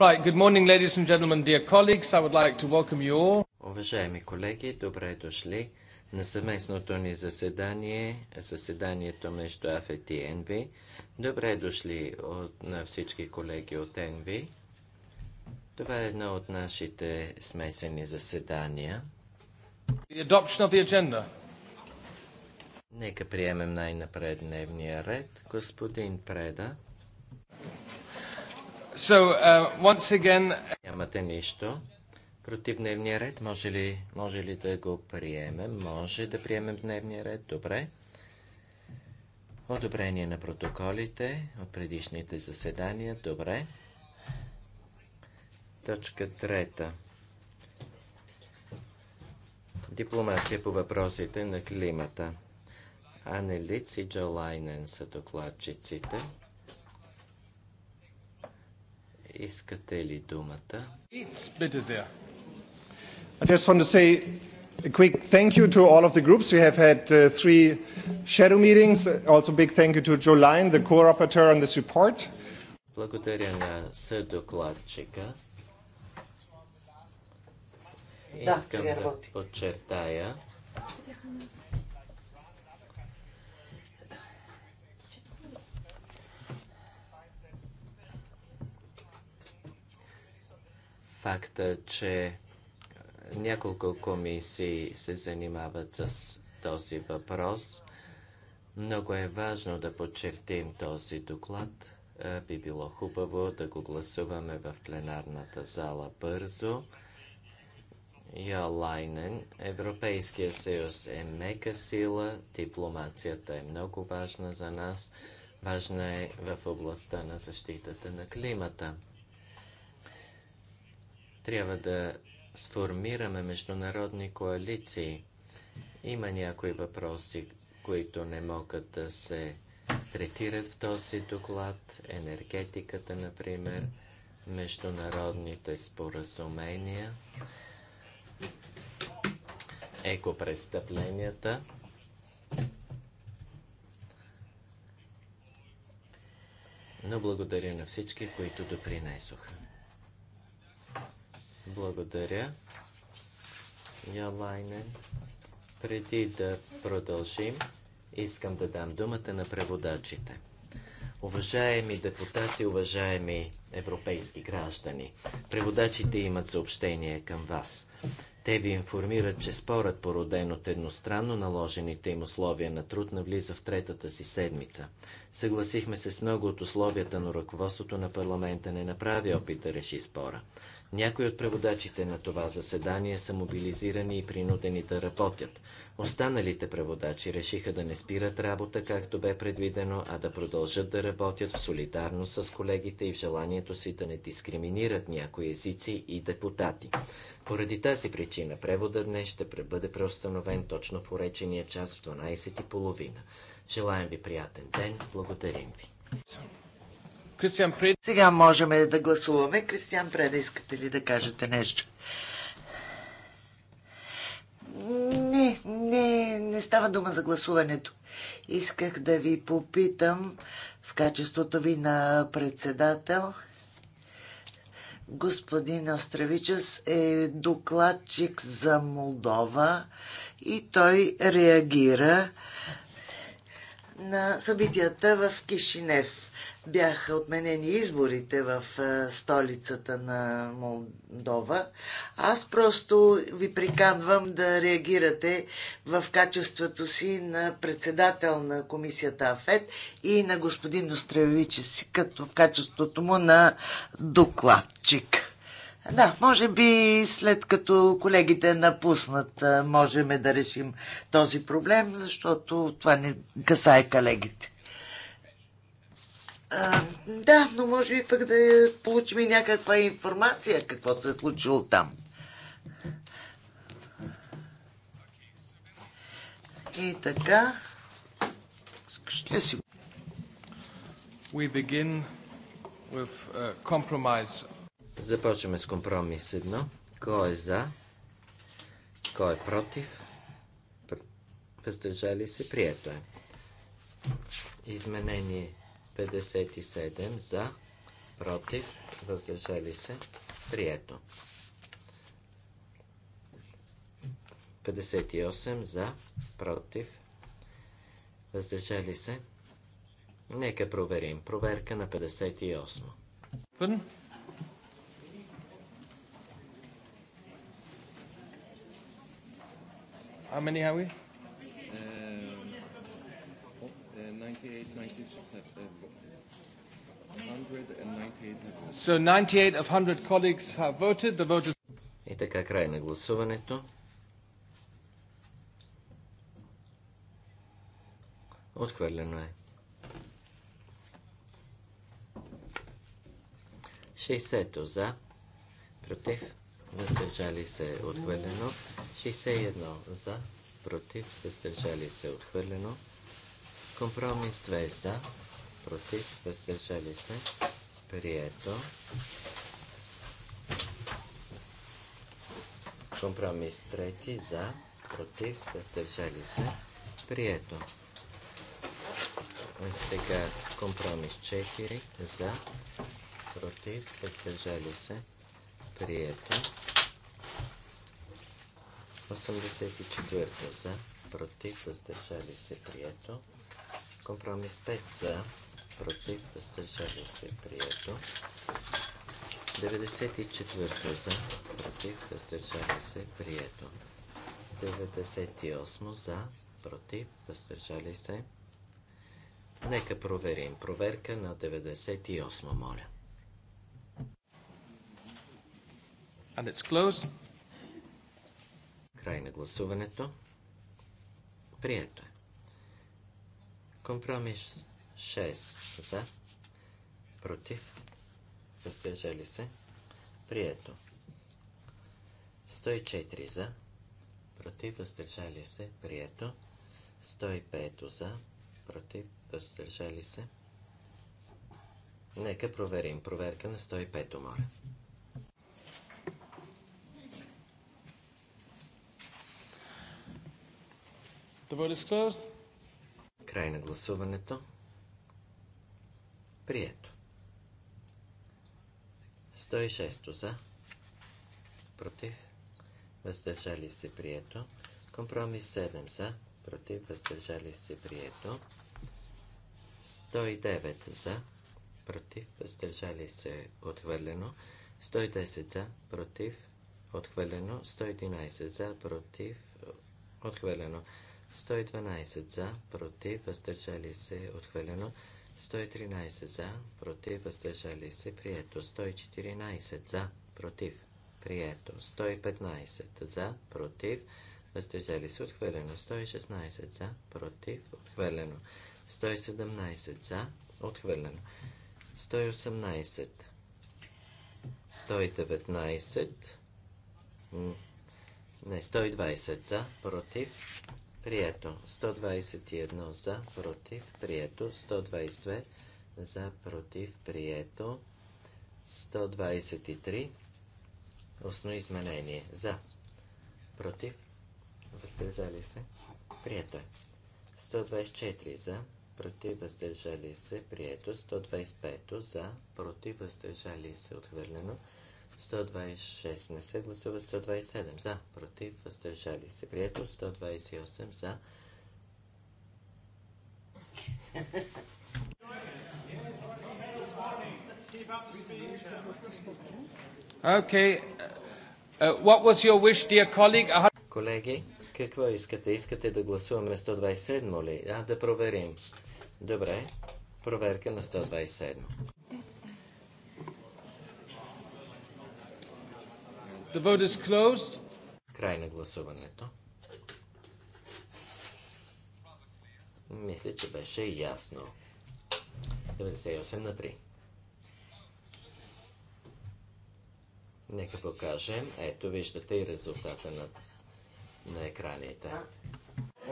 Right, good morning, ladies and gentlemen, dear colleagues. I would like to welcome you all. Уважаеми колеги, добре дошли на съвместното ни заседание, заседанието между АФЕТ и НВ. Добре дошли от, на всички колеги от НВ. Това е едно от нашите смесени заседания. The adoption of the agenda. Нека приемем най-напред дневния ред. Господин Преда, So, uh, once again... Нямате нищо. Против дневния ред, може ли, може ли да го приемем? Може да приемем дневния ред, добре. Одобрение на протоколите от предишните заседания, добре. Точка трета. Дипломация по въпросите на климата. Анелиц и Джолайнен са докладчиците. Искате ли думата? I just want to say a quick thank you to all of the groups. We have had uh, three shadow meetings. Also big thank you to Joe Lyon, the co-rapporteur on this report. Благодаря на съдокладчика. Искам да, да подчертая, факта, че няколко комисии се занимават с този въпрос. Много е важно да подчертим този доклад. Би било хубаво да го гласуваме в пленарната зала бързо. Йолайнен, Европейския съюз е мека сила, дипломацията е много важна за нас, важна е в областта на защитата на климата. Трябва да сформираме международни коалиции. Има някои въпроси, които не могат да се третират в този доклад. Енергетиката, например, международните споразумения, екопрестъпленията. Но благодаря на всички, които допринесоха. Благодаря. Ялайнен. Преди да продължим, искам да дам думата на преводачите. Уважаеми депутати, уважаеми европейски граждани, преводачите имат съобщение към вас. Те ви информират, че спорът, породен от едностранно наложените им условия на труд, навлиза в третата си седмица. Съгласихме се с много от условията, но ръководството на парламента не направи опит да реши спора. Някои от преводачите на това заседание са мобилизирани и принудени да работят. Останалите преводачи решиха да не спират работа, както бе предвидено, а да продължат да работят в солидарност с колегите и в желанието си да не дискриминират някои езици и депутати. Поради тази причина превода днес ще бъде преустановен точно в уречения час в 12.30. Желаем ви приятен ден. Благодарим ви. Сега можем да гласуваме. Кристиан Преда, искате ли да кажете нещо? Не, не, не става дума за гласуването. Исках да ви попитам в качеството ви на председател. Господин Остравичес е докладчик за Молдова и той реагира на събитията в Кишинев бяха отменени изборите в столицата на Молдова. Аз просто ви приканвам да реагирате в качеството си на председател на комисията АФЕД и на господин си като в качеството му на докладчик. Да, може би след като колегите напуснат, можем да решим този проблем, защото това не касае колегите да, но може би пък да получим и някаква информация какво се е случило там. И така. Ще си. We begin with uh, compromise. Започваме с компромис едно. Кой е за? Кой е против? Въздържали се, прието е. Изменение 1 57 за, против, въздържали се, прието. 58 за, против, въздържали се. Нека проверим. Проверка на 58. Пърн? How many are we? So 98 of 100 colleagues have voted. The vote is... И така край на гласуването. Отхвърлено е. 60 за, против, въздържали се, отхвърлено. 61 за, против, въздържали се, отхвърлено. Компромис 2 за, против, въздържали се, прието. Компромис 3 за, против, въздържали се, прието. Сега компромис 4 за, против, въздържали се, прието. 84 за, против, въздържали се, прието. Компромис 5 за, против, Въздържава се, прието. 94 за, против, Въздържава се, прието. 98 за, против, въздържали се. Нека проверим. Проверка на 98, моля. And it's closed. Край на гласуването. Прието е. Компромис 6 за, против, въздържали се, прието. 104 за, против, въздържали се, прието. 105 за, против, въздържали се. Нека проверим. Проверка на 105 моля. The vote is closed. Край на гласуването. Прието. 106 за. Против. Въздържали се. Прието. Компромис 7 за. Против. Въздържали се. Прието. 109 за. Против. Въздържали се. Отхвърлено. 110 за. Против. Отхвърлено. 111 за. Против. Отхвърлено. 112 за, против, въздържали се, отхвърлено. 113 за, против, въздържали се, прието. 114 за, против, прието. 115 за, против, въздържали се, отхвърлено. 116 за, против, отхвърлено. 117 за, отхвърлено. 118 119 не, 120 за, против, Прието. 121 за, против, прието. 122 за, против, прието. 123. Осно изменение. За. Против. Въздържали се. Прието е. 124 за. Против. Въздържали се. Прието. 125 за. Против. Въздържали се. Отхвърлено. 126 не се гласува, 127 за, против, въздържали се. Прието 128 за. Okay. Uh, uh, what was your wish, dear colleague? Колеги, какво искате? Искате да гласуваме 127 ли? А, да проверим. Добре. Проверка на 127. The vote is closed. Край на гласуването. Мисля, че беше ясно. 98 на 3. Нека покажем. Ето, виждате и резултата на, на екраните.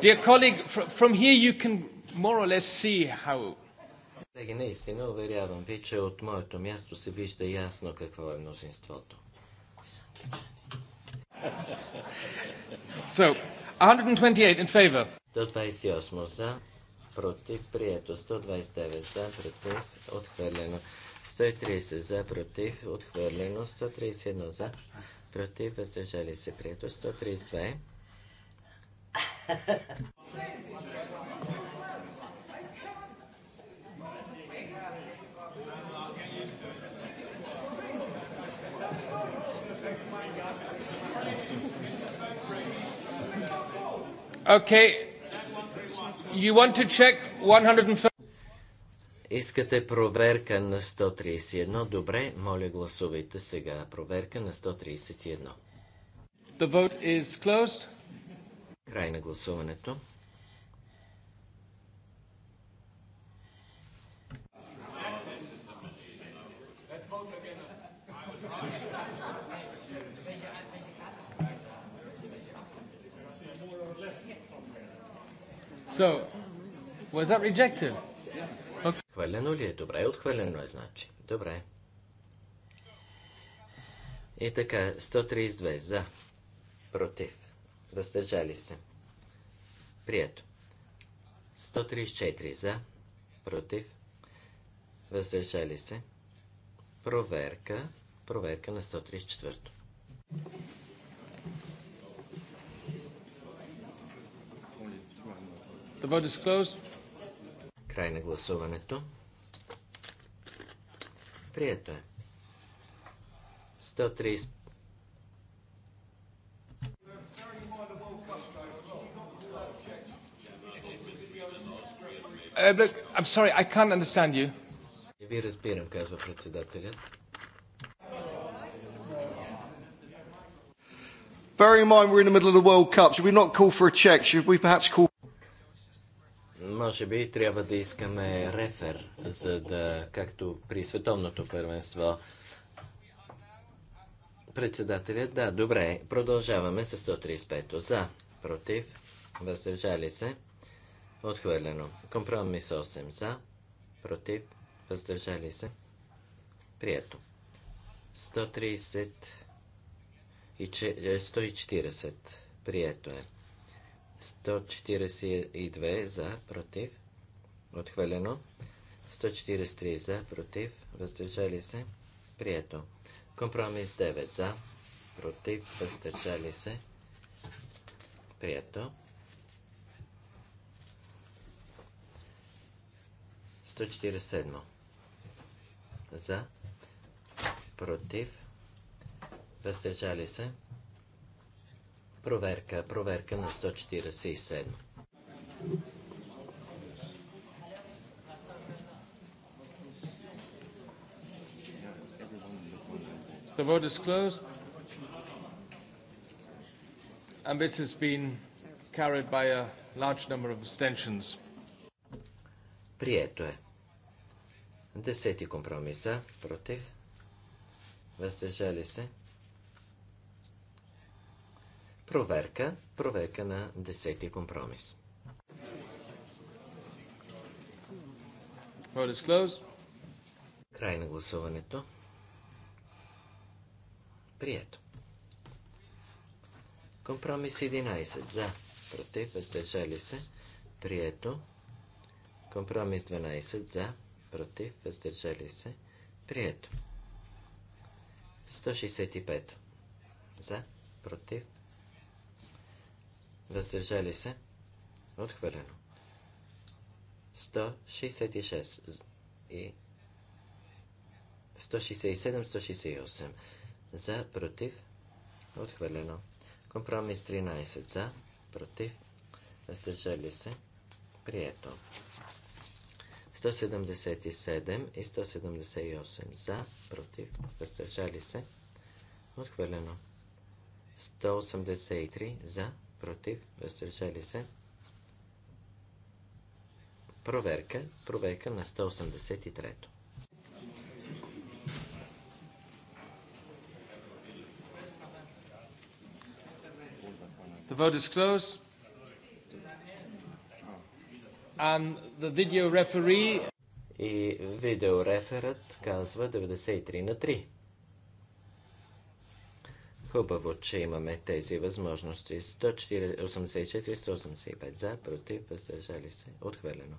Dear colleague, from here you can more or less see how... Колеги, наистина уверявам ви, че от моето място се вижда ясно какво е мнозинството. So, 128 in favor. 128 за, против, прието. 129 за, против, отхвърлено. 130 за, против, отхвърлено. 131 за, против, въздържали се, прието. 132. Okay. You want to check 130? Искате проверка на 131. Добре, моля гласувайте сега. Проверка на 131. The vote is closed. Край на гласуването. So, was that rejected? ли е? Добре, отхвърлено е, значи. Добре. И така, 132 за, против, въздържали се. Прието. 134 за, против, въздържали се. Проверка, проверка на 134. The vote is closed. Край на гласуването. Прието е. 130. Uh, I'm sorry, I can't understand you. Не ви разбирам, казва председателят. Bear in mind we're in the middle of the World Cup. Should we not call for a check? Should we perhaps call може би трябва да искаме рефер, за да, както при световното първенство, председателят, да, добре, продължаваме с 135-то. За, против, въздържали се, отхвърлено. Компромис 8 за, против, въздържали се, прието. 130 и 140, прието е. 142 за, против, отхвърлено. 143 за, против, въздържали се, прието. Компромис 9 за, против, въздържали се, прието. 147 за, против, въздържали се, прието. Проверка, проверка на 147. The vote is closed. And this has been carried by a large number of abstentions. Прието е. Десети компромиса. Против. Въздържали се. Проверка. Проверка на десетия компромис. Край на гласуването. Прието. Компромис 11. За. Против. Въздържали се. Прието. Компромис 12. За. Против. Въздържали се. Прието. 165. За. Против въздържали се, отхвърлено. 166 и 167-168 за, против, отхвърлено. Компромис 13 за, против, въздържали се, прието. 177 и 178 за, против, въздържали се, отхвърлено. 183 за, против, въздържали се. Проверка, проверка на 183-то. The vote is closed. And the video referee... И видеореферът казва 93 на 3. Хубаво, че имаме тези възможности. 184-185 за, против, въздържали се. Отхвърлено.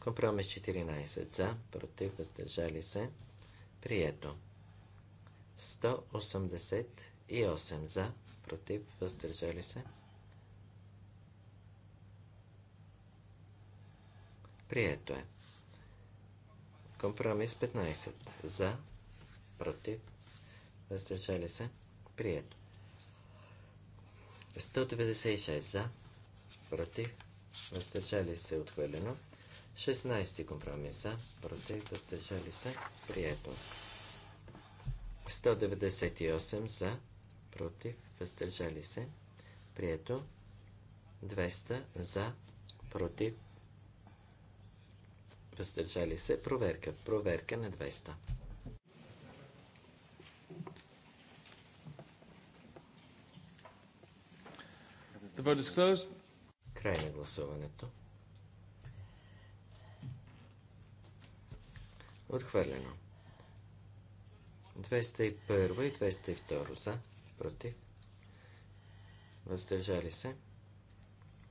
Компромис 14 за, против, въздържали се. Прието. 188 за, против, въздържали се. Прието е. Компромис 15 за, против, въздържали се. Прието. 196 за, против, въздържали се, отхвърлено. 16 компромис за, против, въздържали се, прието. 198 за, против, въздържали се, прието. 200 за, против, въздържали се, проверка, проверка на 200. The vote is closed. Край на гласуването. Отхвърлено. 201 и 202 за, против. Въздържали се.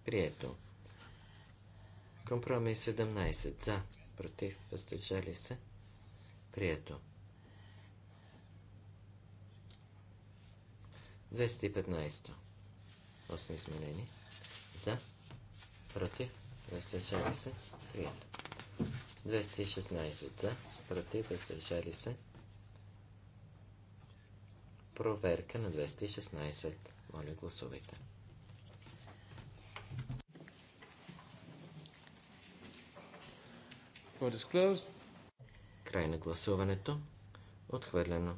Прието. Компромис 17 за, против. Въздържали се. Прието. 215. Осно изменение. За. Против. Въздържали се. Прието. 216 за. Против. Въздържали се. Проверка на 216. Моля, гласувайте. Край на гласуването. Отхвърлено.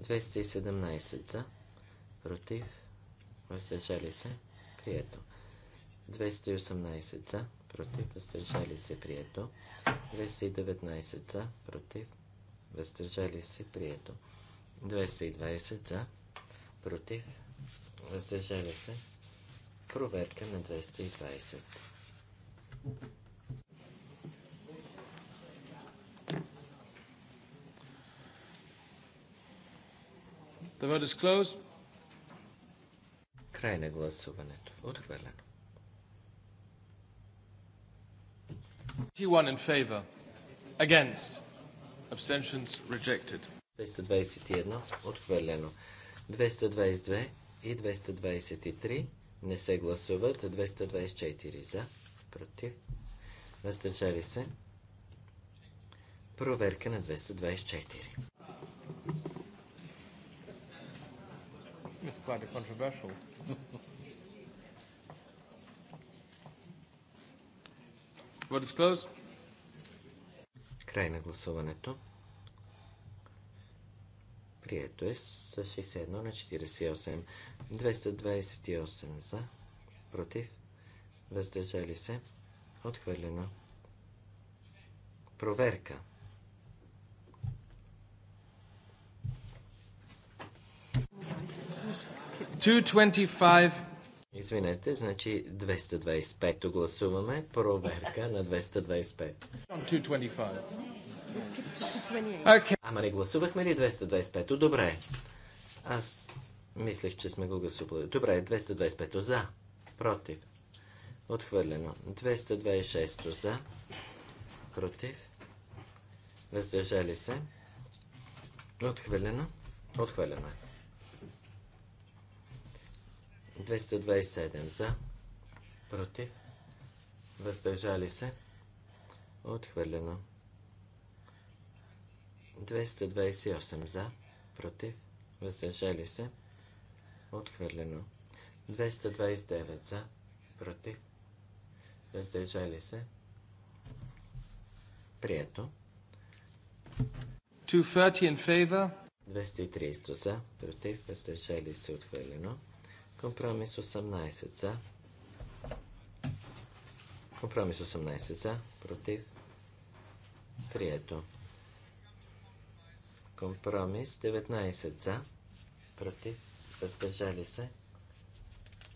217 за. Против въздържали се, прието. 218 за, против, въздържали се, прието. 219 за, против, въздържали се, прието. 220 за, против, въздържали се. Проверка на 220. The vote is closed. Край на гласуването. Отхвърлено. 221. Отхвърлено. 222 и 223 не се гласуват. 224 за. Против. Въздържали се. Проверка на 224. It's quite controversial. Vote is closed. Край на гласуването. Прието е с 61 на 48. 228 за. Против. Въздържали се. Отхвърлено. Проверка. 225. Извинете, значи 225 гласуваме. Проверка на 225. Okay. Ама не гласувахме ли 225-то? Добре. Аз мислех, че сме го гласували. Добре, 225-то за. Против. Отхвърлено. 226-то за. Против. Въздържали се. Отхвърлено. Отхвърлено е. 227 за, против, въздържали се, отхвърлено. 228 за, против, въздържали се, отхвърлено. 229 за, против, въздържали се, прието. 230 in favor. 230 за, против, въздържали се, отхвърлено. Компромис 18 за. Компромис 18 за. Против. Прието. Компромис 19 за. Против. Въздържали се.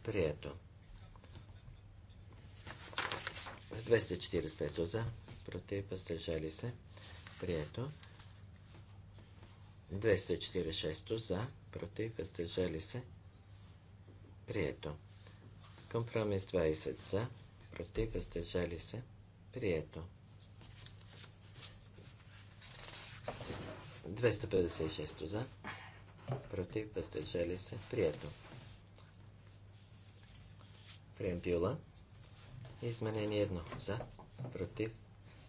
Прието. С 245 за. Против. Въздържали се. Прието. 246 за. Против. Въздържали се. Прието. Компромис 20 за. Против. Въздържали се. Прието. 256 за. Против. Въздържали се. Прието. Преамбюла. Изменение 1 за. Против.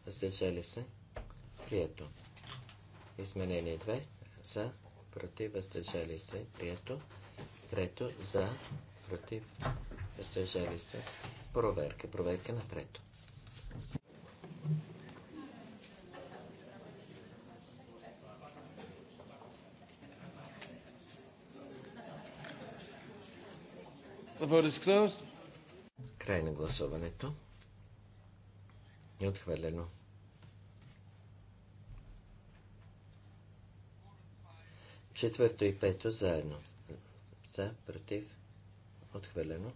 Въздържали се. Прието. Изменение 2 за. Против. Въздържали се. Прието. Трето за, против, Съжали се. Проверка, проверка на трето. Край на гласуването. Не отхвърлено. Четвърто и пето заедно за, против, отхвърлено.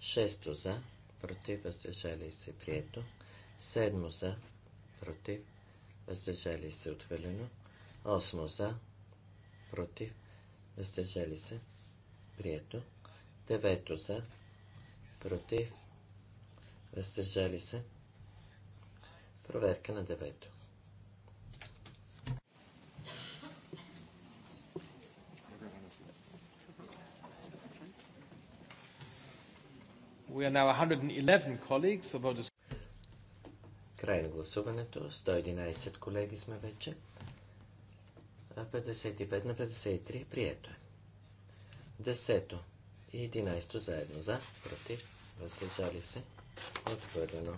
Шесто за, против, въздържали се, прието. Седмо за, против, въздържали се, отхвърлено. Осмо за, против, въздържали се, прието. Девето за, против, въздържали се. Проверка на девето. We are now 111 colleagues, Край на гласуването. 111 колеги сме вече. 55 на 53. Прието е. Десето и 11 заедно. За, против, въздържали се. Отвърлено.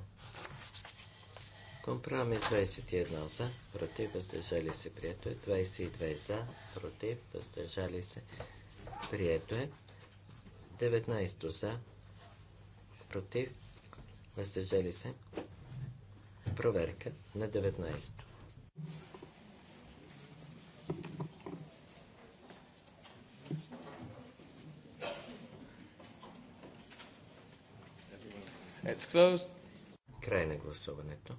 Компромис 21 за, против, въздържали се. Прието е. 22 за, против, въздържали се. Прието е. 19 за, против, въздържали се. Проверка на 19. Край на гласуването.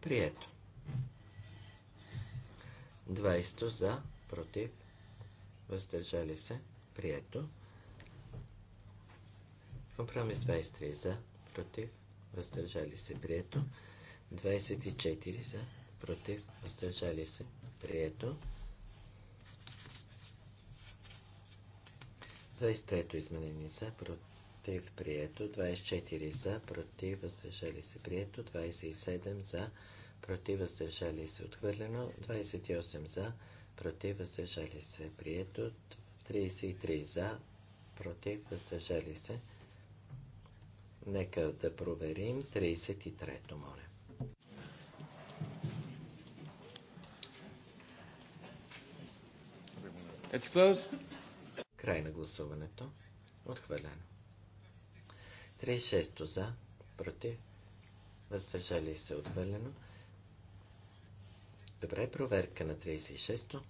Прието. 20 за, против, въздържали се. Прието. Компромис 23 за, против, въздържали се, прието. 24 за, против, въздържали се, прието. 23-то изменение за, против, прието. 24 за, против, въздържали се, прието. 27 за, против, въздържали се, отхвърлено. 28 за, против, въздържали се, прието. 33 за, против, въздържали се, прието. Нека да проверим 33-то, моля. It's closed. Край на гласуването. Отхвърлено. 36-то за, против, въздържали се отхвърлено. Добре, проверка на 36-то.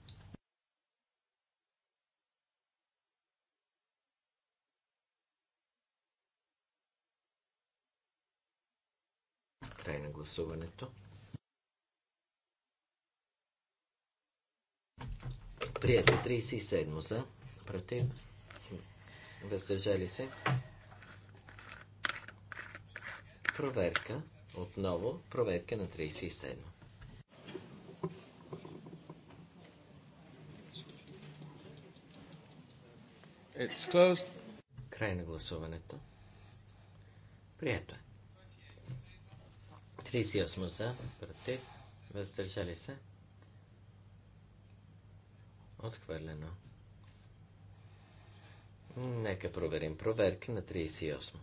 Край на гласуването. Прието 37 за, против, въздържали се. Проверка, отново проверка на 37. Край на гласуването. Прието е. 38 за, против, въздържали се. Отхвърлено. Нека проверим проверка на 38.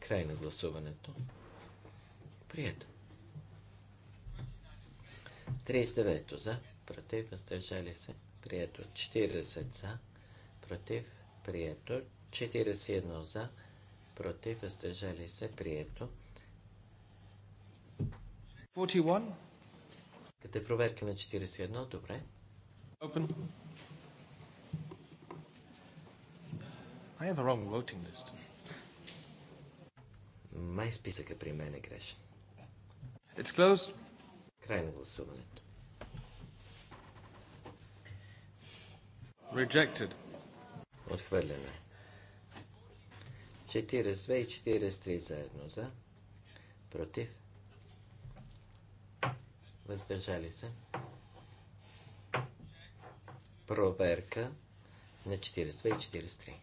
Край на гласуването. Прието. 39 за, против, въздържали се. Прието. 40 за, против, прието. 41 за, против, въздържали се, прието. 41. Като проверка на 41? Добре. Open. I have a wrong voting list. Май списъка при мен е грешен. It's closed. Край на гласуването. Rejected отхвърляне. 42 и 43 заедно за. Против. Въздържали се. Проверка на 42 и 43.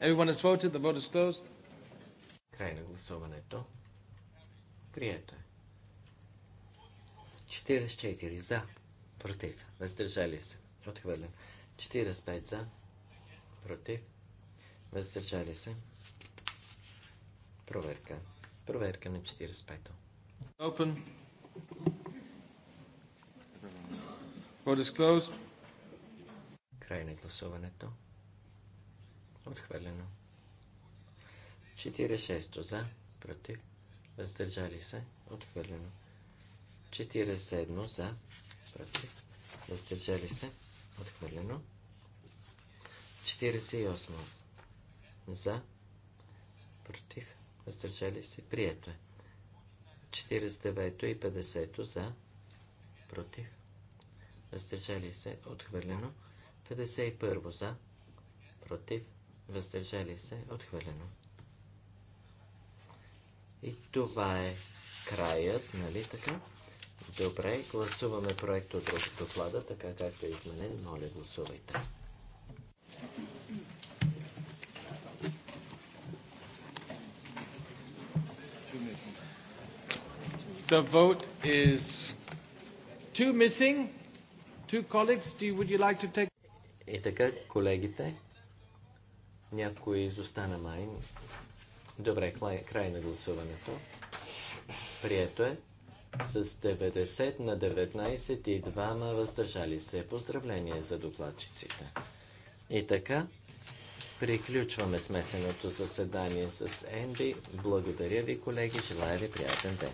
Everyone has voted. The vote is closed. Край на гласуването. Прието е. 44 за против, въздържали се, отхвърлен. 45 за, против, въздържали се. Проверка. Проверка на 45-то. Open. Vote is closed. Край на гласуването. Отхвърлено. 46 за, против, въздържали се, отхвърлено. 47 за, против, въздържали се, отхвърлено. 48 за, против, въздържали се, прието е. 49 и 50 за, против, въздържали се, отхвърлено. 51 за, против, въздържали се, отхвърлено. И това е краят, нали така? Добре, гласуваме проект от доклада, така както е изменен. Моля, гласувайте. The vote is two missing. Two colleagues, do you, would you like to take... И така, колегите, някой изостана май. Добре, край на гласуването. Прието е с 90 на 19 и 2 въздържали се. Поздравление за докладчиците. И така, приключваме смесеното заседание с Енди. Благодаря ви, колеги. Желая ви приятен ден.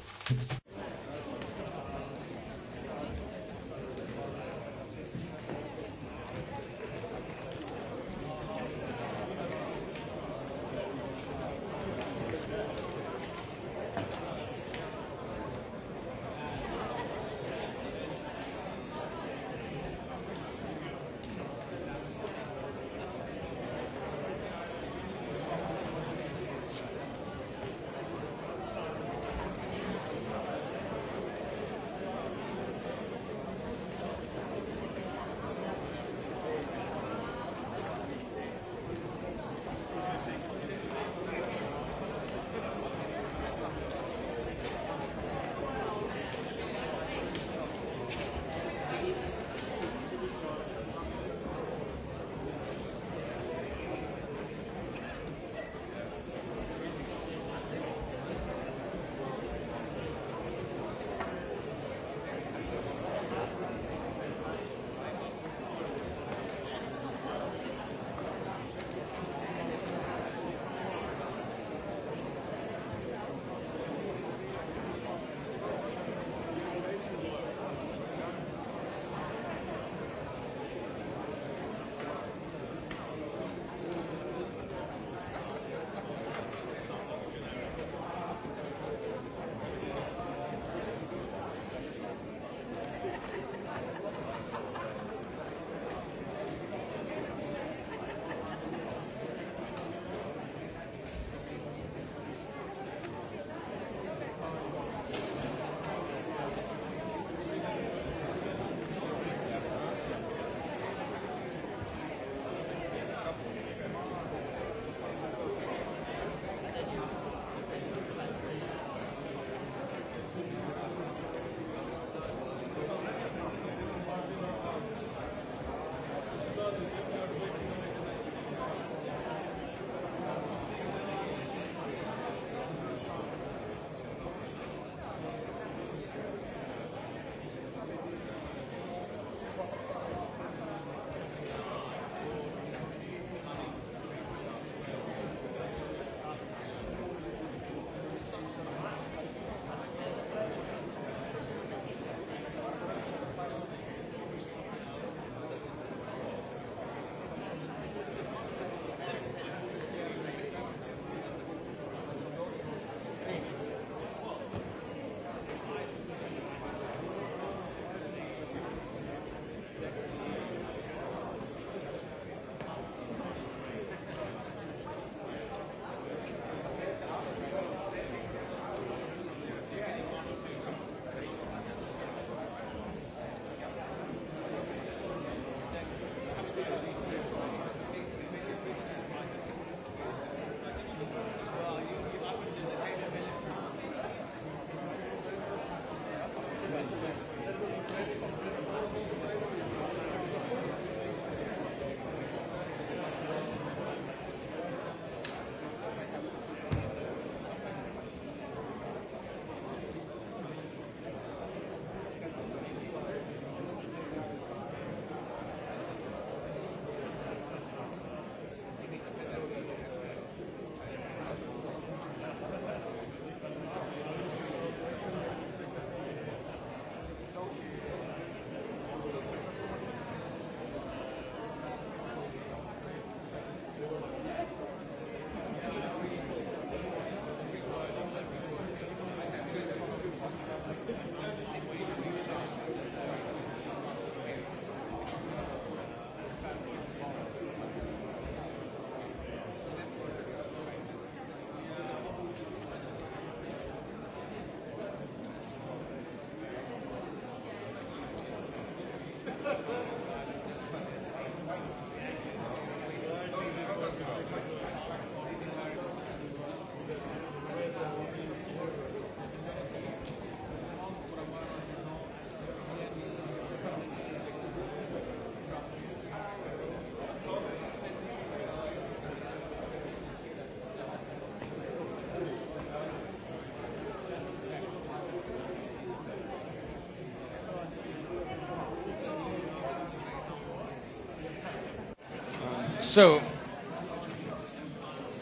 So,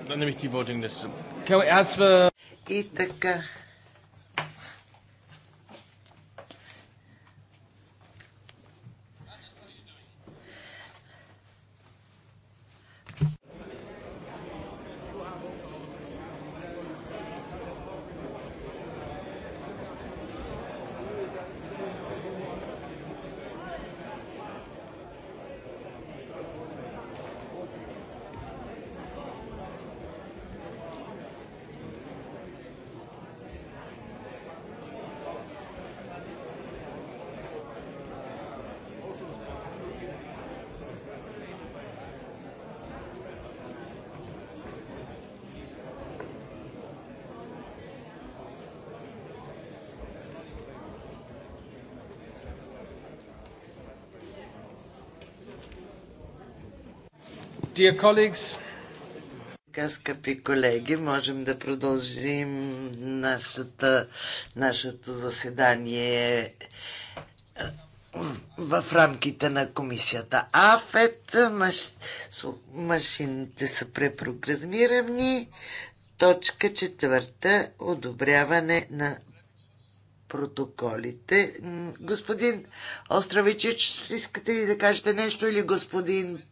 let me keep Voting this. Can we ask for... И така, Dear colleagues, скъпи колеги, можем да продължим нашата, нашето заседание е, в рамките на комисията АФЕТ. Маш, машините са препрограмирани. Точка четвърта – одобряване на протоколите. Господин Островичич, искате ли да кажете нещо или господин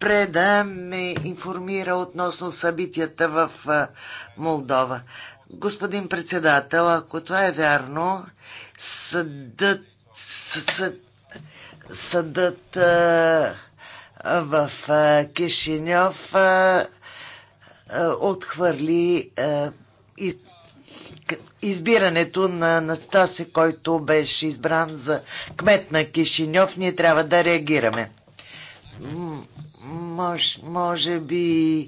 Преда ме информира относно събитията в Молдова. Господин председател, ако това е вярно, съдът, съдът а, в а, Кишинев а, а, отхвърли а, избирането на Настаси, който беше избран за кмет на Кишинев. Ние трябва да реагираме. Мож, може би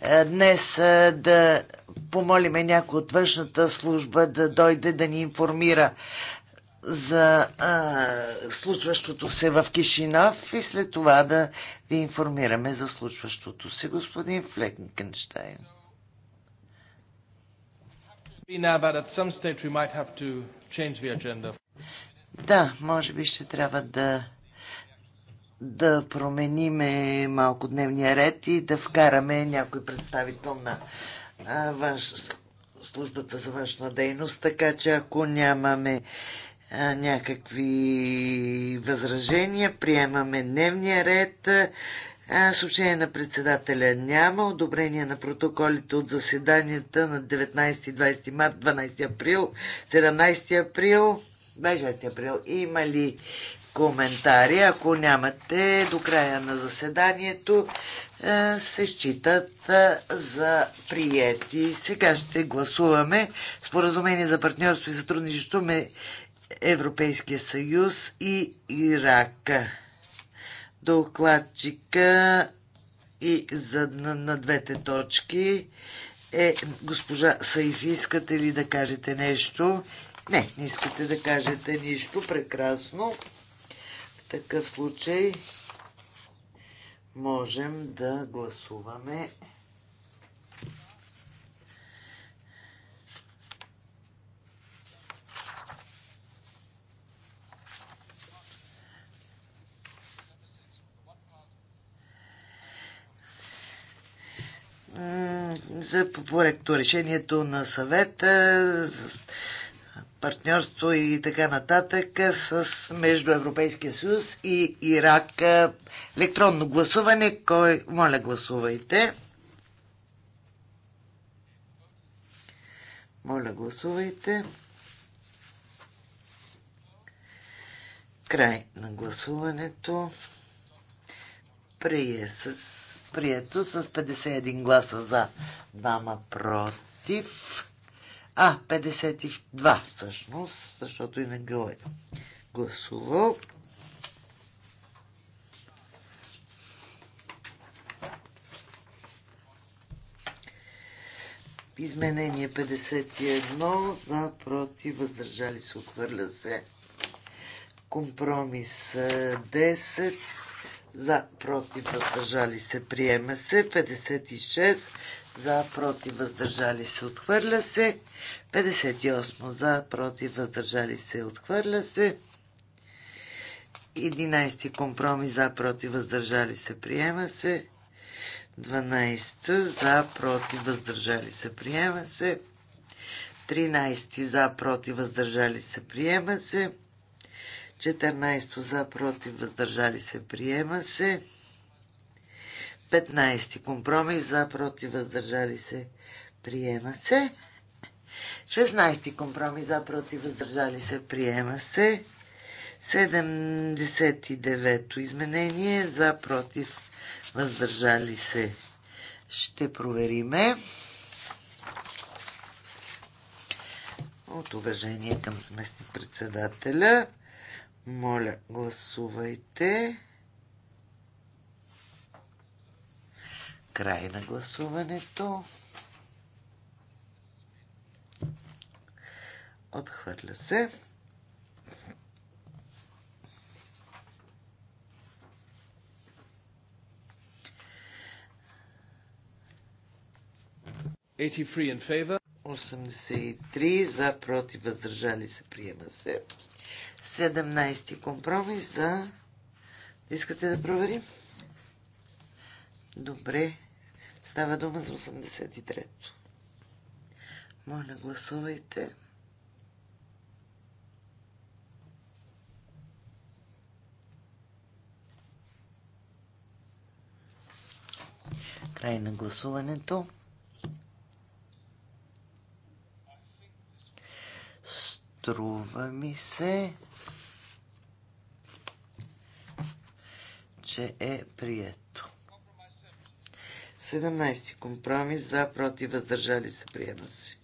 е, днес е, да помолиме някой от външната служба да дойде да ни информира за а, е, случващото се в Кишинов и след това да ви информираме за случващото се, господин Флекенштайн. Да, може би ще трябва да да промениме малко дневния ред и да вкараме някой представител на а, ваш, службата за външна дейност, така че ако нямаме а, някакви възражения, приемаме дневния ред. А, съобщение на председателя няма. Одобрение на протоколите от заседанията на 19 20 март, 12 април, 17 април, 26 април. Има ли коментари. Ако нямате, до края на заседанието е, се считат е, за приети. Сега ще гласуваме споразумение за партньорство и сътрудничество ме Европейския съюз и Ирак. Докладчика и за, на, на двете точки е госпожа Саиф, искате ли да кажете нещо? Не, не искате да кажете нищо. Прекрасно такъв случай можем да гласуваме за проекторешението на съвета партньорство и така нататък с между Европейския съюз и Ирак. Електронно гласуване. Кой... Моля, гласувайте. Моля, гласувайте. Край на гласуването. Прие с, прието с 51 гласа за, двама против. А, 52 всъщност, защото и не го е гласувал. Изменение 51 за против, въздържали се, отхвърля се. Компромис 10 за против, въздържали се, приема се. 56 за, против, въздържали се, отхвърля се. 58 за, против, въздържали се, отхвърля се. 11 компромис за, против, въздържали се, приема се. 12 за, против, въздържали се, приема се. 13 за, против, въздържали се, приема се. 14 за, против, въздържали се, приема се. 15 компромис за против въздържали се приема се. 16 компромис за против въздържали се приема се. 79-то изменение за против въздържали се. Ще провериме. От уважение към сместни председателя. Моля, гласувайте. Край на гласуването. Отхвърля се. in favor. 83 за против въздържали се приема се. 17 компромис за... Искате да проверим? Добре. Става дума за 83-то. Моля, гласувайте. Край на гласуването. Струва ми се, че е прието. 17 компромис за, против, въздържали се, приема се.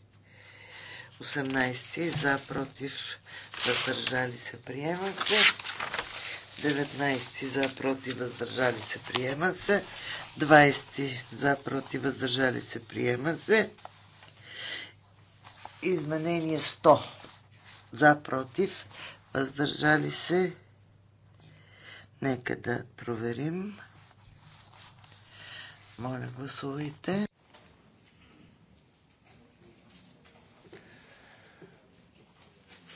18 за, против, въздържали се, приема се. 19 за, против, въздържали се, приема се. 20 за, против, въздържали се, приема се. Изменение 100 за, против, въздържали се. Нека да проверим. Моля, гласувайте.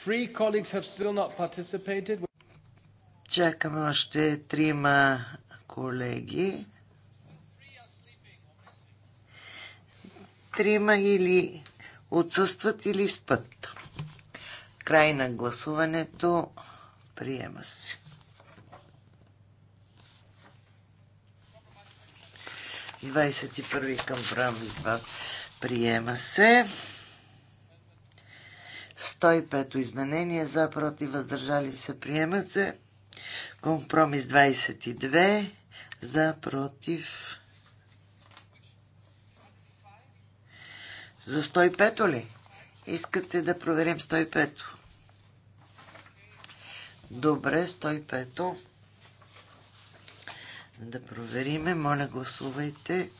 Three colleagues have still not participated. Чакаме още трима колеги. Трима или отсъстват или спът. Край на гласуването. Приема се. 21 към право с 2 приема се. 105 изменение за против въздържали се приема се. Компромис 22 за против. За 105 ли? Искате да проверим 105 Добре, 105 да провериме. Моля, гласувайте.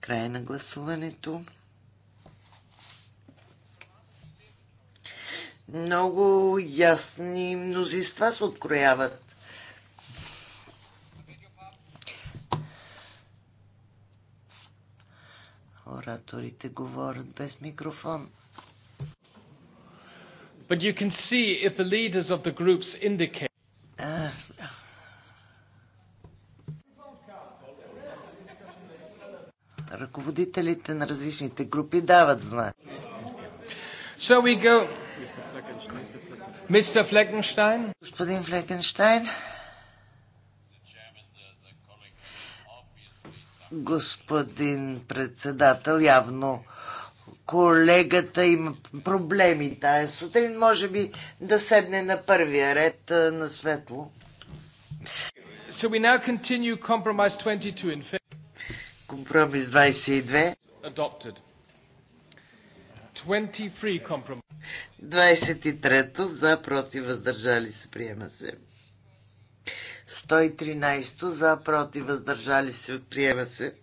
Край на гласуването. Много ясни мнозинства се открояват. Ораторите говорят без микрофон. But you can see if the leaders of the groups indicate. Uh, ръководителите на различните групи дават знак. So we go... Mr. Fleckenstein. Господин Флекенштайн. Господин председател, явно колегата има проблеми тая сутрин. Може би да седне на първия ред на светло. So we now continue compromise 22 in favor. Компромис 22. Adopted. 23 compromise. 23-то за против въздържали се приема се. 113-то за против въздържали се приема се.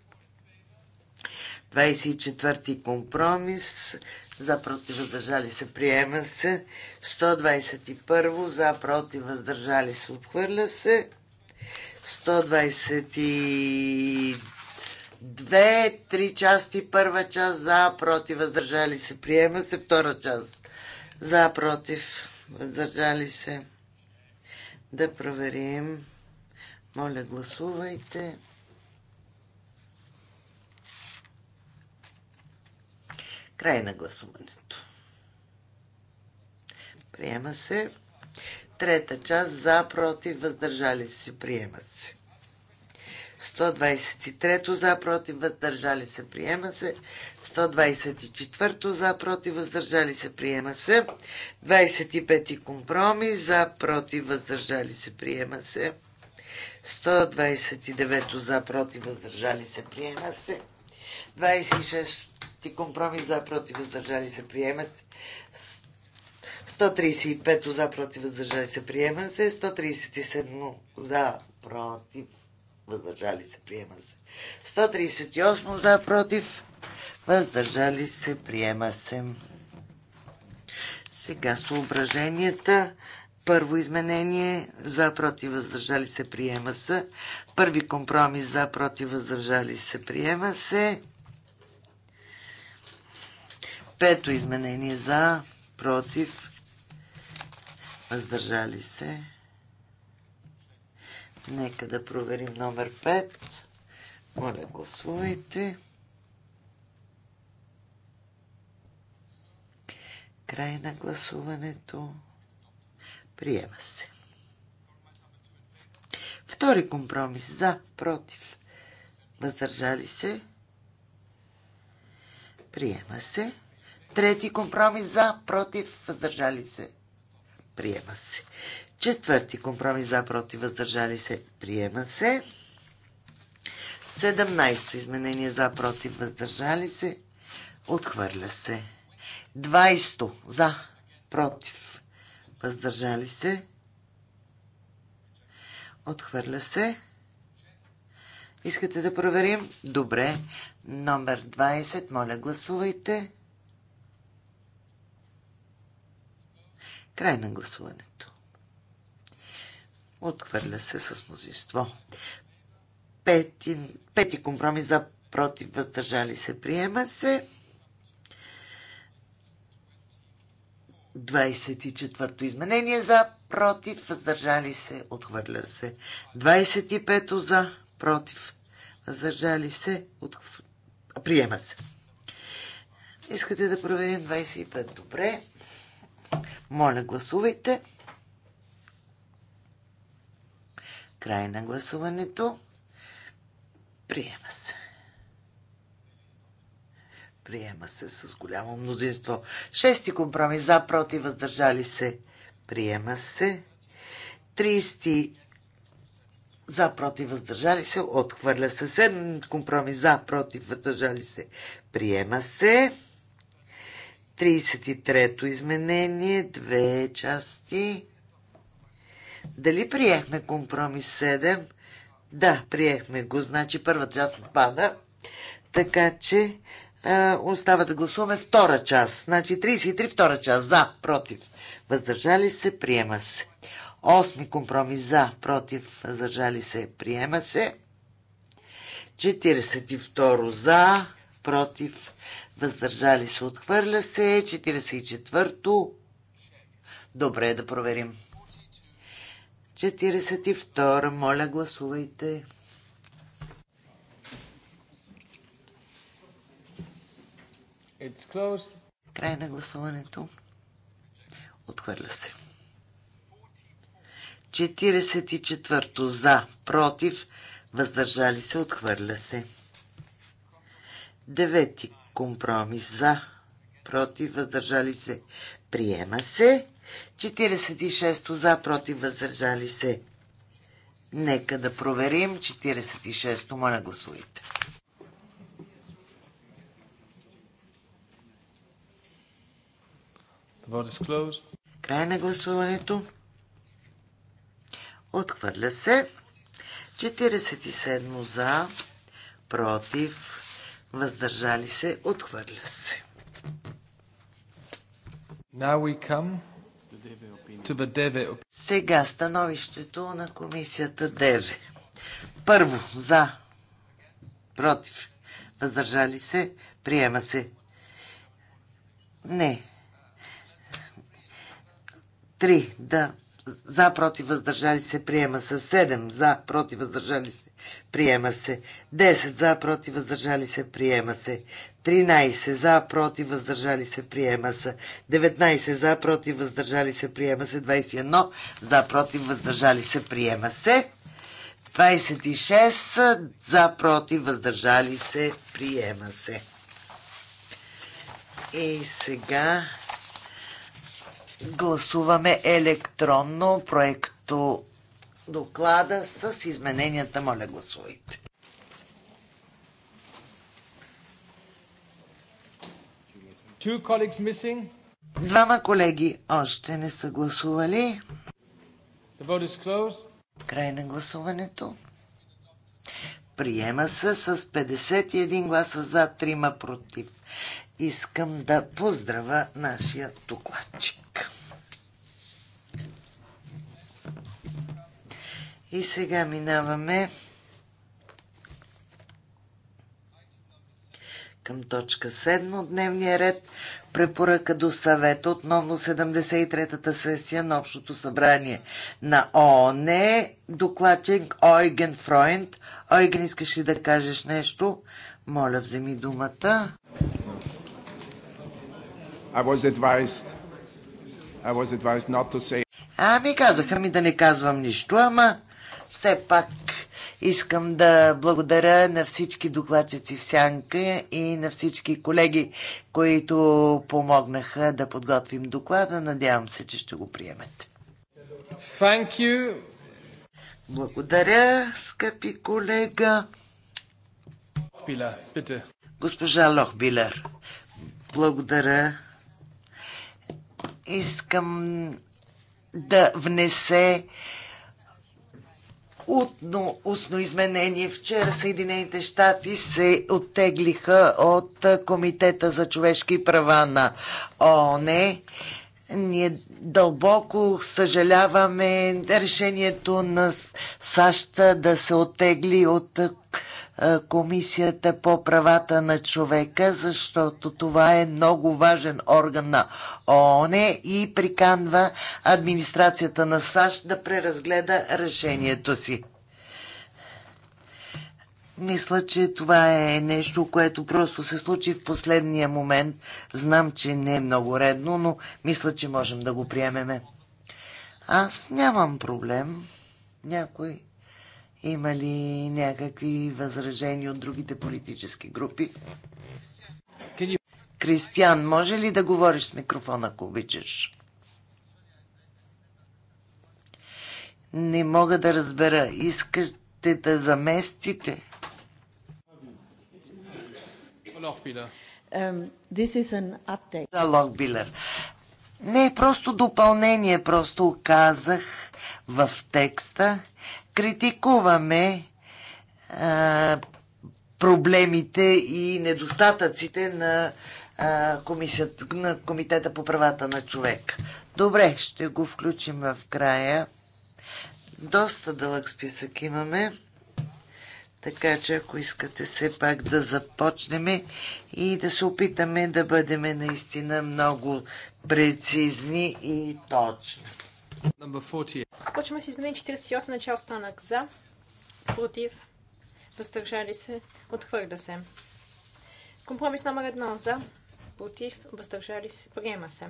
24 ти компромис за против въздържали се приема се. 121 за против въздържали се отхвърля се. 122 3 части първа част за против въздържали се приема се втора част за против въздържали се. Да проверим. Моля гласувайте. Край на гласуването. Приема се. Трета част за, против, въздържали се. Приема се. 123 за, против, въздържали се. Приема се. 124 за, против, въздържали се. Приема се. 25 компромис за, против, въздържали се. Приема се. 129 за, против, въздържали се. Приема се. 26 ти компромис за против въздържали се приема се. 135 за против въздържали се приема се. 137 за против въздържали се приема се. 138 за против въздържали се приема се. Сега съображенията. Първо изменение за против въздържали се приема се. Първи компромис за против въздържали се приема се. Пето изменение за, против, въздържали се. Нека да проверим номер 5. Моля, гласувайте. Край на гласуването. Приема се. Втори компромис. За, против. Въздържали се. Приема се. Трети компромис за, против, въздържали се. Приема се. Четвърти компромис за, против, въздържали се. Приема се. 17 изменение за, против, въздържали се. Отхвърля се. 20 за, против, въздържали се. Отхвърля се. Искате да проверим? Добре. Номер 20. Моля, гласувайте. Край на гласуването. Отхвърля се с мнозинство. Пети, пети компромис за против въздържали се приема се. 24-то изменение за против въздържали се отхвърля се. 25-то за против въздържали се отхвърля. Приема се. Искате да проверим 25. Добре. Моля, гласувайте. Край на гласуването. Приема се. Приема се с голямо мнозинство. Шести компромис за, против, въздържали се. Приема се. 30 за, против, въздържали се. Отхвърля се. 7 компромис за, против, въздържали се. Приема се. 33-то изменение, две части. Дали приехме компромис 7? Да, приехме го. Значи първа част отпада. Така че е, остава да гласуваме втора част. Значи 33 втора част. За, против. Въздържали се, приема се. Осми компромис за, против, въздържали се, приема се. 42 за, против, въздържали се, отхвърля се, 44-то, добре да проверим. 42 моля гласувайте. Край на гласуването. Отхвърля се. 44 то за, против, въздържали се, отхвърля се. Девети компромис за, против, въздържали се, приема се. 46 за, против, въздържали се. Нека да проверим. 46 моля гласуйте. Край на гласуването. Отхвърля се. 47 за, против, въздържали се, отхвърля се. Now we come to the Сега становището на комисията ДЕВЕ. Първо, за, против, въздържали се, приема се. Не. Три, да, за против въздържали се приема се 7 за против въздържали се приема се 10 за против въздържали се приема се 13 за против въздържали се приема се 19 за против въздържали се приема се 21 за против въздържали се приема се 26 за против въздържали се приема се и сега гласуваме електронно проекто доклада с измененията. Моля, гласувайте. Двама колеги още не са гласували. Край на гласуването. Приема се с 51 гласа за, 3 против искам да поздравя нашия докладчик. И сега минаваме към точка 7 от дневния ред. Препоръка до съвета отново 73-та сесия на Общото събрание на ООН. Докладчик Ойген Фройнд. Ойген, искаш ли да кажеш нещо? Моля, вземи думата. Advised, say... Ами казаха ми да не казвам нищо, ама все пак искам да благодаря на всички докладчици в Сянка и на всички колеги, които помогнаха да подготвим доклада. Надявам се, че ще го приемете. Thank you. Благодаря, скъпи колега. Госпожа Лохбилер, благодаря искам да внесе Утно устно изменение. Вчера Съединените щати се оттеглиха от Комитета за човешки права на ООН. Ние дълбоко съжаляваме решението на САЩ да се оттегли от Комисията по правата на човека, защото това е много важен орган на ООН и приканва администрацията на САЩ да преразгледа решението си. Мисля, че това е нещо, което просто се случи в последния момент. Знам, че не е много редно, но мисля, че можем да го приемеме. Аз нямам проблем. Някой има ли някакви възражения от другите политически групи? Кристиан, може ли да говориш с микрофона, ако обичаш? Не мога да разбера. Искате да заместите? Да, Локбилер. Не, просто допълнение. Просто казах в текста, критикуваме а, проблемите и недостатъците на, а, комисът, на Комитета по правата на човек. Добре, ще го включим в края. Доста дълъг списък имаме. Така че ако искате все пак да започнем и да се опитаме да бъдем наистина много прецизни и точни. Започваме с изменение 48 начало станък за, против, въздържали се, отхвърля се. Компромис номер 1 за, против, въздържали се, приема се.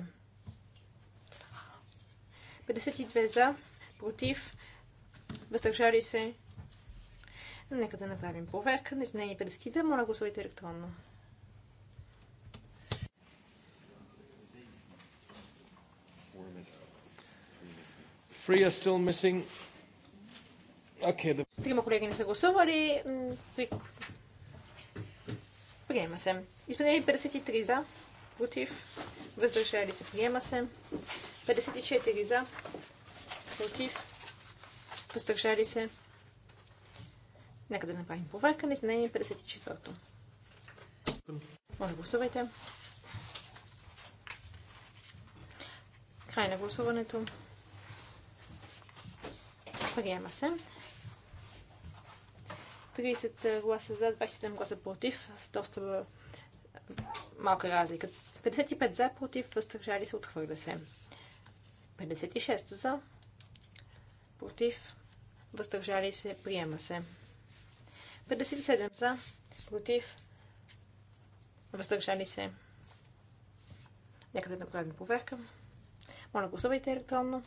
52 за, против, въздържали се. Нека да направим проверка на изменение 52. Моля гласувайте електронно. Three are still missing. Okay, the... Трима колеги не са гласували. Приема се. Изменени 53 за, против, въздържали се. Приема се. 54 за, против, въздържали се. Нека да направим проверка на изменение 54-то. Може гласувайте. Край на гласуването. Приема се. 30 гласа за, 27 гласа против. С доста малка разлика. 55 за, против, въздържали се, отхвърля се. 56 за, против, въздържали се, приема се. 57 за, против, въздържали се. Нека да направим проверка. Моля, гласувайте електронно.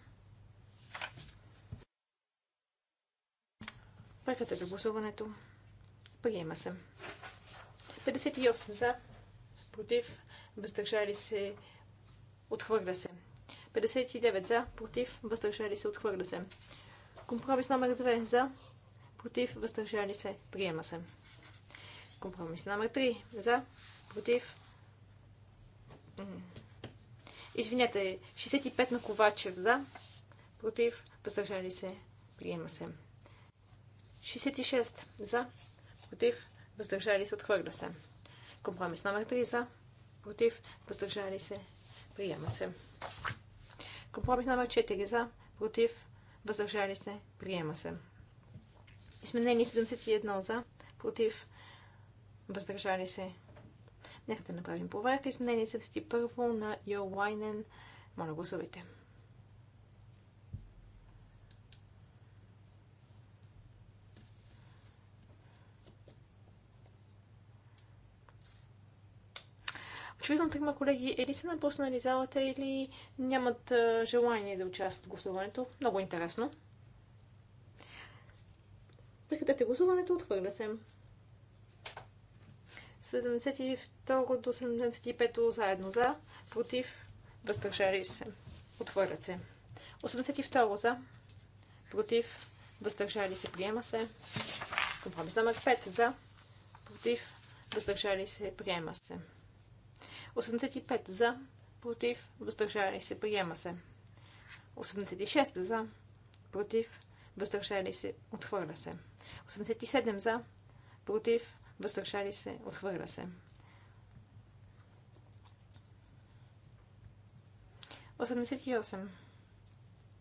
Прекратете гласуването. Приема се. 58 за, против, въздържали се, отхвърля се. 59 за, против, въздържали се, отхвърля се. Компромис номер 2 за, против, въздържали се, приема се. Компромис номер 3 за, против. Извинете, 65 на Ковачев за, против, въздържали се, приема се. 66 за, против, въздържали се, отхвърля се. Компромис номер 3 за, против, въздържали се, приема се. Компромис номер 4 за, против, въздържали се, приема се. Изменение 71 за, против, въздържали се. Нека да направим проверка. Изменение 71 на Йолайнен. Моля, гласувайте. Очевидно, трима колеги или са напуснали залата, или нямат желание да участват в гласуването. Много интересно. Прекратете гласуването, отхвърля се. 72 до 75 заедно за, против, въздържали се. Отхвърлят се. 82 за, против, въздържали се, приема се. Компромис номер 5 за, против, въздържали се, приема се. 85 за, против, въздържали се, приема се. 86 за, против, въздържали се, отхвърля се. 87 за, против, въздържали се, отхвърля се. 88.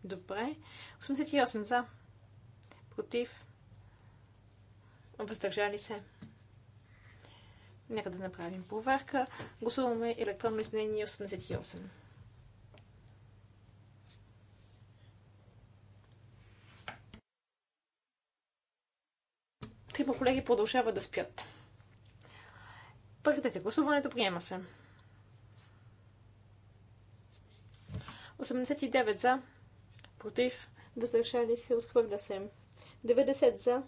Добре. 88 за. Против. Въздържали се. Нека да направим проверка. Гласуваме електронно изменение 88. Трима колеги продължават да спят. Прекратете гласуването, приема се. 89 за, против, въздържали се, отхвърля се. 90 за,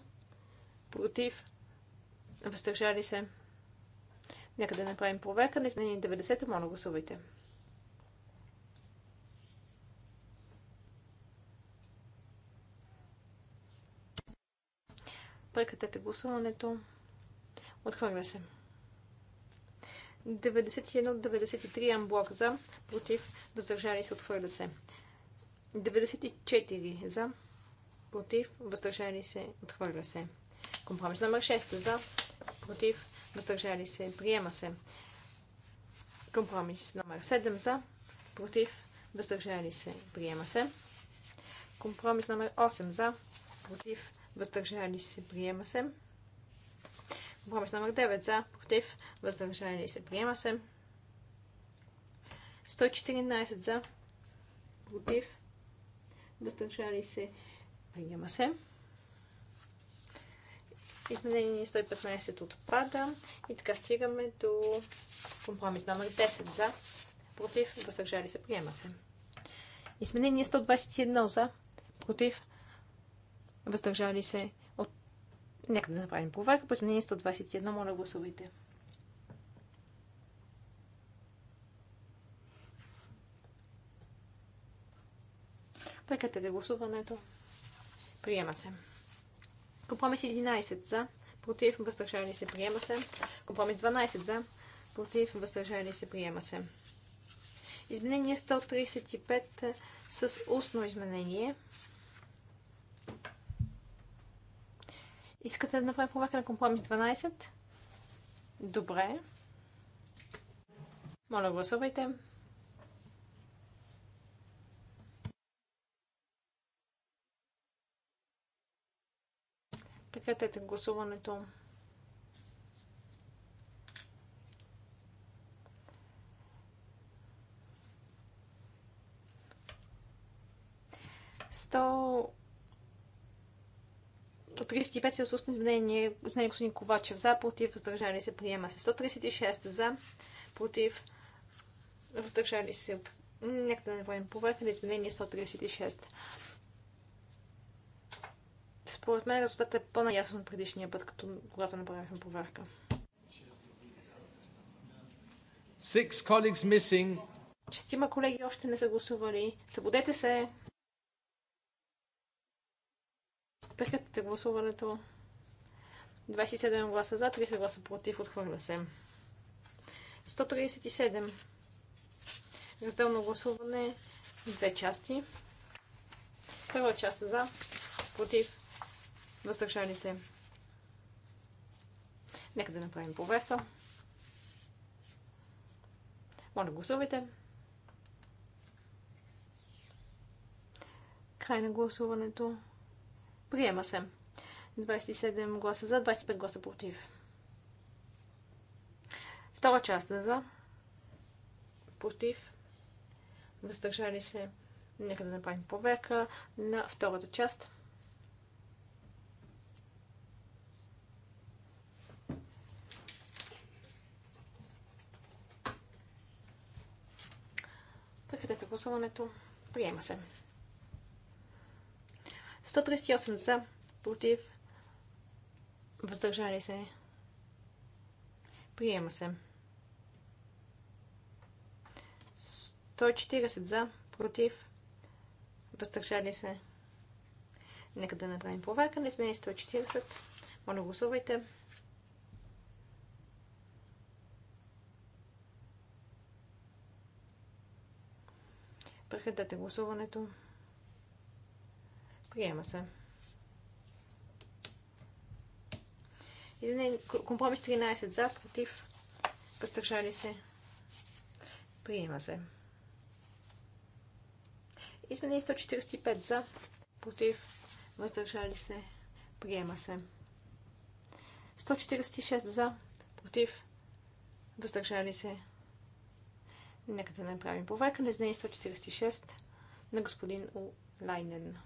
против, въздържали се. Нека да направим проверка на изменение 90. Моля, гласувайте. Прекратете гласуването. Отхвърля се. 91-93 амблок за, против, въздържали се, отхвърля се. 94 за, против, въздържали се, отхвърля се. Компромис номер 6 за, против, въздържали се, приема се. Компромис номер 7 за, против, въздържали се, приема се. Компромис номер 8 за, против, въздържали се, приема се. Компромис номер 9 за, против, въздържали се, приема се. 114 за, против, въздържали се, приема се. Изменение 115 отпада. И така стигаме до компромис номер 10 за. Против. Въздържали се. Приема се. Изменение 121 за. Против. Въздържали се. От... Нека да направим проверка. По изменение 121 моля гласувайте. Прекратете гласуването. Приема се. Компромис 11 за, против, въздържали се, приема се. Компромис 12 за, против, въздържали се, приема се. Изменение 135 е, с устно изменение. Искате да направим проверка на компромис 12? Добре. Моля, гласувайте. Прекратете гласуването. Сто... 35 се отсутно изменение, изменение господин Ковачев за, против, въздържали се, приема се 136 за, против, въздържали се от... Нека да не правим на изменение 136. Според мен резултатът е по-наясно от предишния път, като, когато направихме проверка. Six colleagues missing. колеги още не са гласували. Събудете се! Прекратете гласуването. 27 гласа за, 30 гласа против, отхвърля се. 137. Разделно гласуване. Две части. Първа част за, против, въздържали се. Нека да направим повеста. Моля, гласувайте. Край на гласуването. Приема се. 27 гласа за, 25 гласа против. Втора част за. Против. Въздържали се. Нека да направим поверка на втората част. Прекратете гласуването. Приема се. 138 за, против, въздържали се. Приема се. 140 за, против, въздържали се. Нека да направим проверка Не сме 140. Моля, гласувайте. Прекратете гласуването. Приема се. Извинение, компромис 13 за, против, въздържали се. Приема се. Изменение 145 за, против, въздържали се. Приема се. 146 за, против, въздържали се. Нека да направим проверка на изменение 146 на господин Лайнен.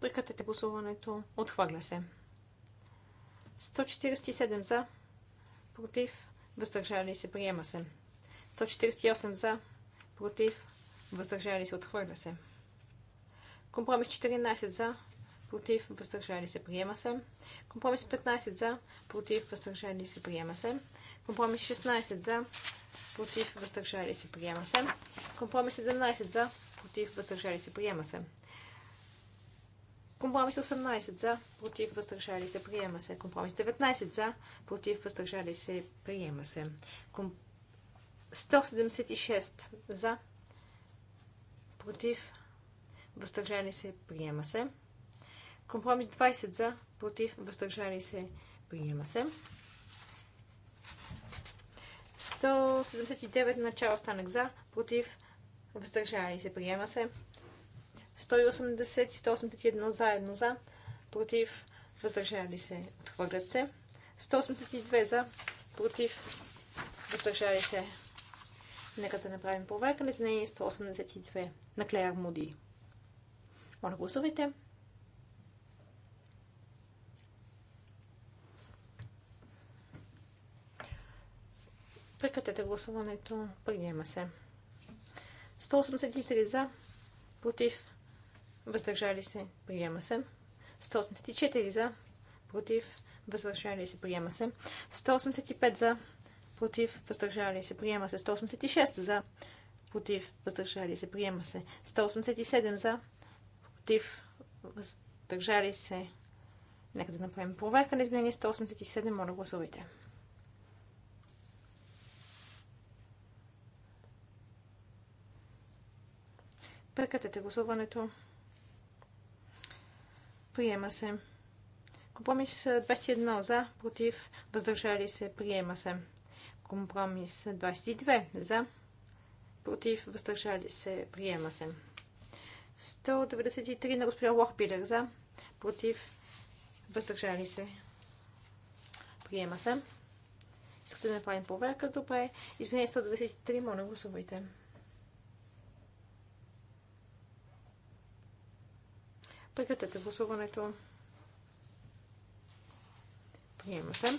Прекратете гласуването. Отхвърля се. 147 за. Против. Въздържали се. Приема се. 148 за. Против. Въздържали се. Отхвърля се. Компромис 14 за против, въздържали се, приема се. Компромис 15 за, против, въздържали се, приема се. Компромис 16 за, против, въздържали се, приема се. Компромис 17 за, против, въздържали се, приема се. Компромис 18 за, против, въздържали се, приема се. Компромис 19 за, против, въздържали се, приема се. 176 за, против, въздържали се, приема се. Компромис 20 за, против, въздържали се, приема се. 179 начало станък за, против, въздържали се, приема се. 180 и 181 заедно за, против, въздържали се, отхвърлят се. 182 за, против, въздържали се. Нека да направим проверка на изменение 182 на Клеяр Муди. Моля гласувайте. Прекратете гласуването. Приема се. 183 за, против, въздържали се, приема се. 184 за, против, въздържали се, приема се. 185 за, против, въздържали се, приема се. 186 за, против, въздържали се, приема се. 187 за, против, въздържали се. Нека да направим проверка на изменение 187. Моля, гласувайте. Прекратете гласуването. Приема се. Компромис 21 за, против, въздържали се, приема се. Компромис 22 за, против, въздържали се, приема се. 193 на господин Лохпилер за, против, въздържали се, приема се. Искате да направим проверка? Добре. Изменение 193, моля гласувайте. Прекратете гласуването. Приема се.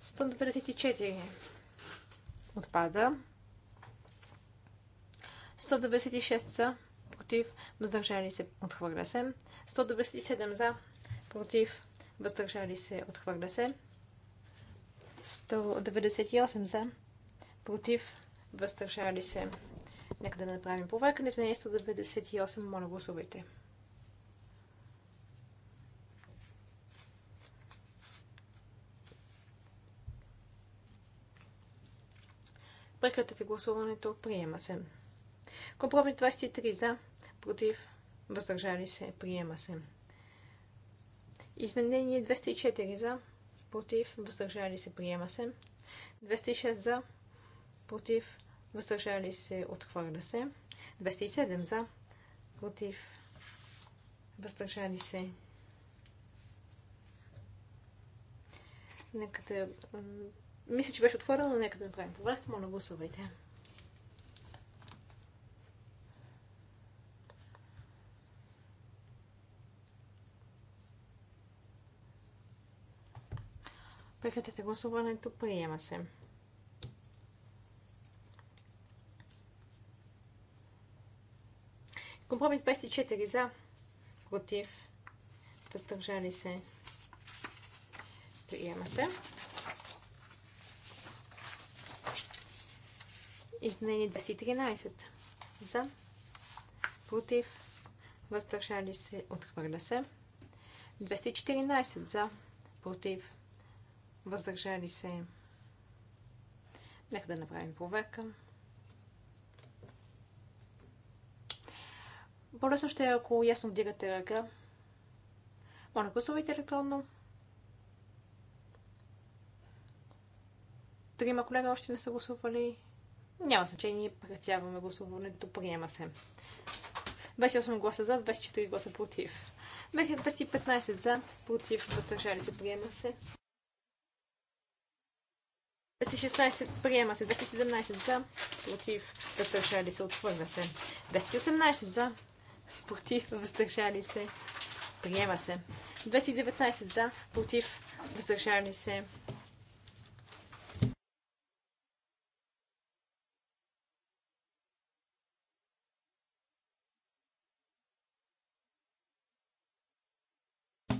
Стън 94 отпада. 196 са против, въздържали се, отхвърля се. 197 за, против, въздържали се, отхвърля се. 198 за, против, въздържали се, Нека да направим проверка на изменение 198. Моля, гласувайте. Прекратете гласуването. Приема се. Компромис 23 за, против, въздържали се. Приема се. Изменение 204 за, против, въздържали се. Приема се. 206 за, против, въздържали се, отхвърля се. 207 за, против, въздържали се. Нека да... Мисля, че беше отворено, но нека да направим проверка. Моля, гласувайте. Прекратете гласуването. Приема се. Компромис 24 за, против, въздържали се, приема се. Изменение 213 за, против, въздържали се, отхвърля се. 214 за, против, въздържали се. Нека да направим проверка. По-лесно ще е, ако ясно вдигате ръка. Моля, гласувайте електронно. Трима колега още не са гласували. Няма значение, прекратяваме гласуването, приема се. 28 гласа за, 24 гласа против. 215 за, против, въздържали се, приема се. 216 приема се, 217 за, против, въздържали се, отхвърля се. 218 за, против, въздържали се, приема се. 219 за, против, въздържали се.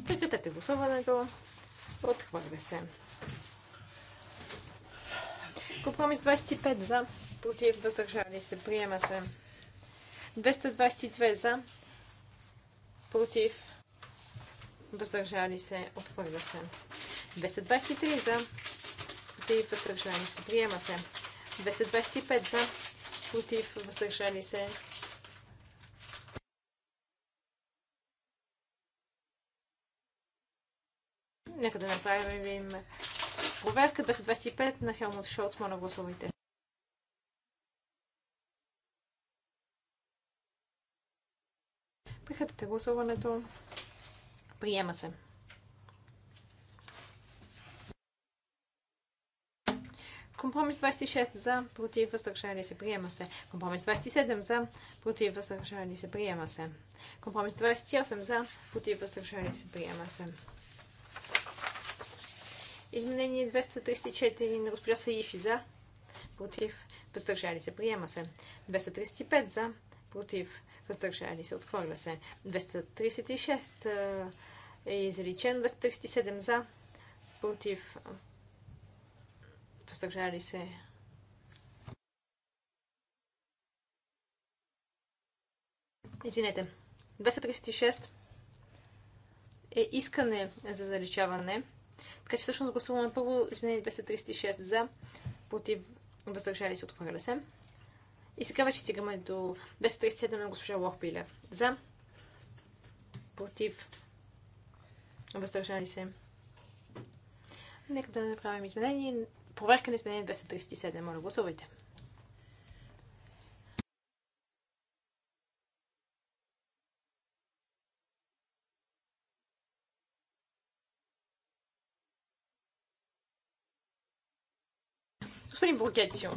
Прекратете гласуването. Отхвърля се. Компромис 25 за, против, въздържали се, приема се. 222 за, против, въздържали се, отхвърля се. 223 за, против, въздържали се, приема се. 225 за, против, въздържали се, Нека да направим проверка 225 на Хелмут Шолц. Моля, гласувайте. Прекратете гласуването. Приема се. Компромис 26 за, против, възстрашали се, приема се. Компромис 27 за, против, възстрашали се, приема се. Компромис 28 за, против, въздържали се, приема се. Изменение 234 на госпожа Саифи за, против, възстрашали се, приема се. 235 за, против, въздържали се, отхвърля се. 236 е изречен, 237 за, против, въздържали се, Извинете. 236 е искане за заличаване. Така че всъщност гласуваме първо изменение 236 за, против, въздържали се, отхвърля се. И сега вече стигаме до 237 на госпожа Лохпиле. За. Против. Въздържали се. Нека да направим изменение. Проверка на изменение 237. Моля, гласувайте. Господин Бургецио,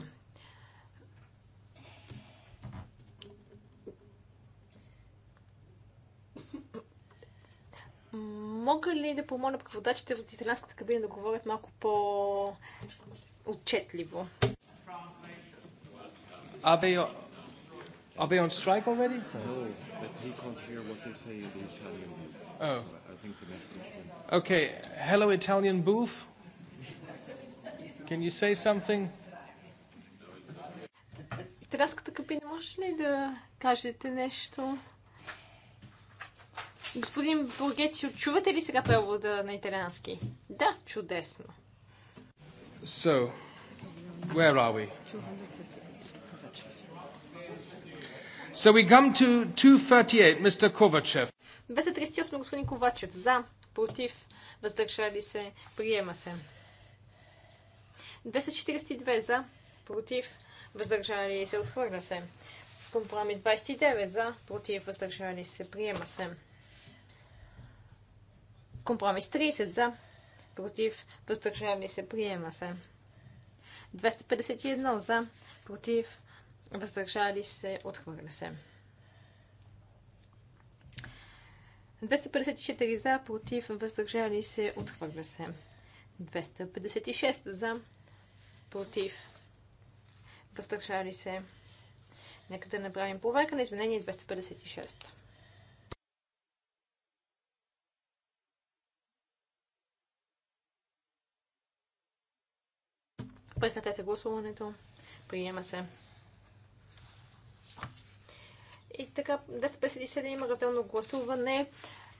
Мога ли да помоля преводачите от италянската кабина да говорят малко по-отчетливо? Абе, Are they on strike already? No, but he can't hear what they say in the Italian booth. Oh. So I think the message went. Okay, hello Italian booth. Can you say something? Италянската кабина може ли да кажете нещо? Господин Бургеци, чувате ли сега превода на италиански? Да, чудесно. So, where are we? So we come to 238, Mr. Kovachev. 238, господин Ковачев. За, против, въздържали се, приема се. 242 за, против, въздържали се, отхвърля се. Компромис 29 за, против, въздържали се, приема се. Компромис 30 за, против, въздържали се, приема се. 251 за, против, въздържали се, отхвърля се. 254 за, против, въздържали се, отхвърля се. 256 за, против, въздържали се. Нека да направим проверка на изменение 256. Прекратете гласуването. Приема се. И така, 257 има разделно гласуване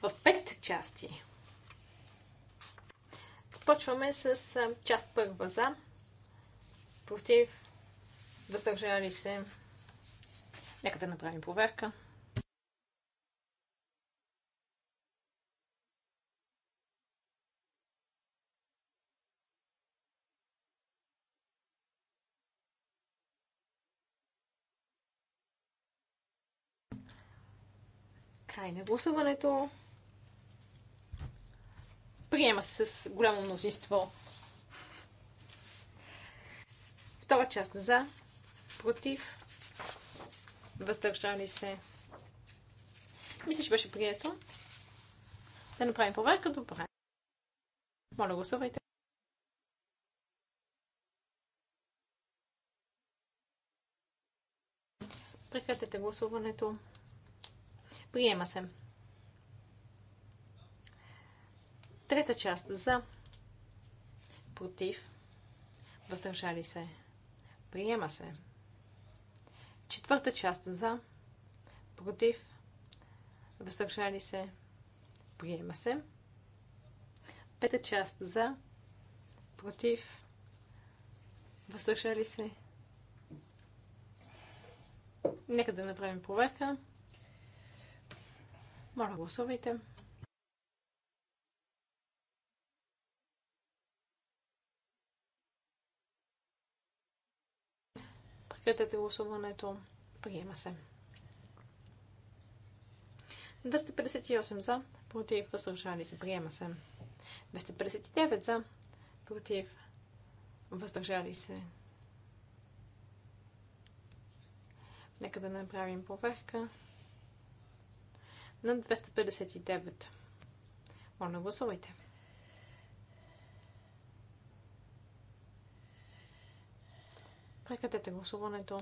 в 5 части. Започваме с част първа за, против, въздържали се. Нека да направим проверка. Край на гласуването. Приема се с голямо мнозинство. Втора част за, против, въздържали се. Мисля, че беше прието. Да направим проверка. Добре. Моля, гласувайте. Прекратете гласуването. Приема се. Трета част за против. Въздържали се. Приема се. Четвърта част за против. Въздържали се. Приема се. Пета част за против. Въздържали се. Нека да направим проверка. Моля, гласувайте. Прекратете гласуването. Приема се. 258 за, против, въздържали се. Приема се. 259 за, против, въздържали се. Нека да направим проверка на 259. Моля, гласувайте. Прекратете гласуването.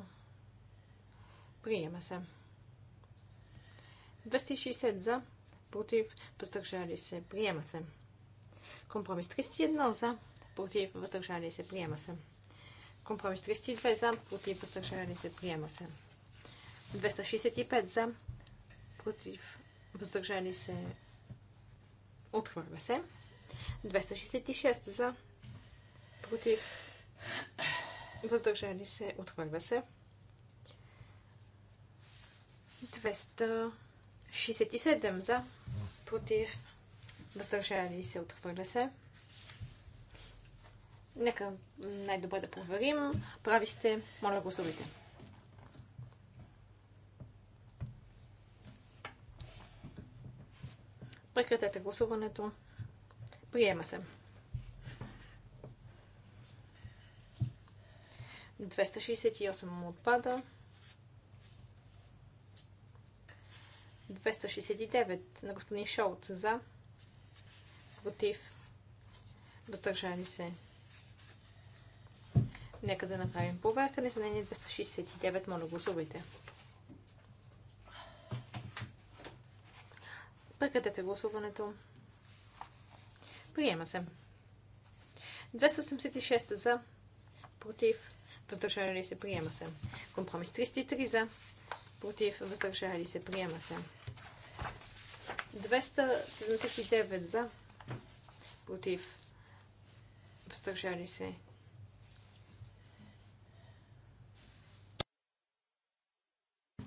Приема се. 260 за, против, въздържали се, приема се. Компромис 31 за, против, въздържали се, приема се. Компромис 32 за, против, въздържали се, приема се. 265 за, против, въздържали се, отхвърля се. 266 за, против, въздържали се, отхвърля се. 267 за, против, въздържали се, отхвърля се. Нека най-добре да проверим. Прави сте, моля гласувайте. Прекратете гласуването. Приема се. 268 му отпада. 269 на господин Шолц за. Против. Въздържали се. Нека да направим проверка. Несъмнение 269. Моля, гласувайте. Прекратете гласуването. Приема се. 276 за, против, въздържали се, приема се. Компромис 303 за, против, въздържали се, приема се. 279 за, против, въздържали се.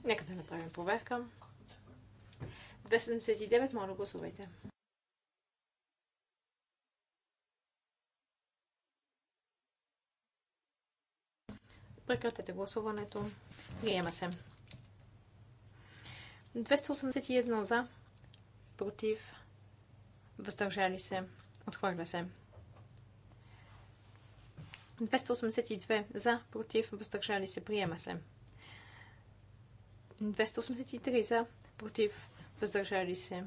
Нека да направим проверка. 279, моля гласувайте. Прекратете гласуването. Приема се. 281 за, против, въздържали се, отхвърля се. 282 за, против, въздържали се, приема се. 283 за, против, въздържали се,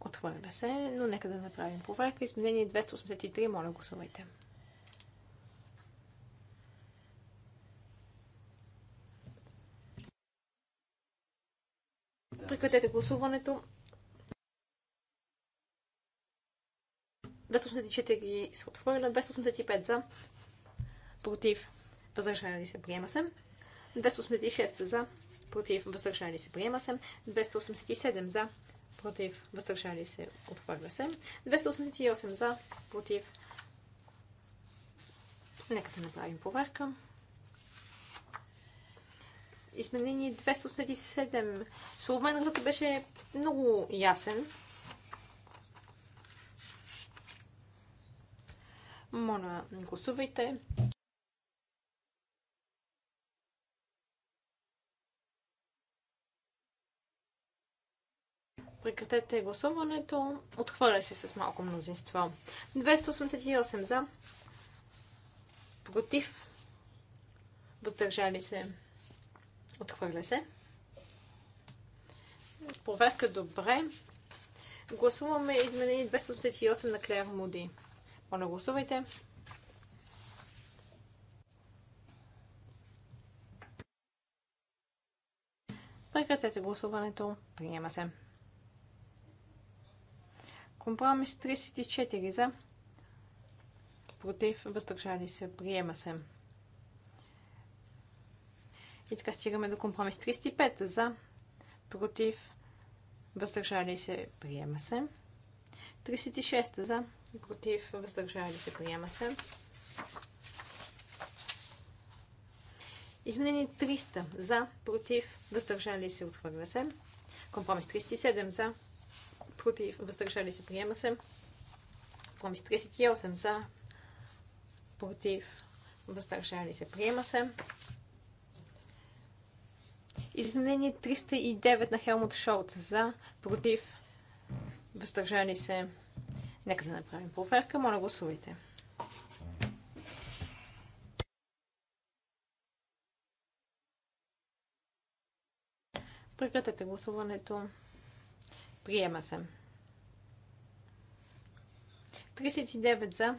отхвърля се, но нека да направим проверка. Изменение 283, моля гласувайте. Прекратете гласуването. 284 се отхвърля, 285 за, против, въздържали се, приема се. 286 за, против, въздържали се, приема се. 287 за, против, въздържали се, отхвърля се. 288 за, против. Нека да направим проверка. Изменение 287. Според мен беше много ясен. Моля, гласувайте. Прекратете гласуването. Отхвърля се с малко мнозинство. 288 за. Против. Въздържали се. Отхвърля се. Проверка добре. Гласуваме изменени 288 на Клер Муди. Моля, гласувайте. Прекратете гласуването. Приема се. Компромис 34 за. Против, въздържали се, приема се. И така стигаме до компромис 35 за. Против, въздържали се, приема се. 36 за. Против, въздържали се, приема се. Изменени 300 за, против, въздържали се, отхвърля се. Компромис 37 за, против, въздържали се, приема се. Компромис 38 за, против, въздържали се, приема се. Изменение 309 на Хелмут Шолц за, против, въздържали се. Нека да направим проверка. Моля, гласувайте. Прекратете гласуването. Приема се. 39 за,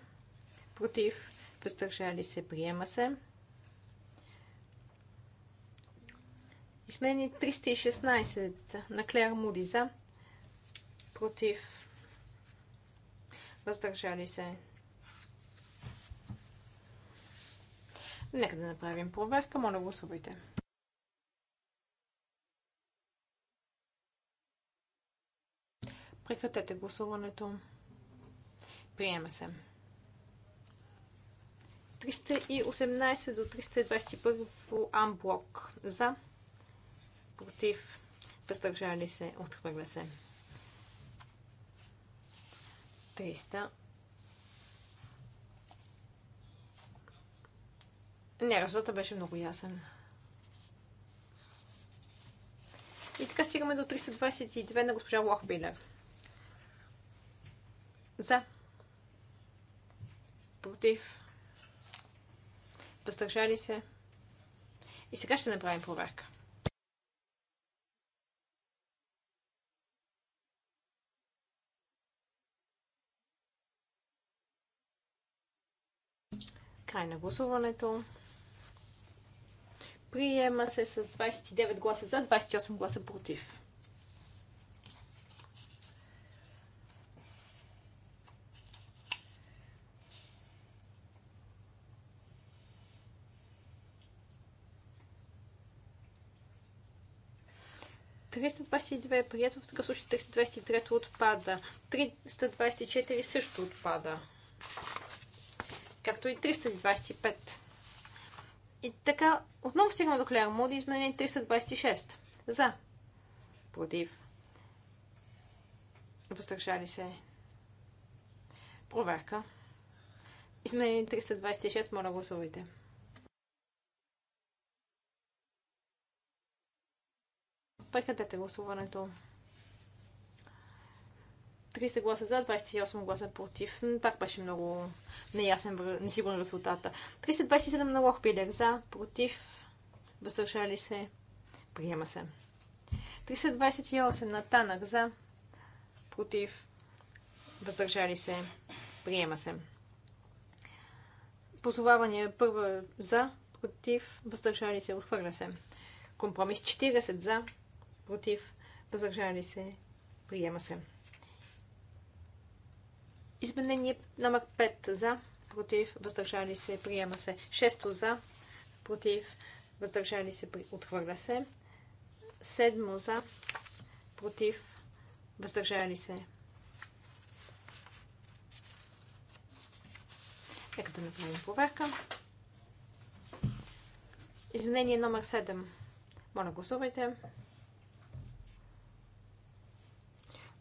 против, въздържали се, приема се. Измени 316 на Клер Муди за, против, въздържали се. Нека да направим проверка. Моля, гласувайте. Да Прекратете гласуването. Приема се. 318 до 321 по амблок. За. Против. Въздържали се. Отхвърля се. 300. Не, резултата беше много ясен. И така стигаме до 322 на госпожа Лохбилер. За. Против. Въздържали се. И сега ще направим проверка. Край на гласуването. Приема се с 29 гласа за, 28 гласа против. 322 е прието, в такъв случай 323 отпада. 324 също отпада. Както и 325. И така, отново стигаме до Клеер Муди, изменение 326. За. Против. Въздържали се. Проверка. Изменение 326, моля гласувайте. Да Прекратете гласуването. 30 гласа за, 28 гласа против. Пак беше много неясен, несигурен резултата. 327 на пилер за, против, въздържали се, приема се. 328 на Танък за, против, въздържали се, приема се. Позоваване първа за, против, въздържали се, отхвърля се. Компромис 40 за, против, въздържали се, приема се. Изменение номер 5 за, против, въздържали се, приема се. 6 за, против, въздържали се, отхвърля се. Седмо за, против, въздържали се. Нека да направим проверка. Изменение номер 7. Моля, Гласувайте.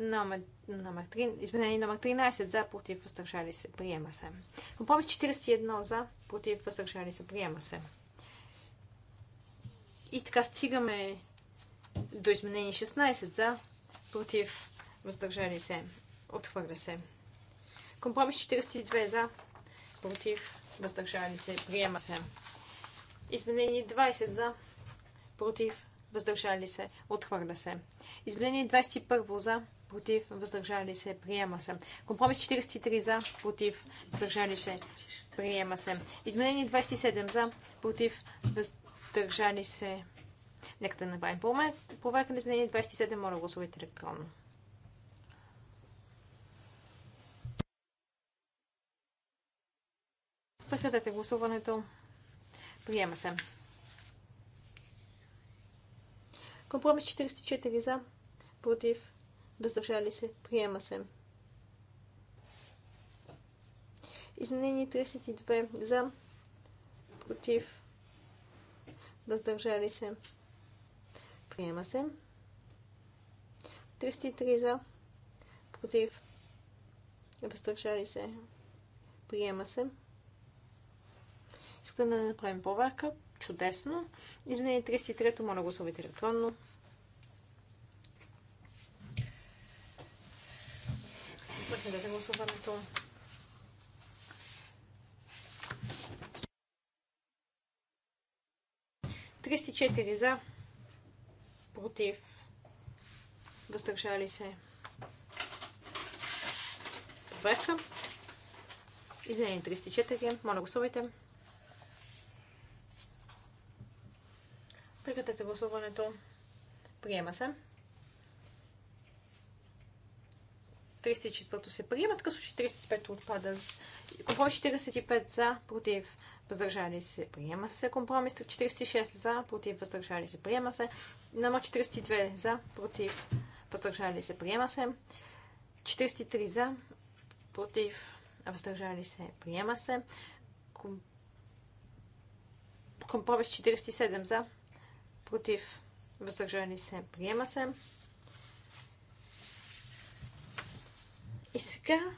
номер, номер 3, изменение номер 13 за, против, въздържали се, приема се. Компромис 41 за, против, въздържали се, приема се. И така стигаме до изменение 16 за, против, въздържали се, отхвърля се. Компромис 42 за, против, въздържали се, приема се. Изменение 20 за, против, въздържали се, отхвърля се. Изменение 21 за, против, въздържали се, приема се. Компромис 43 за, против, въздържали се, приема се. Изменение 27 за, против, въздържали се. Нека да направим проверка на изменение 27, моля гласувайте електронно. Прекратете гласуването. Приема се. Компромис 44 за, против, въздържали се, приема се. Изменение 32 за, против, въздържали се, приема се. 33 за, против, въздържали се, приема се. Искате да направим проверка? Чудесно. Изменение 33 моля го гласувайте електронно. Прекратете гласуването. Тристи за. Против. Въздържали се. Проверка. Изменение 34, Моля гласувайте. Прекратете гласуването. Приема се. 34-то се приема, така случай 35-то отпада. Компромис 45 за, против, въздържали се, приема се. Компромис 46 за, против, въздържали се, приема се. Номер 42 за, против, въздържали се, приема се. 43 за, против, въздържали се, приема се. Компромис 47 за, против, въздържали се, приема се. И сега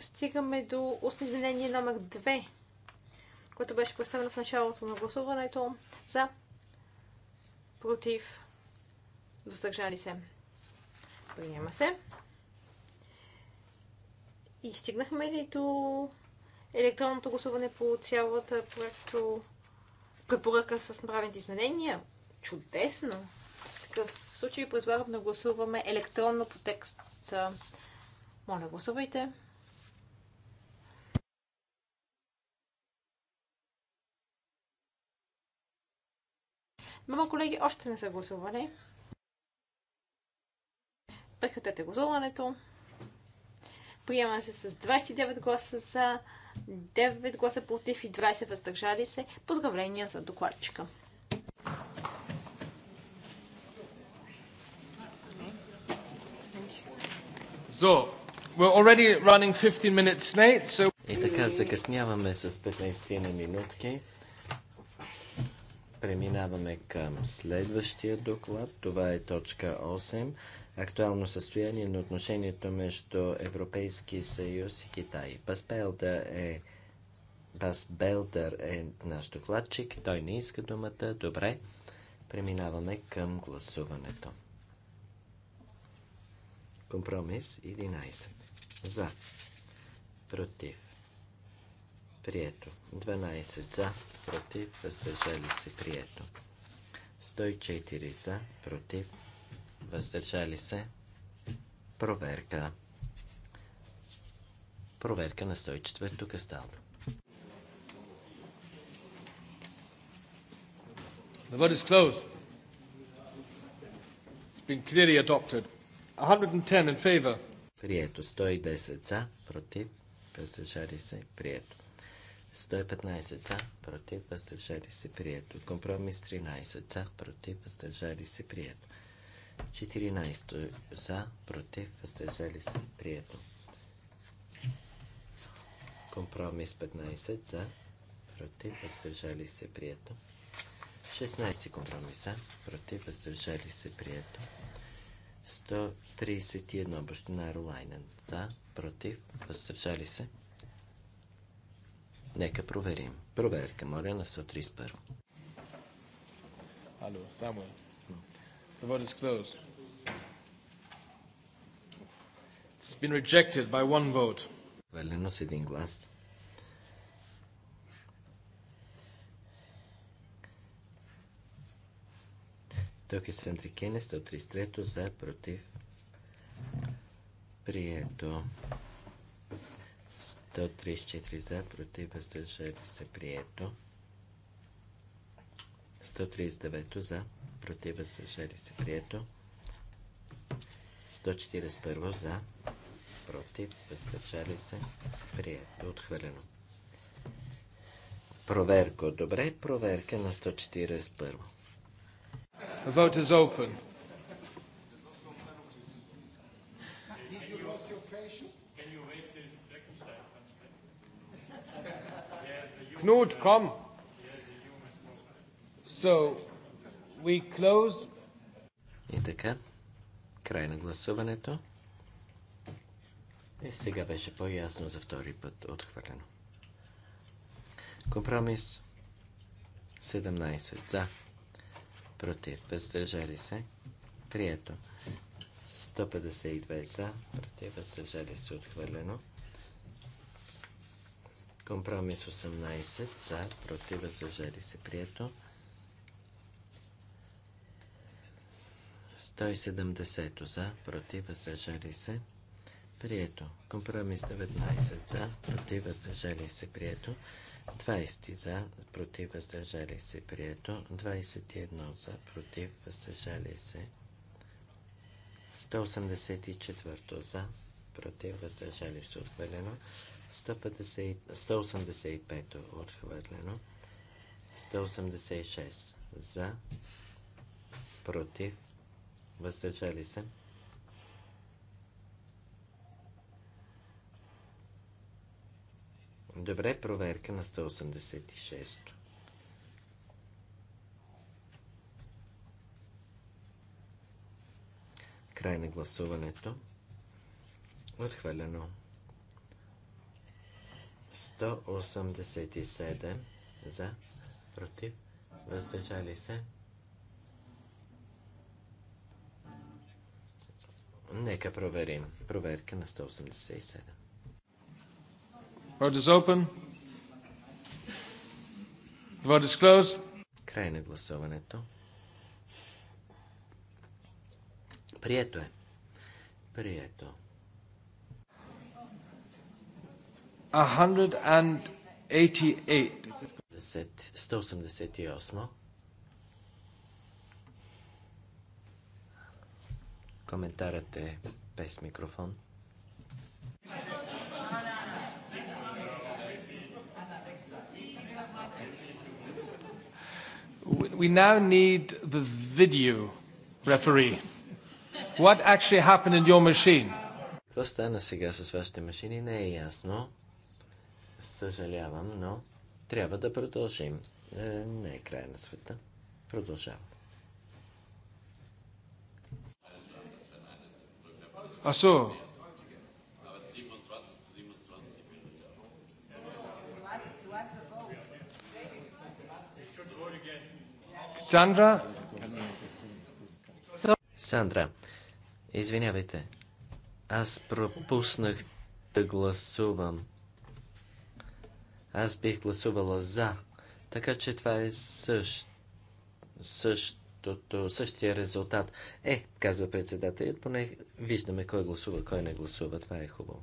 стигаме до устно изменение номер 2, което беше представено в началото на гласуването за против въздържали се. Приема се. И стигнахме ли до електронното гласуване по цялата проекто препоръка с направените изменения? Чудесно! такъв случай предлагам да гласуваме електронно по текста. Моля, гласувайте. Мама, колеги, още не са гласували. Прекратете гласуването. Приема се с 29 гласа за, 9 гласа против и 20 въздържали се. Поздравления за докладчика. So, we're already running 15 minutes late, so... И така закъсняваме с 15 на минутки. Преминаваме към следващия доклад. Това е точка 8. Актуално състояние на отношението между Европейски съюз и Китай. Паспелта е... Белдър е наш докладчик. Той не иска думата. Добре. Преминаваме към гласуването. Компромис 11. За. Против. Прието. 12 за. Против. Въздържали се. Прието. 104 за. Против. Въздържали се. Проверка. Проверка на 104-то кастално. The vote is closed. It's been clearly adopted. 110 in favor. Прието. 110 за, против, въздържали се, прието. 115 за, против, въздържали се, прието. Компромис 13 за, против, въздържали се, прието. 14 за, против, въздържали се, прието. Компромис 15 за, против, въздържали се, прието. 16 компромиса, против, въздържали се, прието. 131 бащина Ролайнен. Да, против, въздържали се. Нека проверим. Проверка, моля, на 131. Алло, Samuel. The vote is closed. It's been rejected by one vote. Валено с един глас. Токи Сантикене 133 за против. Прието. 134 за против. Въздържали се. Прието. 139 за против. Въздържали се. Прието. 141 за против. Въздържали се. Прието. Отхвърлено. Проверка. Добре. Проверка на 141. The vote is open. Knut, come. So, we close. И така, край на гласуването. И сега беше по-ясно за втори път отхвърлено. Компромис 17 за против, въздържали се, прието. 152 за, против, въздържали се, отхвърлено. Компромис 18 за, против, въздържали се, прието. 170 за, против, въздържали се, прието. Компромис 19 за, против, въздържали се, прието. 20 за, против, въздържали се, прието. 21 за, против, въздържали се. 184 за, против, въздържали се, отхвърлено. 185 отхвърлено. 186 за, против, въздържали се. Добре, проверка на 186-то. Край на гласуването. Отхвърлено. 187 за, против, въздържали се. Нека проверим. Проверка на 187. Vote is open. vote is closed. Край на гласуването. Прието е. Прието. 188. Коментарът е без микрофон. We now need the video referee. What actually happened in your machine? Какво стана сега с вашите машини не е ясно. Съжалявам, но трябва да продължим. Е, не е край на света. Продължавам. Ашо, Сандра. Сандра, извинявайте. Аз пропуснах да гласувам. Аз бих гласувала за. Така че това е същ, същото, същия резултат. Е, казва председателят, поне виждаме кой гласува, кой не гласува. Това е хубаво.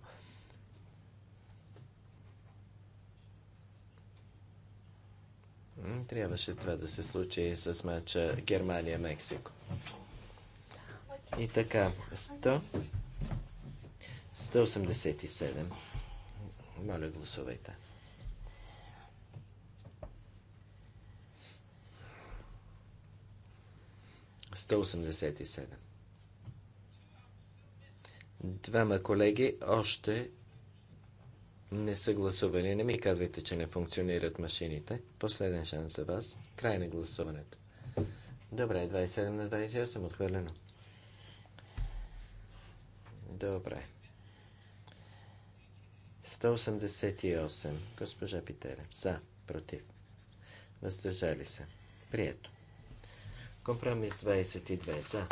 Трябваше това да се случи и с мача Германия-Мексико. И така, 100, 187. Моля, гласувайте. Сто осемдесет и седем. Двама колеги още не са гласували. Не ми казвайте, че не функционират машините. Последен шанс за вас. Край на гласуването. Добре, 27 на 28 отхвърлено. Добре. 188. Госпожа Питере. За. Против. Въздържали се. Прието. Компромис 22. За.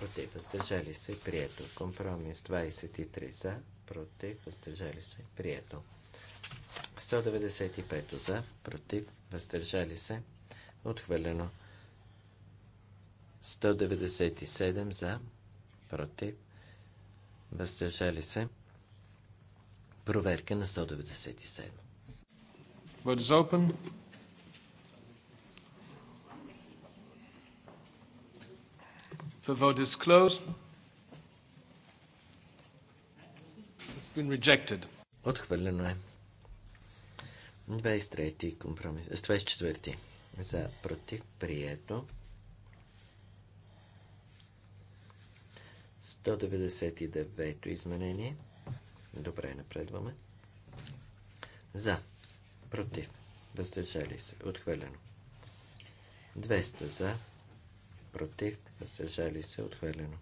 Против. Въздържали се. Прието. Компромис 23. За против, въздържали се, прието. 195 за, против, въздържали се, отхвърлено. 197 за, против, въздържали се. Проверка на 197. Vote is open. The vote is closed. Отхвърлено е. 23 компромис. 24 за против прието. 199 изменение. Добре, напредваме. За. Против. Въздържали се. Отхвърлено. 200 за. Против. Въздържали се. Отхвърлено.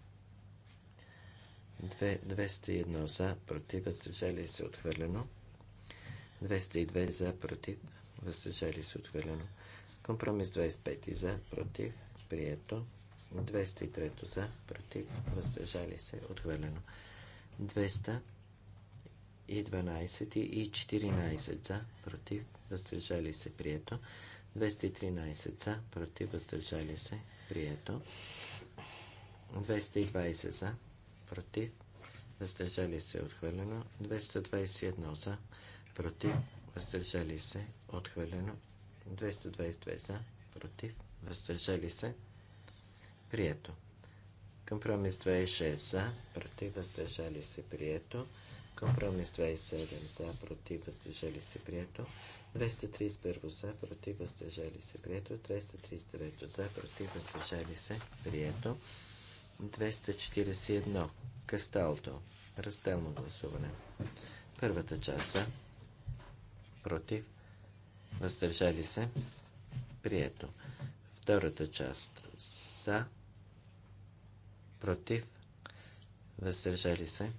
201 за, против, въздържали се отхвърлено. 202 за, против, въздържали се отхвърлено. Компромис 25 за, против, прието. 203 за, против, въздържали се отхвърлено. 212 и и 14 за, против, въздържали се прието. 213 за, против, въздържали се прието. 220 за, против, въздържали се, отхвърлено. 221 за, против, въздържали се, отхвърлено. 222 за, против, въздържали се, прието. Компромис 26 за, против, въздържали се, прието. Компромис 27 за, против, въздържали се, прието. 231 за, против, въздържали се, прието. 239 за, против, въздържали се, прието. 241. Касталто. Разделно гласуване. Първата част са против, въздържали се, прието. Втората част са против, въздържали се.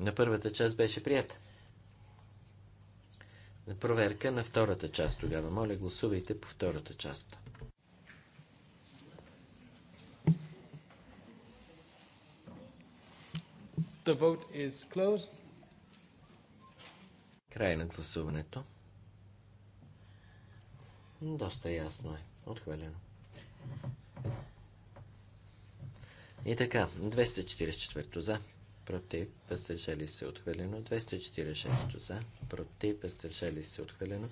На първата част беше прията проверка на втората част тогава. Моля, гласувайте по втората част. The vote is closed. Край на гласуването. Доста ясно е. Отхвърлено. И така, 244 за против, въздържали се отхвърлено, 246 за, против, въздържали се отхвърлено,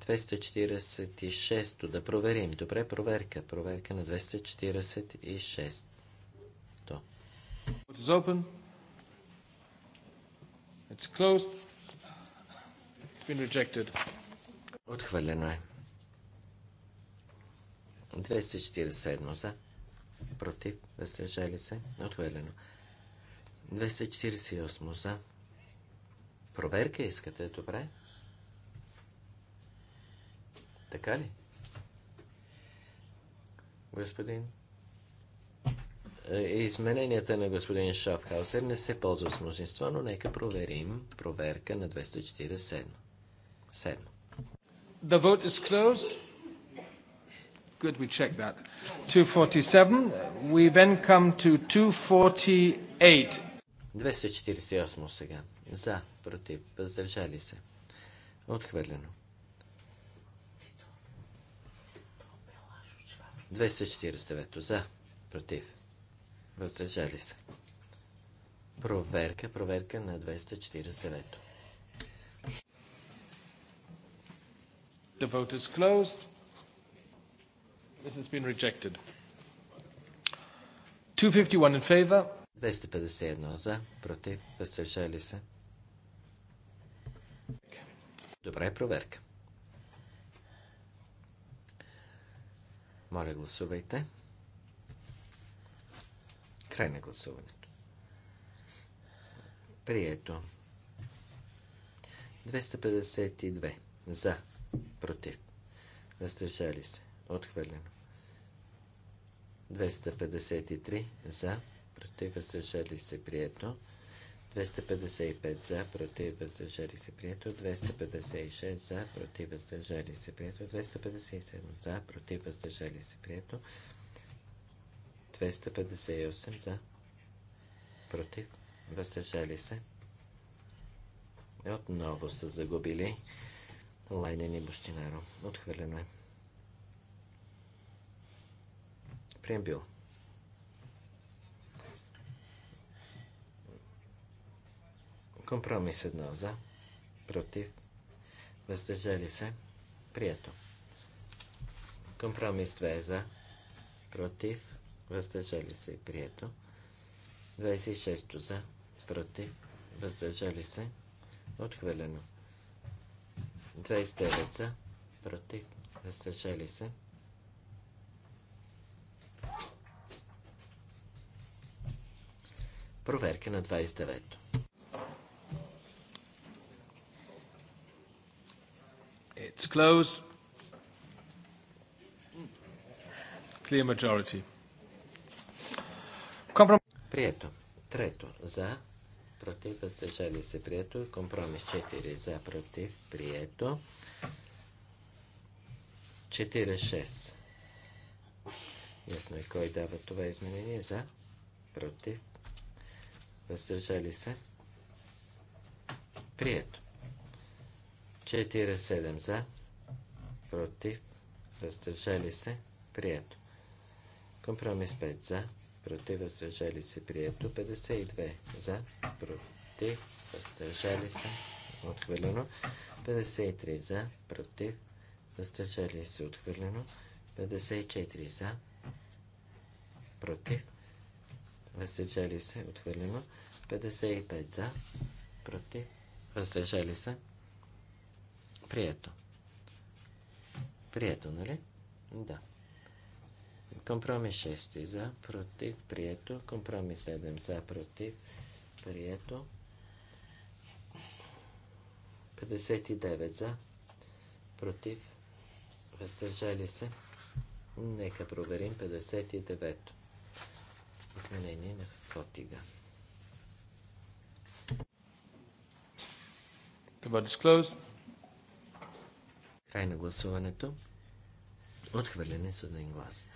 246 да проверим. Добре, проверка. Проверка на 246. То. It is open. It's closed. It's been rejected. Отхвърлено е. 247 за против, въздържали се, отхвърлено. 248 за. Проверка искате, добре? Така ли? Господин? Е, измененията на господин Шафхаузер не се ползват с мнозинство, но нека проверим проверка на 247. 7. The vote is closed. Good, we check that. 247. We then come to 248. 248 сега. За, против, въздържали се. Отхвърлено. 249 за, против, въздържали се. Проверка, проверка на 249. The vote is closed. This has been rejected. 251 in favor. 251 за, против, въздържали се. Добре, проверка. Моля, гласувайте. Край на гласуването. Прието. 252 за, против, въздържали се. Отхвърлено. 253 за, против, въздържали се, прието. 255 за, против, въздържали се, прието. 256 за, против, въздържали се, прието. 257 за, против, въздържали се, прието. 258 за, против, въздържали се. Отново са загубили Лайнен и Бущинаро. Отхвърлено е. 259 Преамбил. Компромис едно за, против, въздържали се, прието. Компромис 2 за, против, въздържали се, прието. 26 за, против, въздържали се, отхвърлено. 29 за, против, въздържали се, Проверка на 29-то. It's closed. Clear majority. Прието. Трето. За. Против. Въздържали се. Прието. Компромис 4. За. Против. Прието. 4-6. Ясно е кой дава това изменение. За. Против въздържали се. Прието. 4-7 за, против, въздържали се, прието. Компромис 5 за, против, въздържали се, прието. 52 за, против, въздържали се, отхвърлено. 53 за, против, въздържали се, отхвърлено. 54 за, против, въздържали се, отхвърлено. 55 за, против, въздържали се, прието. Прието, нали? Да. Компромис 6 за, против, прието. Компромис 7 за, против, прието. 59 за, против, въздържали се. Нека проверим 59-то изменение на Фотига. Край на гласуването. Отхвърляне с един глас.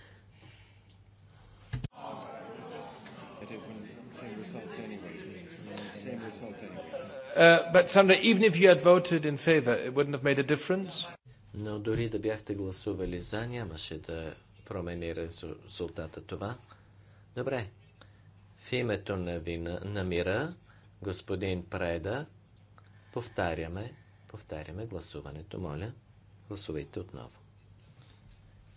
Uh, Но дори да бяхте гласували за, нямаше да промени резултата това. Добре. В името на, вина, на мира, господин Преда, повтаряме, повтаряме гласуването. Моля, гласувайте отново.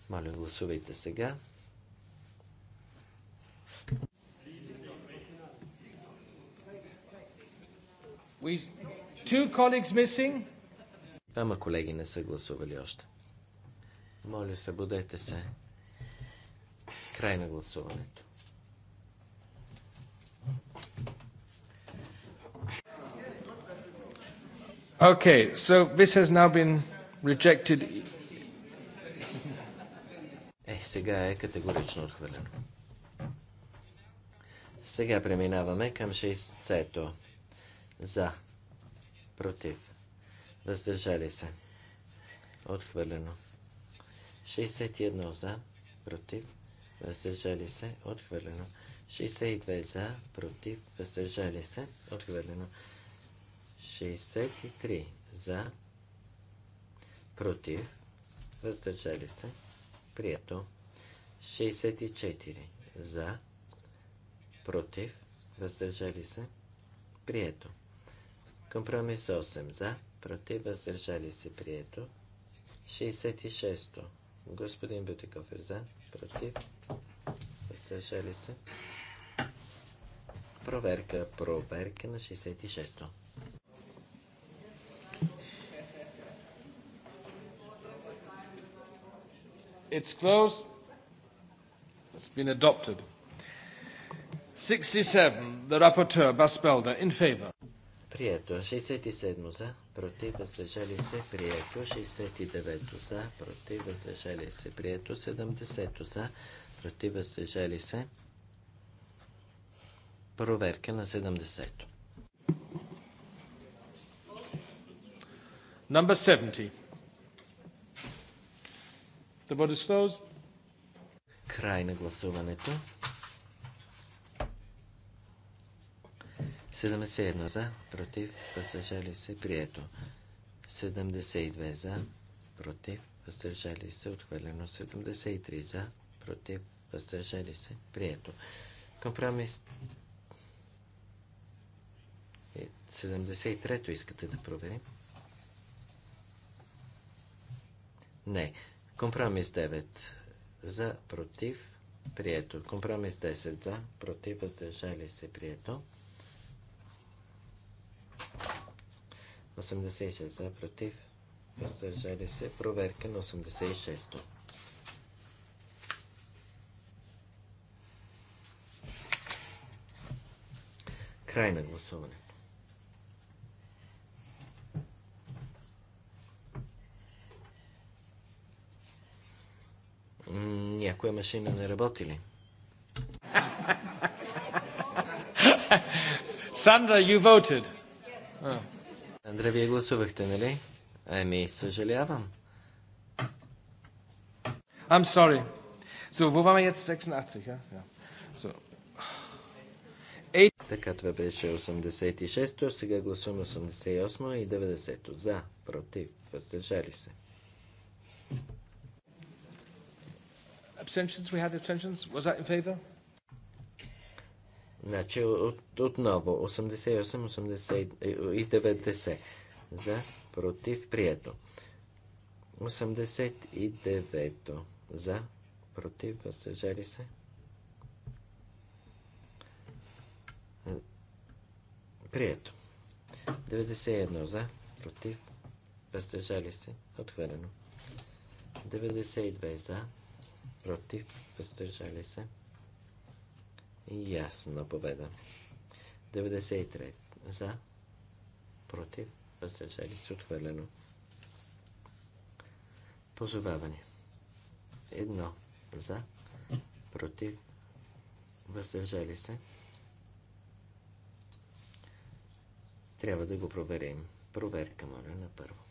Моля, гласувайте сега. We... Two colleagues missing. Двама колеги не са гласували още. Моля се, се. Край на гласуването. Okay, so this has now been rejected. Е, сега е категорично отхвърлено. Сега преминаваме към 60-то. За. Против. Въздържали се. Отхвърлено. 61 за. Против. Въздържали се. Отхвърлено. 62 за. Против. Въздържали се. Отхвърлено. 63 за, против, въздържали се, прието. 64 за, против, въздържали се, прието. Компромис 8 за, против, въздържали се, прието. 66 господин Бютиков е за, против, въздържали се. Проверка, проверка на 66-то. It's closed. It's been adopted. 67. The rapporteur, Bas Belder, in favor. Прието. 67 е. за, против, въздържали се, прието. 69 за, против, въздържали се, прието. 70 за, против, въздържали се. Проверка на 70-то. Number 70 да бъде is Край на гласуването. 71 за, против, въздържали се, прието. 72 за, против, въздържали се, отхвърлено. 73 за, против, въздържали се, прието. Компромис 73-то е искате да проверим? Не. Компромис 9 за, против, прието. Компромис 10 за, против, въздържали се, прието. 86 за, против, въздържали се, проверка на 86-то. Край на гласуването. някоя машина не работи ли? Сандра, you voted. Сандра, вие гласувахте, нали? Ами, съжалявам. I'm sorry. So, wo waren wir jetzt? 86, ja? ja. So. Eight... Така, това беше 86-то, сега гласуваме 88 и 90-то. За, против, въздържали се. Abstentions? We had abstentions. Was that in favor? Значи от, отново 88, 80 и 90 за против прието. 89 за против въздържали се. Прието. 91 за против въздържали се. Отхвърлено. 92 за против, въздържали се. Ясна победа. 93 за, против, въздържали се, отхвърлено. Позоваване. Едно за, против, въздържали се. Трябва да го проверим. Проверка, моля, на първо.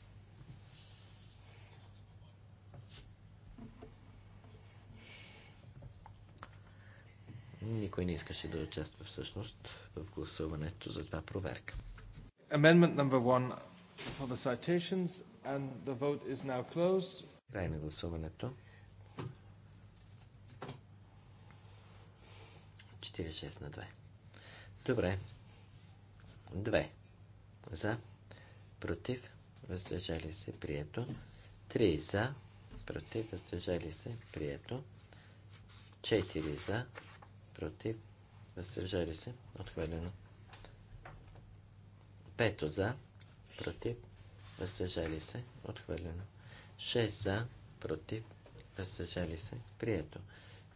Никой не искаше да участва всъщност в гласуването, за това проверка. Amendment number one for the citations and the vote is now closed. Край на гласуването. 46 на 2. Добре. 2. За. Против. Въздържали се. Прието. 3 за. Против. Въздържали се. Прието. 4 за против, въздържали се, отхвърлено. Пето за, против, въздържали се, отхвърлено. 6 за, против, въздържали се, прието.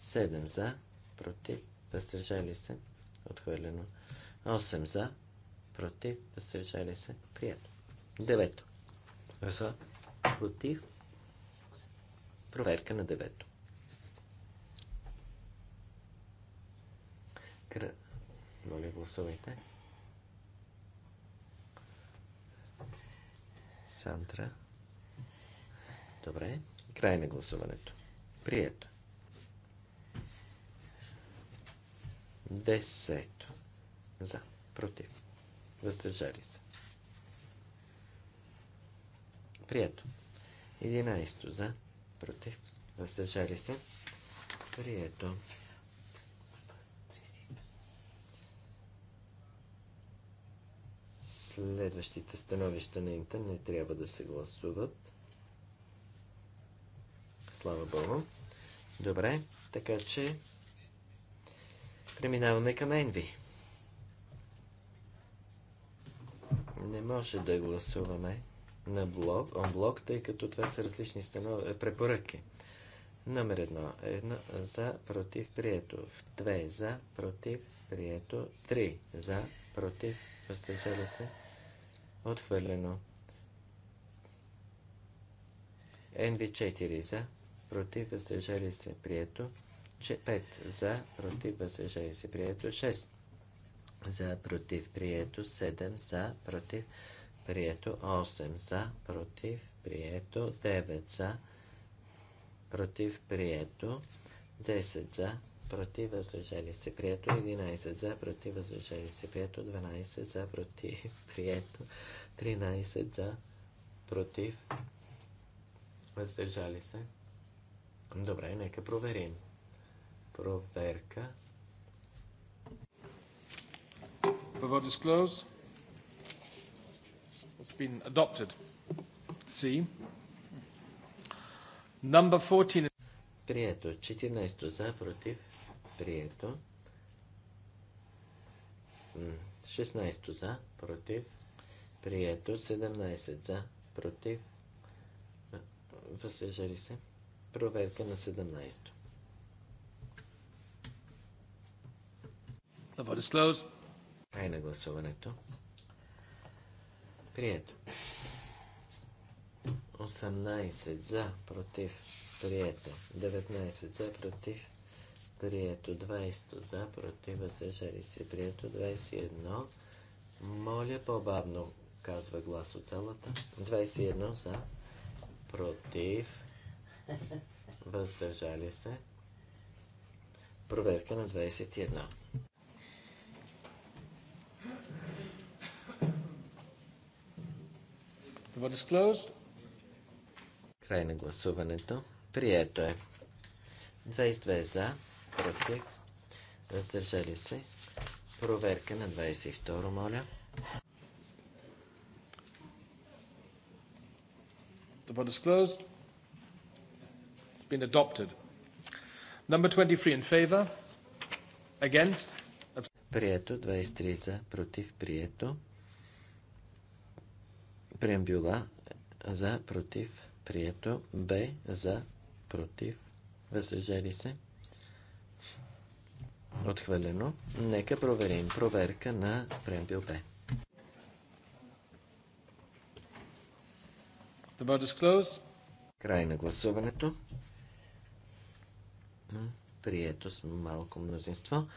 7 за, против, въздържали се, отхвърлено. 8 за, против, въздържали се, прието. Девето. за, против, проверка на 9. Кр... Моля, гласувайте. Сантра. Добре. Край на гласуването. Прието. Десето. За. Против. Въздържали се. Прието. Единайсто. За. Против. Въздържали се. Прието. Следващите становища на Инта не трябва да се гласуват. Слава Богу. Добре, така че преминаваме към Енви. Не може да гласуваме на блок, блок, тъй като това са различни станов... Е, препоръки. Номер едно. Едно за против прието. Две за против прието. Три за против въздържали се. Отхвърлено. NV4 за, против, въздържали се, прието. 5 за, против, въздържали се, прието. 6 за, против, прието. 7 за, против, прието. 8 за, против, прието. 9 за, против, прието. 10 за, против, въздържали се, прието. 11 за, против, въздържали се, прието. 12 за, против, прието. 13 за, против, въздържали се. Добре, нека проверим. Проверка. The vote is closed. It's been adopted. C. Number 14. Прието. 14 за, против, Прието. 16 за, против. Прието. 17 за, против. Въздържали се. Проверка на 17. The vote is closed. Ай на гласуването. Прието. 18 за, против, прието. 19 за, против, Прието 20 за, против, въздържали се. Прието 21. Моля по-бавно, казва глас от залата. 21 за, против, въздържали се. Проверка на 21. Край на гласуването. Прието е. 22 за, против, въздържали се. Проверка на 22, моля. The vote is closed. It's been adopted. Number 23 in favor. Against. Прието, 23 за, против, прието. Преамбюла за, против, прието. Б за, против, въздържали се. Отхвърлено. Нека проверим. Проверка на преамбил Б. The vote is closed. Край на гласуването. Прието с малко мнозинство.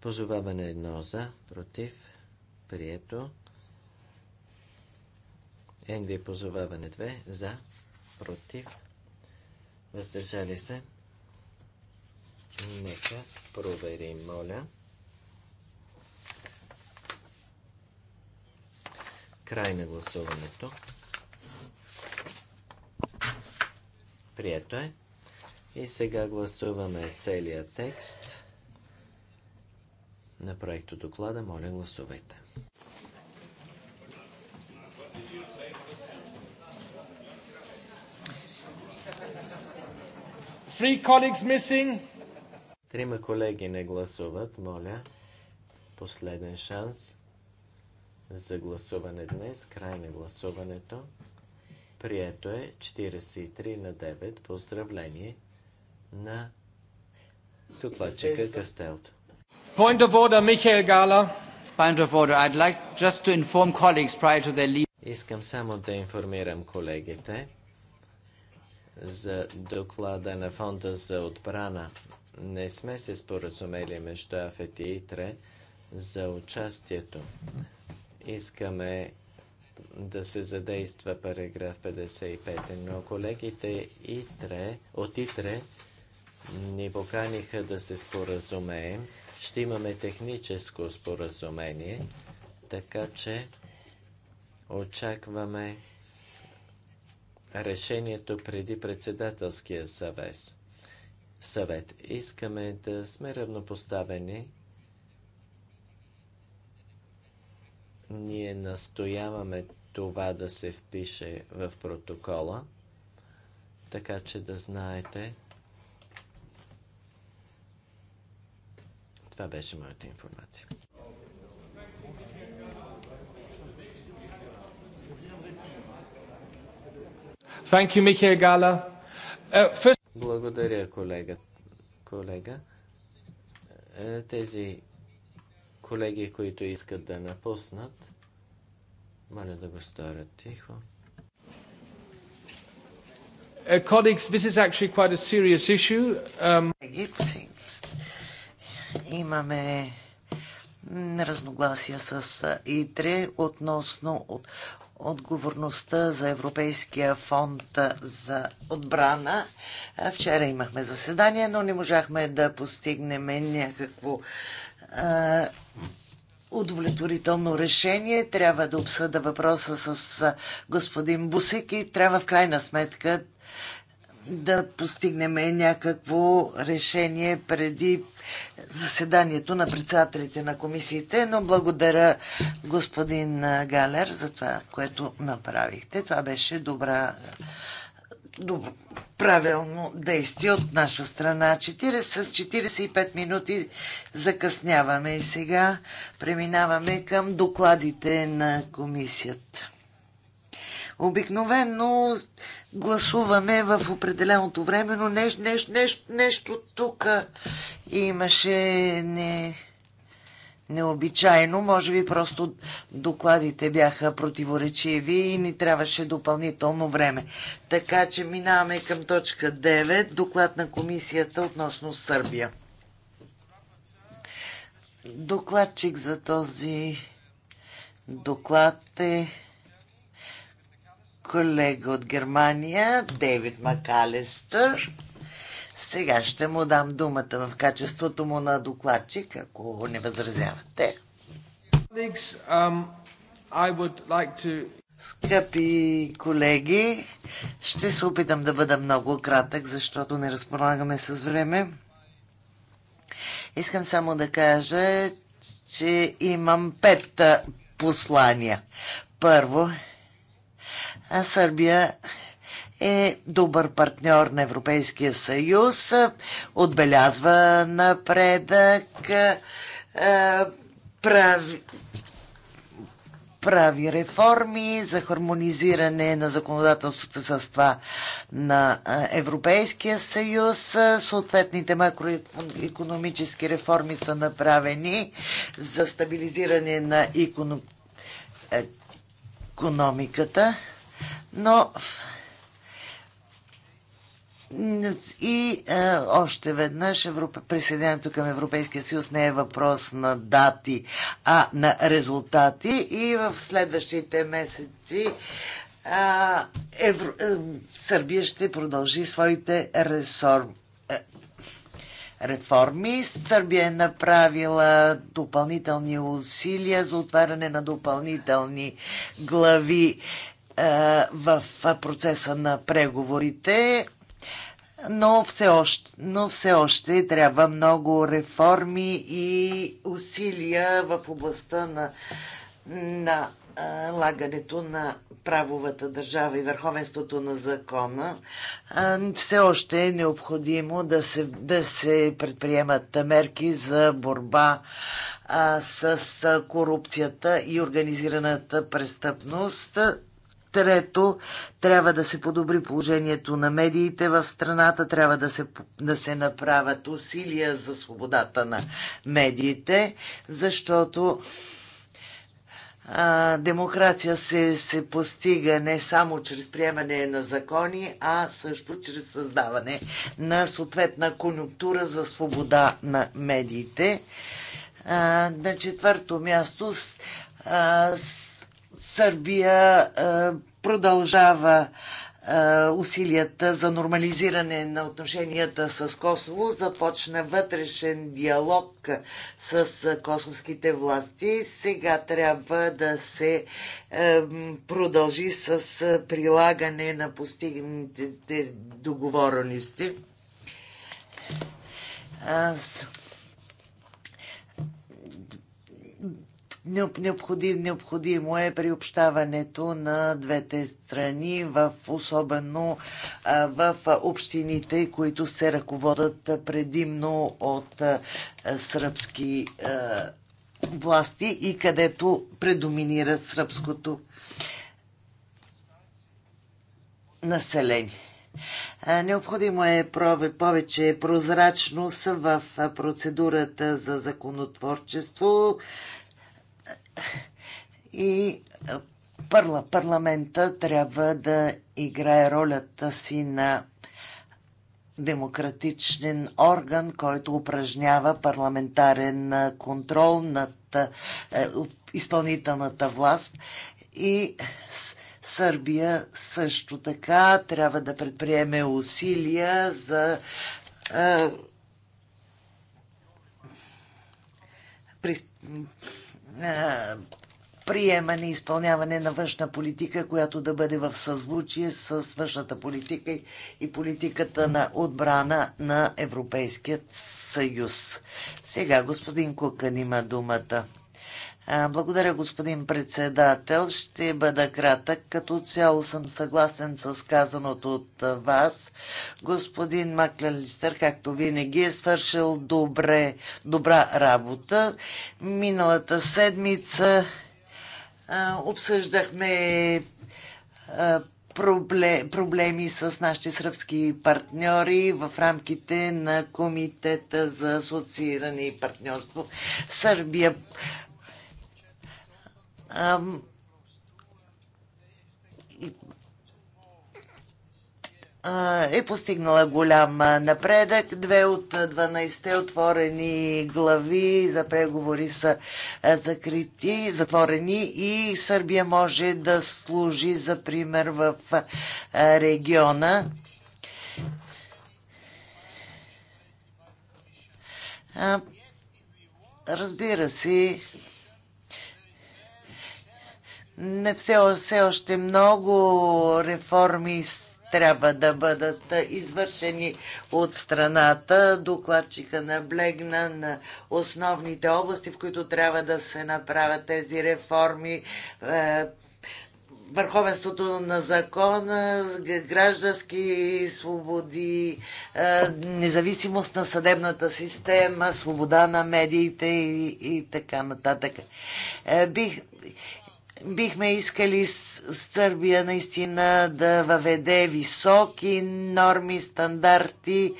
Позоваване едно за, против, прието. НВ позоваване 2 за, против, въздържали се. Нека проверим, моля. Край на гласуването. Прието е. И сега гласуваме целият текст на проекто доклада. Моля, гласувайте. Three colleagues missing. Трима колеги не гласуват, моля. Последен шанс за гласуване днес. Край на гласуването. Прието е 43 на 9. Поздравление на докладчика Кастелто. Point of order, Михаил Гала. Point of order. I'd like just to inform colleagues prior to their leave. Искам само да информирам колегите за доклада на Фонда за отбрана не сме се споразумели между АФЕТ и ИТРЕ за участието. Искаме да се задейства параграф 55, но колегите ИТРЕ, от ИТРЕ ни поканиха да се споразумеем. Ще имаме техническо споразумение, така че очакваме решението преди председателския съвест съвет. Искаме да сме равнопоставени. Ние настояваме това да се впише в протокола, така че да знаете. Това беше моята информация. Thank you, Michael Gala. Uh, first... Благодаря, колега. колега. Е, тези колеги, които искат да напуснат, моля да го сторят тихо. Uh, colleagues, this is actually quite a serious issue. Um... Имаме разногласия с ИТРЕ относно отговорността за Европейския фонд за отбрана. Вчера имахме заседание, но не можахме да постигнем някакво а, удовлетворително решение. Трябва да обсъда въпроса с господин Бусик и трябва в крайна сметка да постигнем някакво решение преди заседанието на председателите на комисиите, но благодаря господин Галер за това, което направихте. Това беше добра, добро, правилно действие от наша страна. 40, с 45 минути закъсняваме и сега преминаваме към докладите на комисията. Обикновено гласуваме в определеното време, но нещо, нещо, нещо, нещо тук имаше не, необичайно. Може би просто докладите бяха противоречиви и ни трябваше допълнително време. Така че минаваме към точка 9, доклад на комисията относно Сърбия. Докладчик за този доклад е колега от Германия, Дейвид Макалестър. Сега ще му дам думата в качеството му на докладчик, ако не възразявате. Um, Скъпи колеги, ще се опитам да бъда много кратък, защото не разполагаме с време. Искам само да кажа, че имам пет послания. Първо, Сърбия е добър партньор на Европейския съюз, отбелязва напредък, прави, прави реформи за хармонизиране на законодателството с това на Европейския съюз. Съответните макроекономически реформи са направени за стабилизиране на економиката но и е, още веднъж Европа, присъединението към Европейския съюз не е въпрос на дати, а на резултати. И в следващите месеци е, Евро, е, Сърбия ще продължи своите ресор, е, реформи. Сърбия е направила допълнителни усилия за отваряне на допълнителни глави е, в процеса на преговорите, но все още, но все още трябва много реформи и усилия в областта на, на е, лагането на правовата държава и върховенството на закона, е, все още е необходимо да се, да се предприемат мерки за борба с корупцията и организираната престъпност, Трето, трябва да се подобри положението на медиите в страната, трябва да се, да се направят усилия за свободата на медиите, защото а, демокрация се, се постига не само чрез приемане на закони, а също чрез създаване на съответна конюнктура за свобода на медиите. А, на четвърто място с, а, с Сърбия продължава усилията за нормализиране на отношенията с Косово. Започна вътрешен диалог с косовските власти. Сега трябва да се продължи с прилагане на постигнатите договорености. Необходим, необходимо е приобщаването на двете страни, в, особено в общините, които се ръководят предимно от сръбски власти и където предоминира сръбското население. Необходимо е повече прозрачност в процедурата за законотворчество, и парла, парламента трябва да играе ролята си на демократичен орган, който упражнява парламентарен контрол над е, изпълнителната власт и Сърбия също така трябва да предприеме усилия за а, при, е, приемане и изпълняване на външна политика, която да бъде в съзвучие с външната политика и политиката на отбрана на Европейският съюз. Сега господин Кукън има думата. Благодаря, господин председател. Ще бъда кратък. Като цяло съм съгласен с казаното от вас. Господин Маклялистър, както винаги, е свършил добре, добра работа. Миналата седмица а, обсъждахме а, проблеми с нашите сръбски партньори в рамките на Комитета за асоцииране и партньорство. Сърбия е постигнала голям напредък. Две от 12-те отворени глави за преговори са закрити, затворени и Сърбия може да служи за пример в региона. Разбира се, не все, все още много реформи трябва да бъдат извършени от страната. Докладчика наблегна на основните области, в които трябва да се направят тези реформи. Е, върховенството на закона, граждански свободи, е, независимост на съдебната система, свобода на медиите и, и така нататък. Е, бих, Бихме искали Сърбия наистина да въведе високи норми, стандарти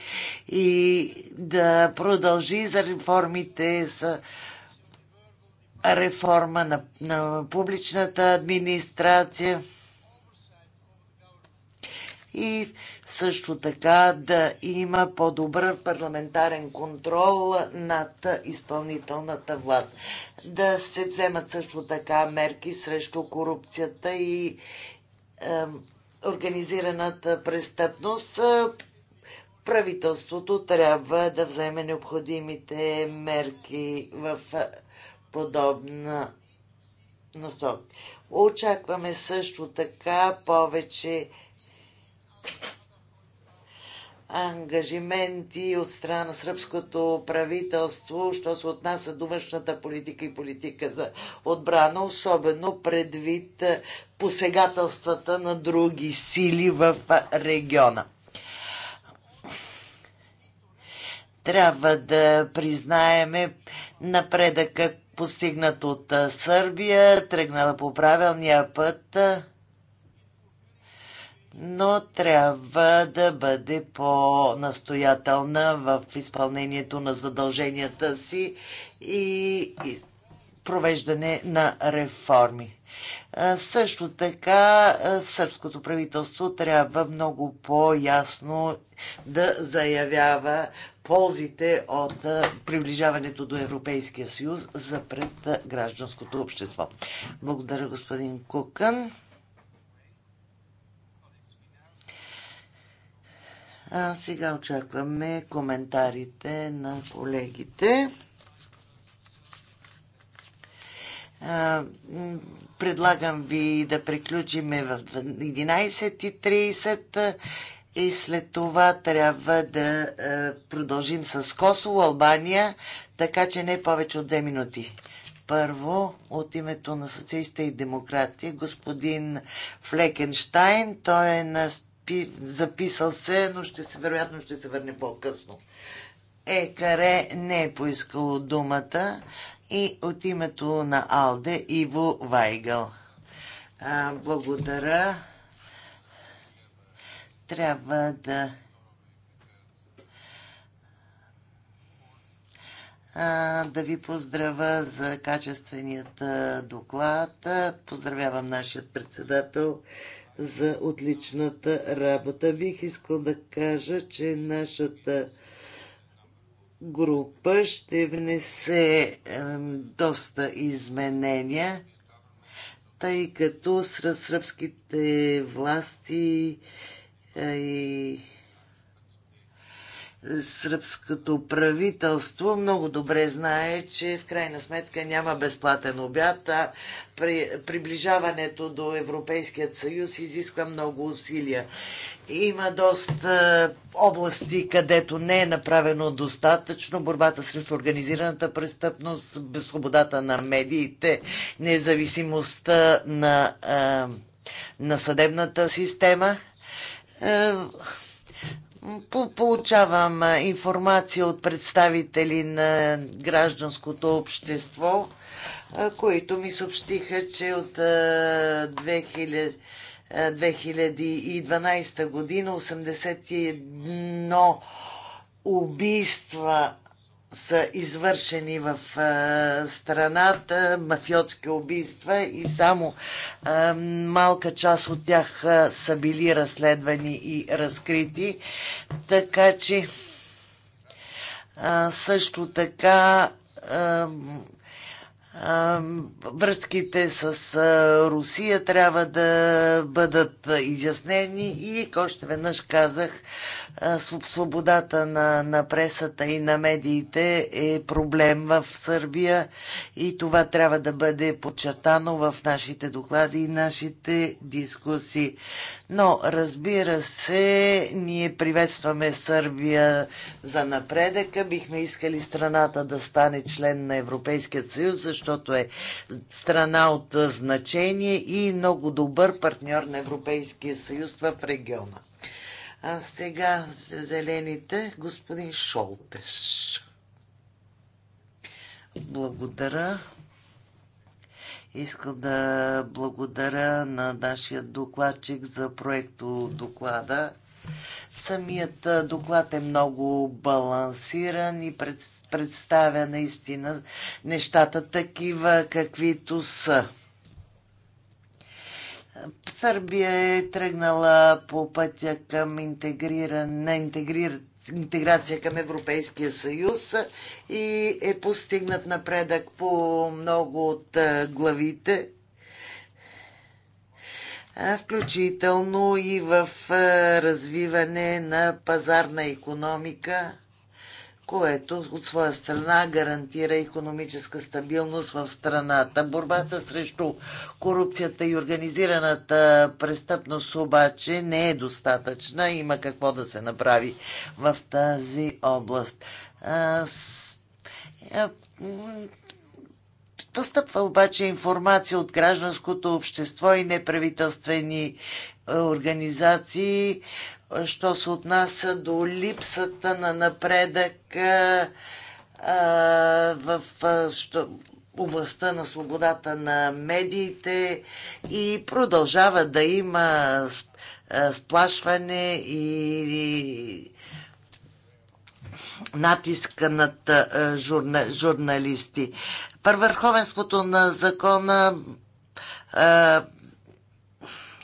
и да продължи за реформите с реформа на, на публичната администрация и също така да има по-добър парламентарен контрол над изпълнителната власт да се вземат също така мерки срещу корупцията и е, организираната престъпност. Е, правителството трябва да вземе необходимите мерки в е, подобна насок. Очакваме също така повече ангажименти от страна на сръбското правителство, що се отнася до външната политика и политика за отбрана, особено предвид е, посегателствата на други сили в е, региона. Трябва да признаеме напредъка, постигнат от е, Сърбия, тръгнала по правилния път но трябва да бъде по-настоятелна в изпълнението на задълженията си и провеждане на реформи. Също така сърбското правителство трябва много по-ясно да заявява ползите от приближаването до Европейския съюз за пред гражданското общество. Благодаря, господин Кукън. А сега очакваме коментарите на колегите. Предлагам ви да приключиме в 11.30 и след това трябва да продължим с Косово, Албания, така че не повече от две минути. Първо, от името на социалистите и демократи, господин Флекенштайн, той е на записал се, но ще се, вероятно ще се върне по-късно. Екаре не е поискало думата и от името на Алде Иво Вайгъл. А, благодаря. Трябва да а, да ви поздравя за качественият доклад. Поздравявам нашият председател за отличната работа. Бих искал да кажа, че нашата група ще внесе доста изменения, тъй като сръбските власти е, и сръбското правителство много добре знае, че в крайна сметка няма безплатен обяд, а при, приближаването до Европейският съюз изисква много усилия. Има доста области, където не е направено достатъчно. Борбата срещу организираната престъпност, свободата на медиите, независимостта на, на съдебната система е, Получавам информация от представители на гражданското общество, които ми съобщиха, че от 2012 година 81 убийства са извършени в страната мафиотски убийства и само малка част от тях са били разследвани и разкрити. Така че също така връзките с Русия трябва да бъдат изяснени и още веднъж казах, свободата на, на пресата и на медиите е проблем в Сърбия и това трябва да бъде подчертано в нашите доклади и нашите дискусии. Но, разбира се, ние приветстваме Сърбия за напредъка. Бихме искали страната да стане член на Европейския съюз, защото е страна от значение и много добър партньор на Европейския съюз в региона. А сега за зелените господин Шолтеш. Благодаря. Искам да благодаря на нашия докладчик за проекто доклада. Самият доклад е много балансиран и представя наистина нещата такива, каквито са. Сърбия е тръгнала по пътя към интегриране, интегрир, интеграция към Европейския съюз и е постигнат напредък по много от главите, включително и в развиване на пазарна економика което от своя страна гарантира економическа стабилност в страната. Борбата срещу корупцията и организираната престъпност обаче не е достатъчна. Има какво да се направи в тази област. Постъпва обаче информация от гражданското общество и неправителствени организации що се отнася до липсата на напредък а, в а, що, областта на свободата на медиите и продължава да има сплашване и натиска над журна, журналисти. Първърховенството на закона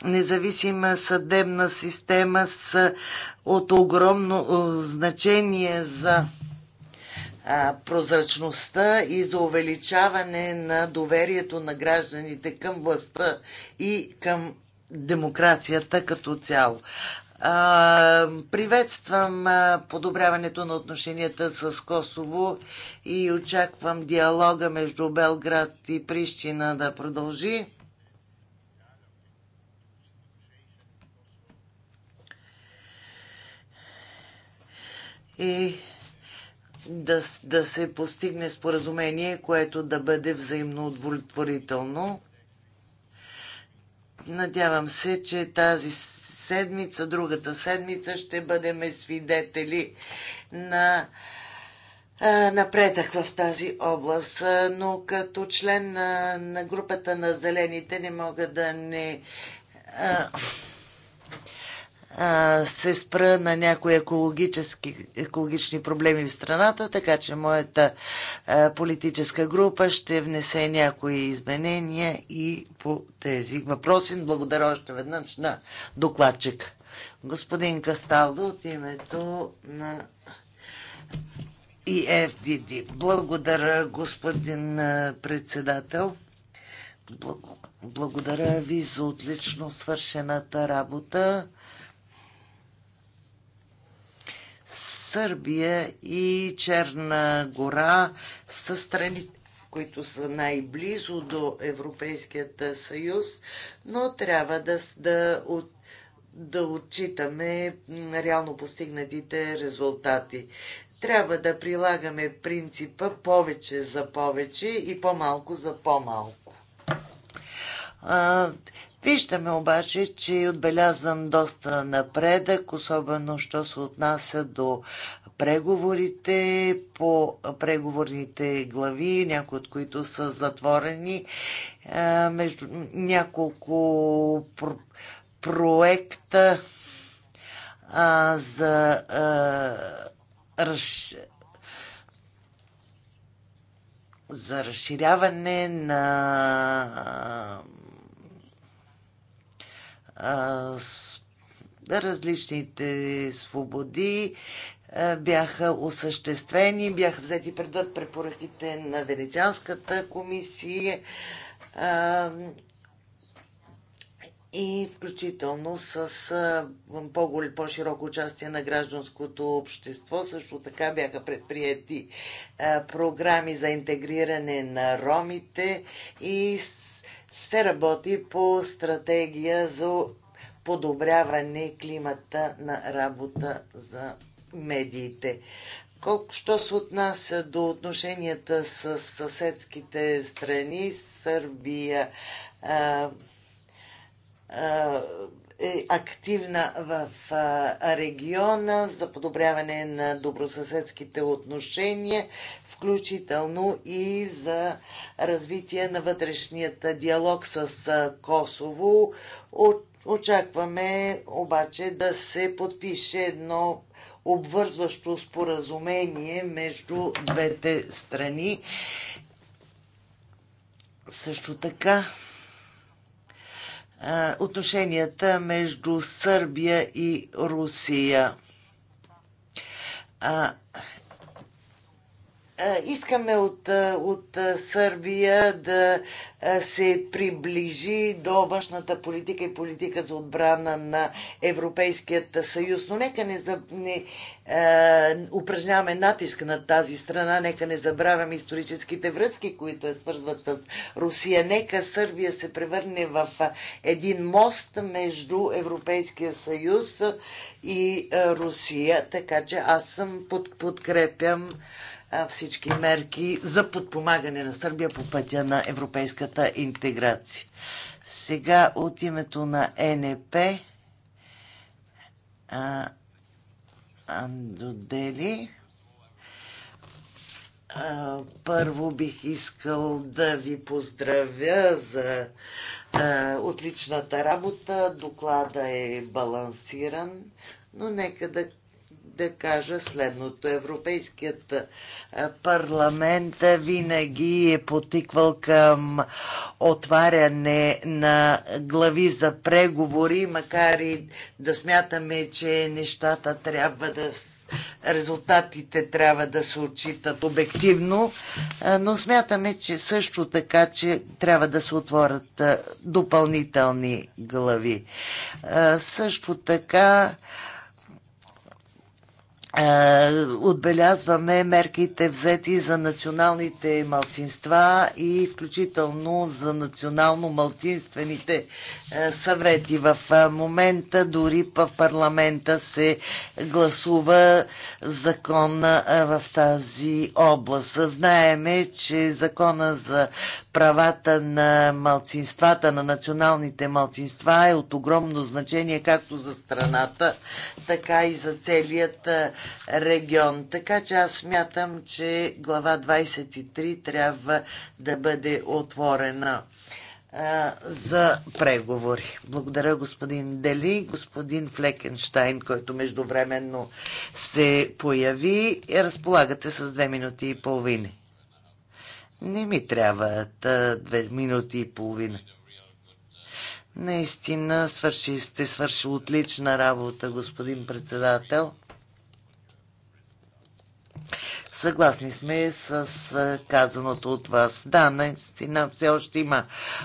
независима съдебна система с от огромно е, значение за прозрачността и за увеличаване на доверието на гражданите към властта и към демокрацията като цяло. Приветствам подобряването на отношенията с Косово и очаквам диалога между Белград и Прищина да продължи. И е да, да се постигне споразумение, което да бъде взаимно удовлетворително. Надявам се, че тази седмица, другата седмица ще бъдем свидетели на напредък в тази област, но като член на, на групата на зелените не мога да не а, се спра на някои екологически, екологични проблеми в страната, така че моята политическа група ще внесе някои изменения и по тези въпроси. Благодаря още веднъж на докладчик. Господин Касталдо от името на ИФДД. Е благодаря, господин председател. Благодаря ви за отлично свършената работа Сърбия и Черна гора са страните, които са най-близо до Европейският съюз, но трябва да, да, от, да отчитаме реално постигнатите резултати. Трябва да прилагаме принципа повече за повече и по-малко за по-малко Виждаме обаче, че е отбелязан доста напредък, особено що се отнася до преговорите по преговорните глави, някои от които са затворени. Е, между няколко проекта за а, за разширяване на различните свободи бяха осъществени, бяха взети предвид препоръките на Венецианската комисия и включително с по-широко участие на гражданското общество. Също така бяха предприяти програми за интегриране на ромите и се работи по стратегия за подобряване климата на работа за медиите. Колко що се отнася до отношенията с съседските страни, Сърбия, е, е активна в е, региона за подобряване на добросъседските отношения, включително и за развитие на вътрешният диалог с е, Косово. Очакваме обаче да се подпише едно обвързващо споразумение между двете страни. Също така отношенията между Сърбия и Русия искаме от, от Сърбия да се приближи до външната политика и политика за отбрана на Европейският съюз. Но нека не, за, не е, упражняваме натиск на тази страна, нека не забравяме историческите връзки, които е свързват с Русия. Нека Сърбия се превърне в един мост между Европейския съюз и Русия. Така че аз съм под, подкрепям всички мерки за подпомагане на Сърбия по пътя на европейската интеграция. Сега от името на НП Андодели. Първо бих искал да ви поздравя за а, отличната работа. Доклада е балансиран, но нека да да кажа следното. Европейският парламент винаги е потиквал към отваряне на глави за преговори, макар и да смятаме, че нещата трябва да резултатите трябва да се отчитат обективно, но смятаме, че също така, че трябва да се отворят допълнителни глави. Също така, е, отбелязваме мерките взети за националните малцинства и включително за национално-малцинствените е, съвети. В е, момента дори в парламента се гласува закон в тази област. Знаеме, че закона за правата на малцинствата, на националните малцинства е от огромно значение както за страната, така и за целият регион. Така че аз смятам, че глава 23 трябва да бъде отворена а, за преговори. Благодаря господин Дели, господин Флекенштайн, който междувременно се появи. Разполагате с две минути и половина. Не ми трябват две минути и половина. Наистина свърши, сте свършил отлична работа, господин председател. Съгласни сме с казаното от вас. Да, наистина все още има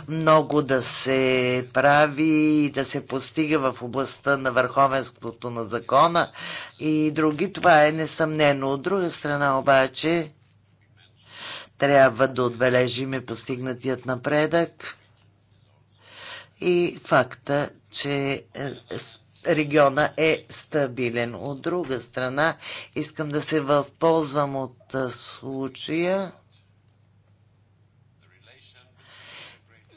много да се прави и да се постига в областта на върховенството на закона и други. Това е несъмнено. От друга страна обаче трябва да отбележиме постигнатият напредък и факта, че е, региона е стабилен. От друга страна, искам да се възползвам от случая,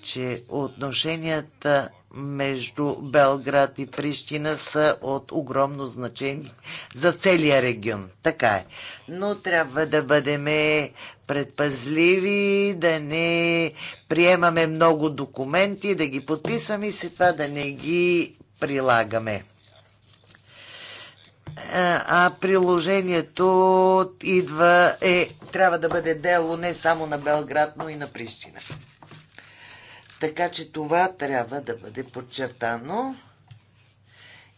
че отношенията между Белград и Прищина са от огромно значение за целия регион. Така е. Но трябва да бъдем предпазливи, да не приемаме много документи, да ги подписваме и след това да не ги прилагаме. А приложението идва, е, трябва да бъде дело не само на Белград, но и на Прищина. Така че това трябва да бъде подчертано.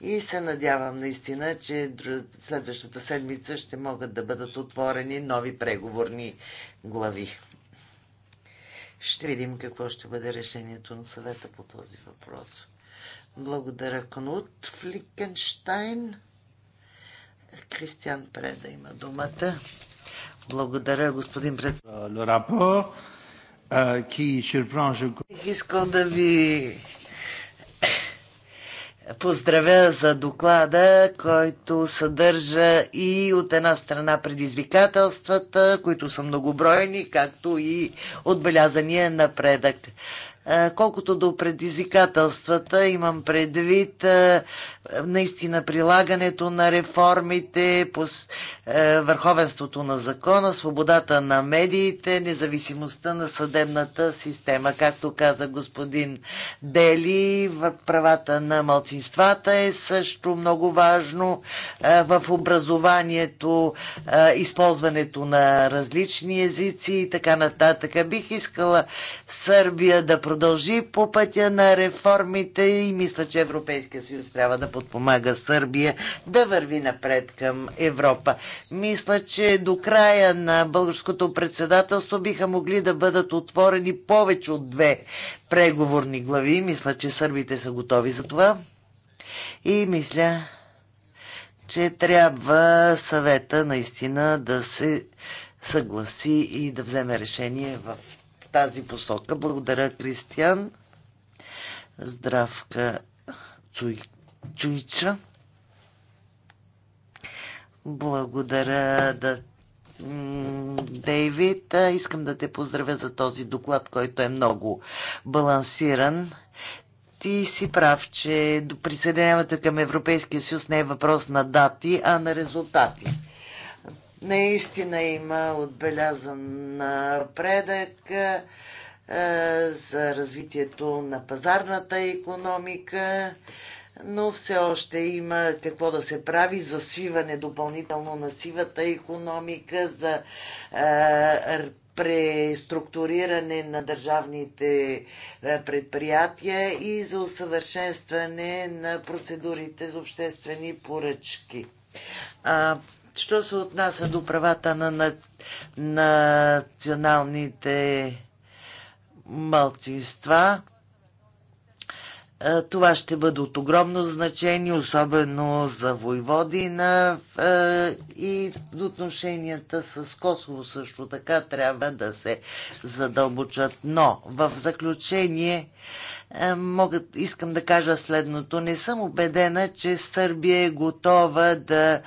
И се надявам наистина, че следващата седмица ще могат да бъдат отворени нови преговорни глави. Ще видим какво ще бъде решението на съвета по този въпрос. Благодаря, Кнут Фликенштайн. Кристиан Преда има думата. Благодаря, господин председател. Euh, Искам да ви поздравя за доклада, който съдържа и от една страна предизвикателствата, които са многобройни, както и отбелязания напредък. Е, колкото до предизвикателствата, имам предвид е, наистина прилагането на реформите, е, върховенството на закона, свободата на медиите, независимостта на съдебната система. Както каза господин Дели, правата на малцинствата е също много важно е, в образованието, е, използването на различни езици и така нататък. Бих искала Сърбия да продължи по пътя на реформите и мисля, че Европейския съюз трябва да подпомага Сърбия да върви напред към Европа. Мисля, че до края на българското председателство биха могли да бъдат отворени повече от две преговорни глави. Мисля, че сърбите са готови за това. И мисля, че трябва съвета наистина да се съгласи и да вземе решение в тази посока. Благодаря, Кристиан. Здравка Цуйк. Чуйча. Благодаря, да, Дейвид. Искам да те поздравя за този доклад, който е много балансиран. Ти си прав, че до присъединяването към Европейския съюз не е въпрос на дати, а на резултати. Наистина има отбелязан напредък за развитието на пазарната економика но все още има какво да се прави за свиване допълнително на сивата економика, за е, преструктуриране на държавните предприятия и за усъвършенстване на процедурите за обществени поръчки. А, що се отнася до правата на, на, на националните малцинства, е, това ще бъде от огромно значение, особено за Войводина е, и отношенията с Косово също така трябва да се задълбочат. Но в заключение е, могат, искам да кажа следното. Не съм убедена, че Сърбия е готова да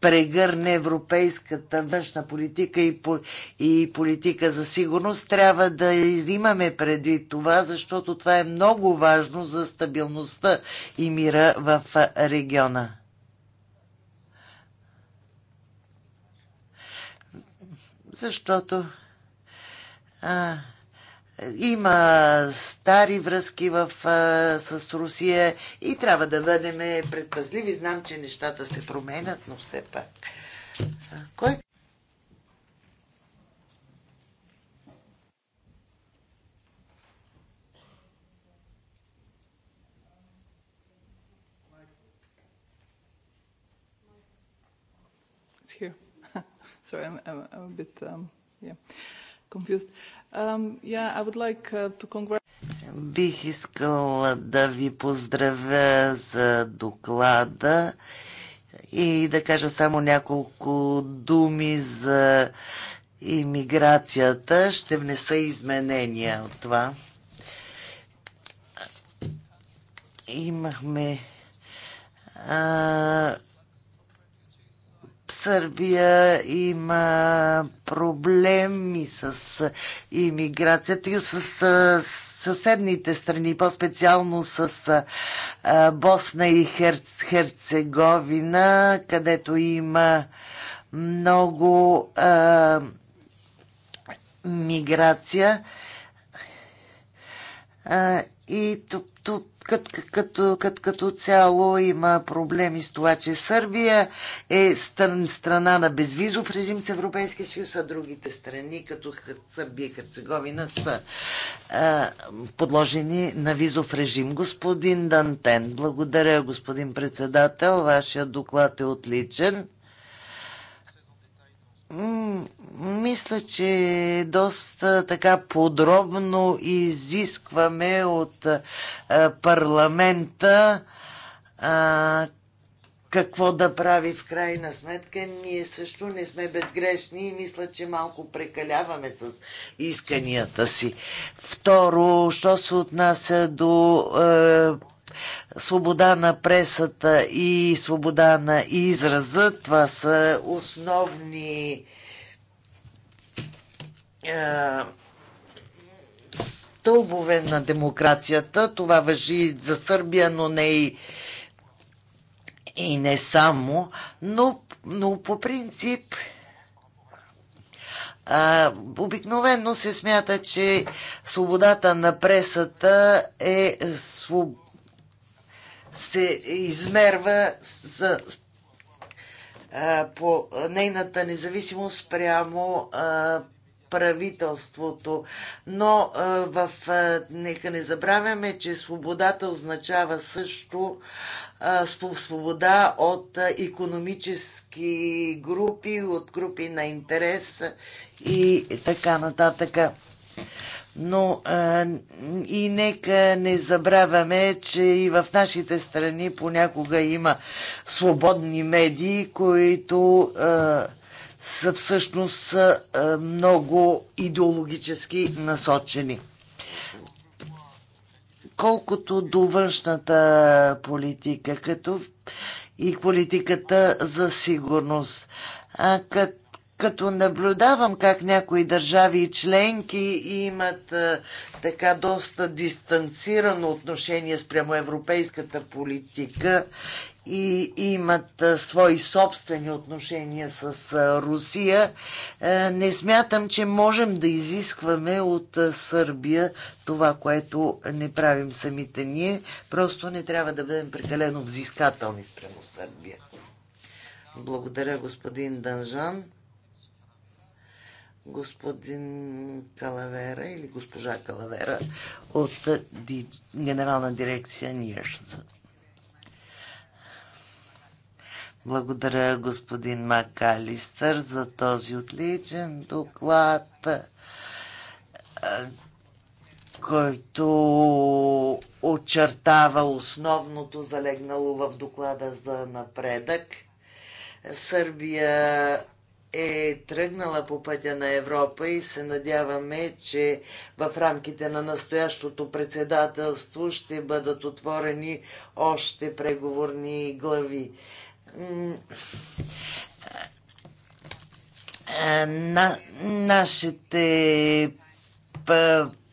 прегърне европейската външна политика и, по, и политика за сигурност, трябва да изимаме предвид това, защото това е много важно за стабилността и мира в региона. Защото а, има стари връзки в, а, с Русия и трябва да бъдем предпазливи. Знам, че нещата се променят, но все пак. Кой Sorry, I'm, I'm, I'm a bit um, yeah, confused. Um, uh, Бих искала да ви поздравя за доклада и да кажа само няколко думи за иммиграцията. Ще внеса изменения от това. Имахме а, Сърбия има проблеми с иммиграцията и с, с съседните страни, по-специално с а, Босна и Херцеговина, където има много а, миграция. А, и тук като, като, като, като, като цяло има проблеми с това, че Сърбия е страна на безвизов режим с Европейския съюз, а другите страни, като Сърбия и Херцеговина, са а, подложени на визов режим. Господин Дантен, благодаря, господин председател. Вашия доклад е отличен мисля, че доста така подробно изискваме от парламента какво да прави в крайна сметка. Ние също не сме безгрешни и мисля, че малко прекаляваме с исканията си. Второ, що се отнася до свобода на пресата и свобода на израза. Това са основни е, стълбове на демокрацията. Това въжи за Сърбия, но не и, и не само. Но, но по принцип а, е, се смята, че свободата на пресата е свобода се измерва с, а, по нейната независимост прямо а, правителството. Но а, в, а, нека не забравяме, че свободата означава също а, свобода от а, економически групи, от групи на интерес и така нататък но а, и нека не забравяме, че и в нашите страни понякога има свободни медии, които а, са всъщност а, много идеологически насочени. Колкото до външната политика, като и политиката за сигурност. А, като като наблюдавам как някои държави и членки имат а, така доста дистанцирано отношение спрямо европейската политика и имат а, свои собствени отношения с а, Русия, а, не смятам, че можем да изискваме от а, Сърбия това, което не правим самите ние. Просто не трябва да бъдем прекалено взискателни спрямо Сърбия. Благодаря, господин Данжан господин Калавера или госпожа Калавера от ди, Генерална дирекция НИР. Благодаря господин Макалистър за този отличен доклад, който очертава основното залегнало в доклада за напредък. Сърбия е тръгнала по пътя на Европа и се надяваме, че в рамките на настоящото председателство ще бъдат отворени още преговорни глави. На, нашите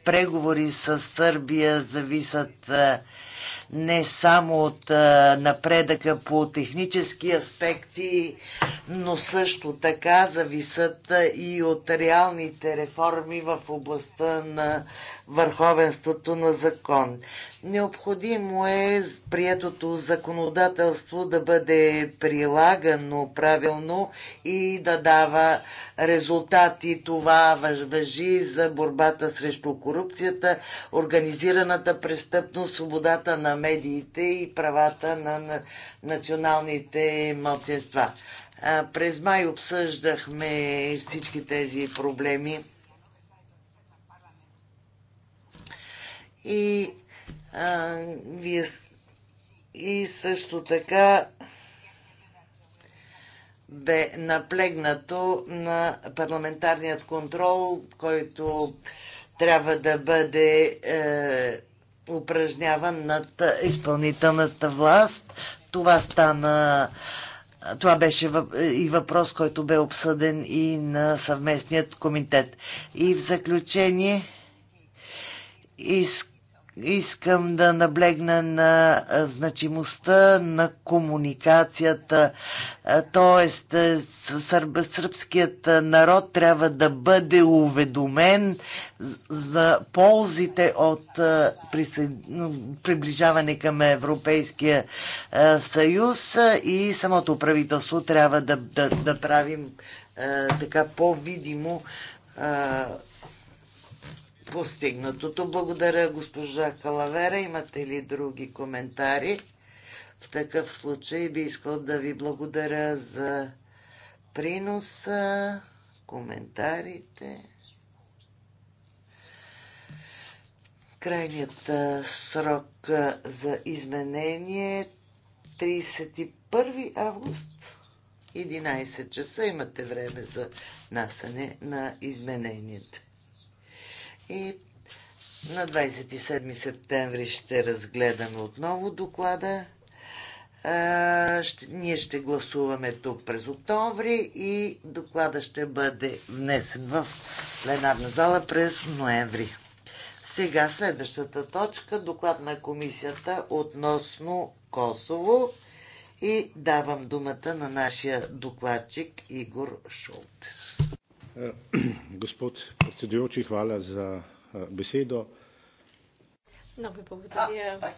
преговори с Сърбия зависят не само от напредъка по технически аспекти, но също така зависят и от реалните реформи в областта на върховенството на закон. Необходимо е приетото законодателство да бъде прилагано правилно и да дава резултати. Това въжи за борбата срещу корупцията, организираната престъпност, свободата на медиите и правата на националните младсенства. През май обсъждахме всички тези проблеми. И а, вие и също така бе наплегнато на парламентарният контрол, който трябва да бъде е, упражняван над изпълнителната власт. Това стана. Това беше и въпрос, който бе обсъден и на съвместният комитет. И в заключение искам Искам да наблегна на значимостта на комуникацията, т.е. сръбският народ трябва да бъде уведомен за ползите от приближаване към Европейския съюз и самото правителство трябва да, да, да правим така по-видимо постигнатото. Благодаря, госпожа Калавера. Имате ли други коментари? В такъв случай би искал да ви благодаря за приноса, коментарите. Крайният срок за изменение 31 е август 11 часа. Имате време за насане на измененията. И на 27 септември ще разгледаме отново доклада. А, ще, ние ще гласуваме тук през октомври и доклада ще бъде внесен в пленарна зала през ноември. Сега следващата точка доклад на комисията относно Косово и давам думата на нашия докладчик Игор Шолтес. Gospod predsedujoči, hvala за е, беседо. Много благодаря,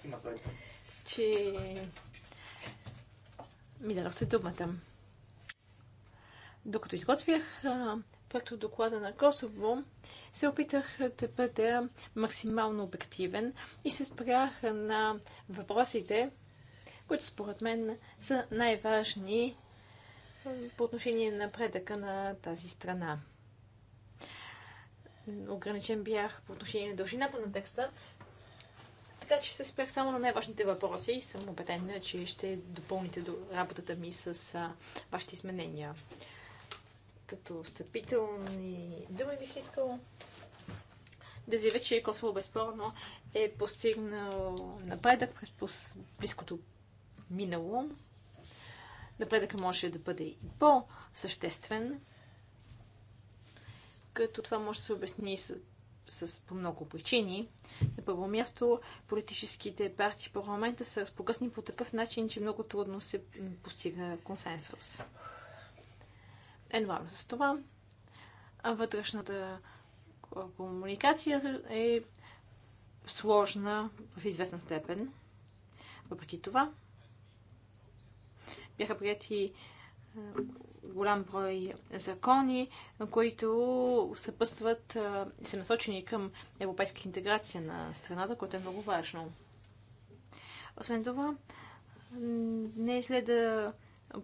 че ми дадохте думата. Докато изготвях е, проекто доклада на Косово, се опитах да бъда максимално обективен и се спрях на въпросите, които според мен са най-важни е, по отношение на предъка на тази страна ограничен бях по отношение на дължината на текста, така че се спрях само на най-важните въпроси и съм убедена, че ще допълните до работата ми с а, вашите изменения. Като встъпителни думи бих искала да заявя, че Косово безспорно е постигнал напредък през близкото минало. Напредък може да бъде и по-съществен като това може да се обясни с, с по много причини. На първо място, политическите партии в парламента са разпокъсни по такъв начин, че много трудно се постига консенсус. Едновременно с това, вътрешната комуникация е сложна в известна степен. Въпреки това, бяха прияти голям брой закони, които съпътстват и са насочени към европейска интеграция на страната, което е много важно. Освен това, не е след да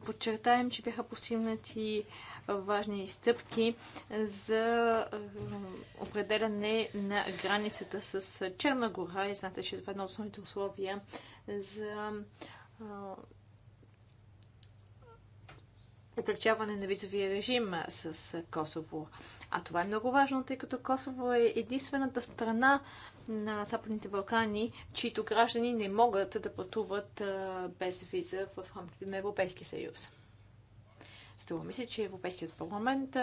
подчертаем, че бяха постигнати важни стъпки за определяне на границата с Черна гора. И знаете, че това е едно от основните условия за прекратяване на визовия режим с Косово. А това е много важно, тъй като Косово е единствената страна на Западните Балкани, чието граждани не могат да пътуват без виза в рамките на Европейския съюз. Струва ми се, че Европейският парламент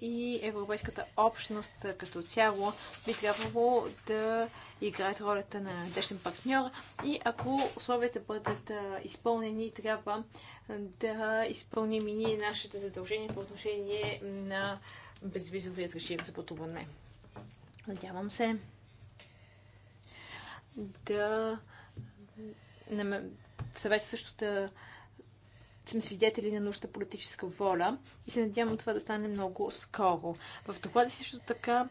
и Европейската общност като цяло би трябвало да играят ролята на надежден партньор и ако условията бъдат изпълнени, трябва да изпълним и ние нашите задължения по отношение на безвизовият режим за пътуване. Надявам се да в съвета също да сме свидетели на нужда политическа воля и се надявам това да стане много скоро. В доклада също така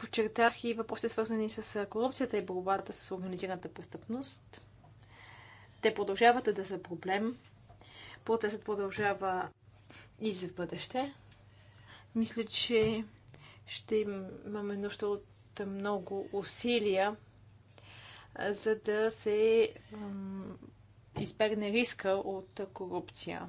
подчертах и въпросите, свързани с корупцията и борбата с организираната престъпност. Те продължават да са проблем процесът продължава и за бъдеще. Мисля, че ще имаме нужда от много усилия, за да се избегне риска от корупция.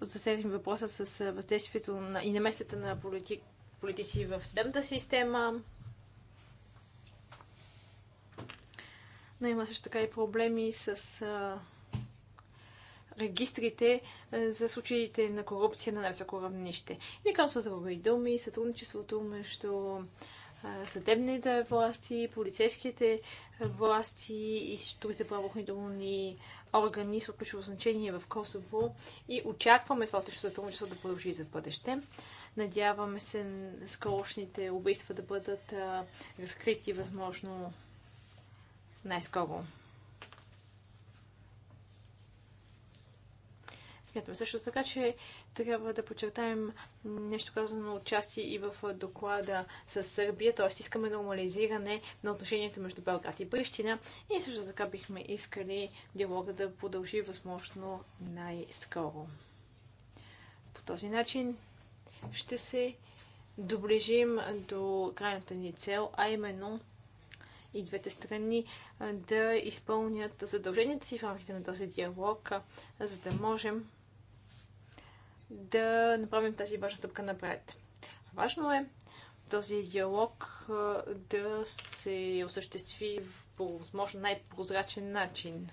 Засегнем въпроса с въздействието на, и намесата на политик, политици в съдебната система, но има също така и проблеми с а, регистрите за случаите на корупция на най-високо равнище. И към с други думи, сътрудничеството между съдебните власти, полицейските власти и другите правоохранителни органи с от ключово значение в Косово и очакваме това отлично сътрудничество да продължи за бъдеще. Надяваме се скорошните убийства да бъдат разкрити възможно най-скоро. Смятам също така, че трябва да подчертаем нещо казано от части и в доклада с Сърбия, т.е. искаме нормализиране на отношенията между Белград и Прищина и също така бихме искали диалога да продължи възможно най-скоро. По този начин ще се доближим до крайната ни цел, а именно и двете страни да изпълнят задълженията си в рамките на този диалог, за да можем да направим тази важна стъпка напред. Важно е този диалог да се осъществи по възможно най-прозрачен начин.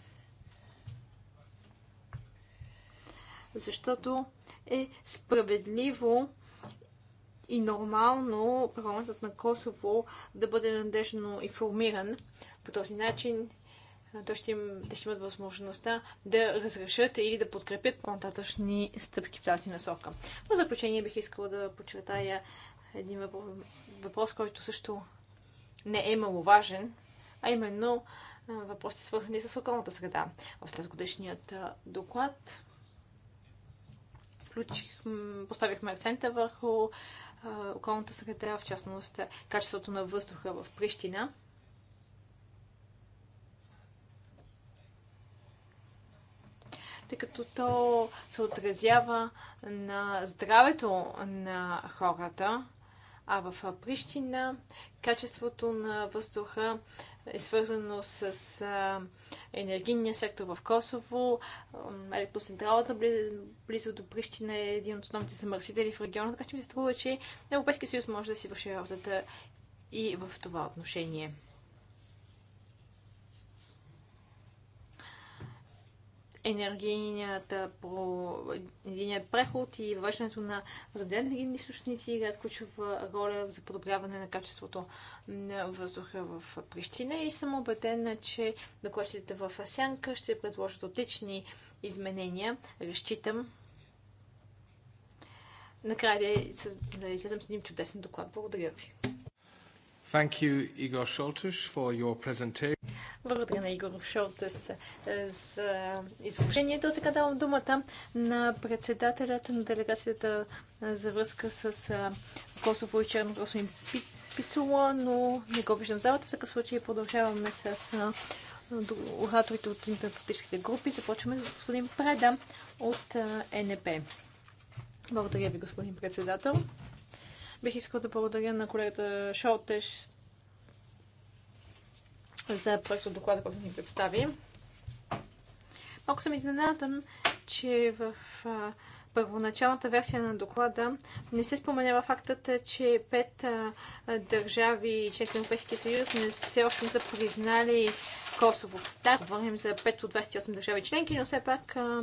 Защото е справедливо и нормално парламентът на Косово да бъде надежно информиран. По този начин то ще, им, те ще имат възможността да разрешат или да подкрепят по-нататъчни стъпки в тази насока. В заключение бих искала да подчертая един въпрос, въпрос който също не е маловажен, а именно въпроси свързани с околната среда. В тази годишният доклад включих, поставихме акцента върху околната среда, в частност качеството на въздуха в Прищина. тъй като то се отразява на здравето на хората. А в Прищина качеството на въздуха е свързано с енергийния сектор в Косово. Електроцентралата близо до Прищина е един от основните замърсители в региона, така че ми се струва, че Европейския съюз може да си върши работата и в това отношение. енергийният преход и въвеждането на възобновяеми енергийни източници играят ключова роля за подобряване на качеството на въздуха в Прищина и съм убедена, че докладчите в Асянка ще предложат отлични изменения. Разчитам накрая да излезем с един чудесен доклад. Благодаря ви. Thank you, Igor for your presentation. Благодаря на Игор Шолтес е, за изложението. Сега давам думата на председателят на делегацията за връзка с е, Косово и Черно господин Пицула, но не го виждам в залата. В такъв случай продължаваме с е, ораторите от политическите групи. Започваме с господин Преда от НП. Благодаря ви, господин председател. Бих искал да благодаря на колегата Шолтеш за проекта доклада, който ни представи. Малко съм изненадан, че в а, първоначалната версия на доклада не се споменява фактът, че пет а, държави, членки на Европейския съюз, не все още не са признали Косово. Да, говорим за 5 от 28 държави членки, но все пак а,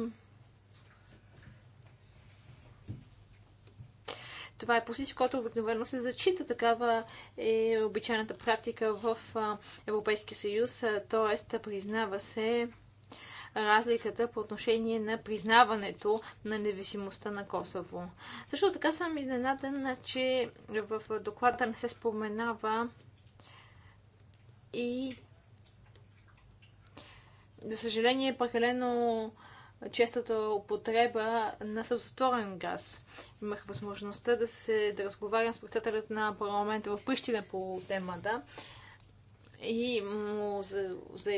Това е позиция, която обикновено се зачита. Такава е обичайната практика в Европейския съюз, т.е. признава се разликата по отношение на признаването на независимостта на Косово. Също така съм изненадана, че в доклада не се споменава и за съжаление, прекалено честата употреба на сълзотворен газ. Имах възможността да се да разговарям с председателят на парламента в Прищина по темата и му, за, за,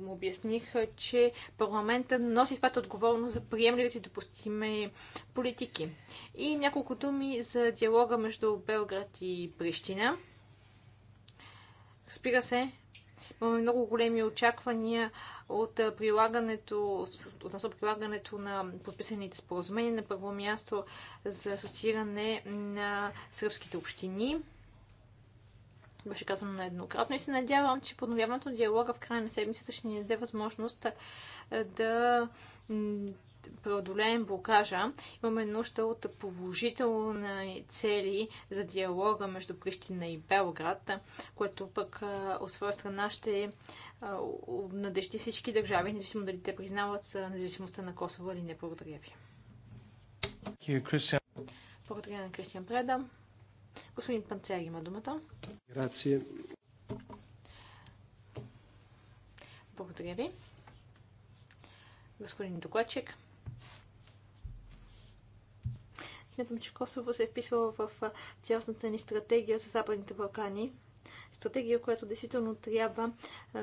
му обясних, че парламента носи своята отговорност за приемливите и допустими политики. И няколко думи за диалога между Белград и Прищина. Разбира се, Имаме много големи очаквания от прилагането, относно прилагането на подписаните споразумения на първо място за асоцииране на сръбските общини беше казано на еднократно и се надявам, че подновяването на диалога в края на седмицата ще ни даде възможност да преодолеем блокажа, имаме нужда от положителни цели за диалога между Прищина и Белград, което пък от своя страна ще надежди всички държави, независимо дали те признават независимостта на Косово или не. Благодаря ви. Благодаря на Кристиан Преда. Господин Панцер има думата. Грация. Благодаря ви. Господин докладчик. Смятам, че Косово се е вписвала в цялостната ни стратегия за Западните Балкани. Стратегия, която действително трябва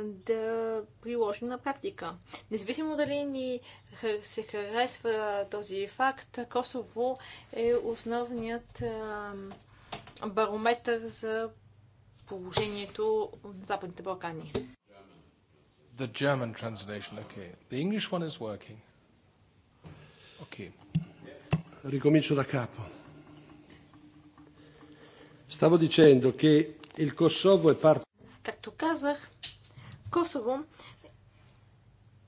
да приложим на практика. Независимо дали ни се харесва този факт, Косово е основният барометър за положението на Западните Балкани. The German translation, okay. The English one is working. Okay ricomincio da capo. Stavo dicendo che il Kosovo è parte... Както казах, Косово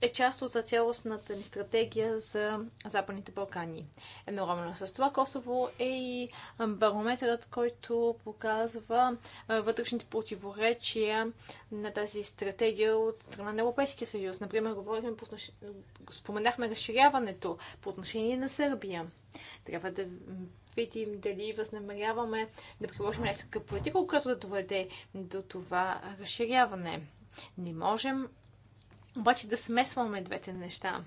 е част от цялостната ни стратегия за Западните Балкани. Едновременно с това Косово е и барометърът, който показва вътрешните противоречия на тази стратегия от страна на Европейския съюз. Например, говорихме по отнош... споменахме разширяването по отношение на Сърбия. Трябва да видим дали възнамеряваме да приложим някаква политика, която да доведе до това разширяване. Не можем обаче да смесваме двете неща.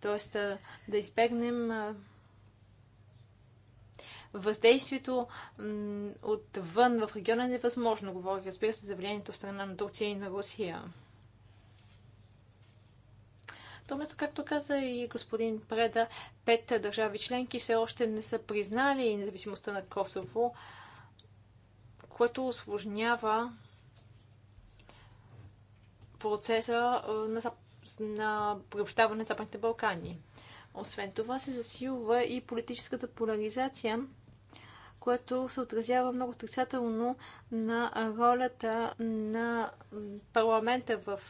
Тоест да избегнем въздействието отвън в региона е невъзможно. Говоря, разбира се, за влиянието в страна на Турция и на Русия. Томето, както каза и господин Преда, пет държави членки все още не са признали независимостта на Косово, което осложнява процеса на, на приобщаване на Западните Балкани. Освен това се засилва и политическата поляризация, което се отразява много отрицателно на ролята на парламента в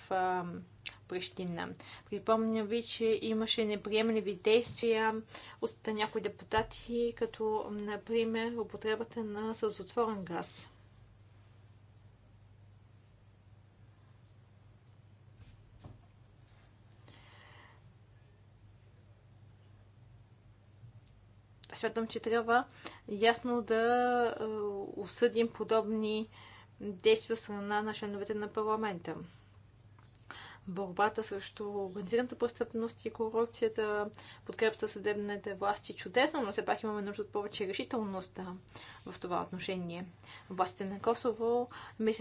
Прищина. Припомня ви, че имаше неприемливи действия от някои депутати, като например употребата на сълзотворен газ. Смятам, че трябва ясно да е, осъдим подобни действия страна на членовете на парламента. Борбата срещу организираната престъпност и корупцията, подкрепата съдебните власти чудесно, но все пак имаме нужда от повече решителност в това отношение. Властите на Косово ми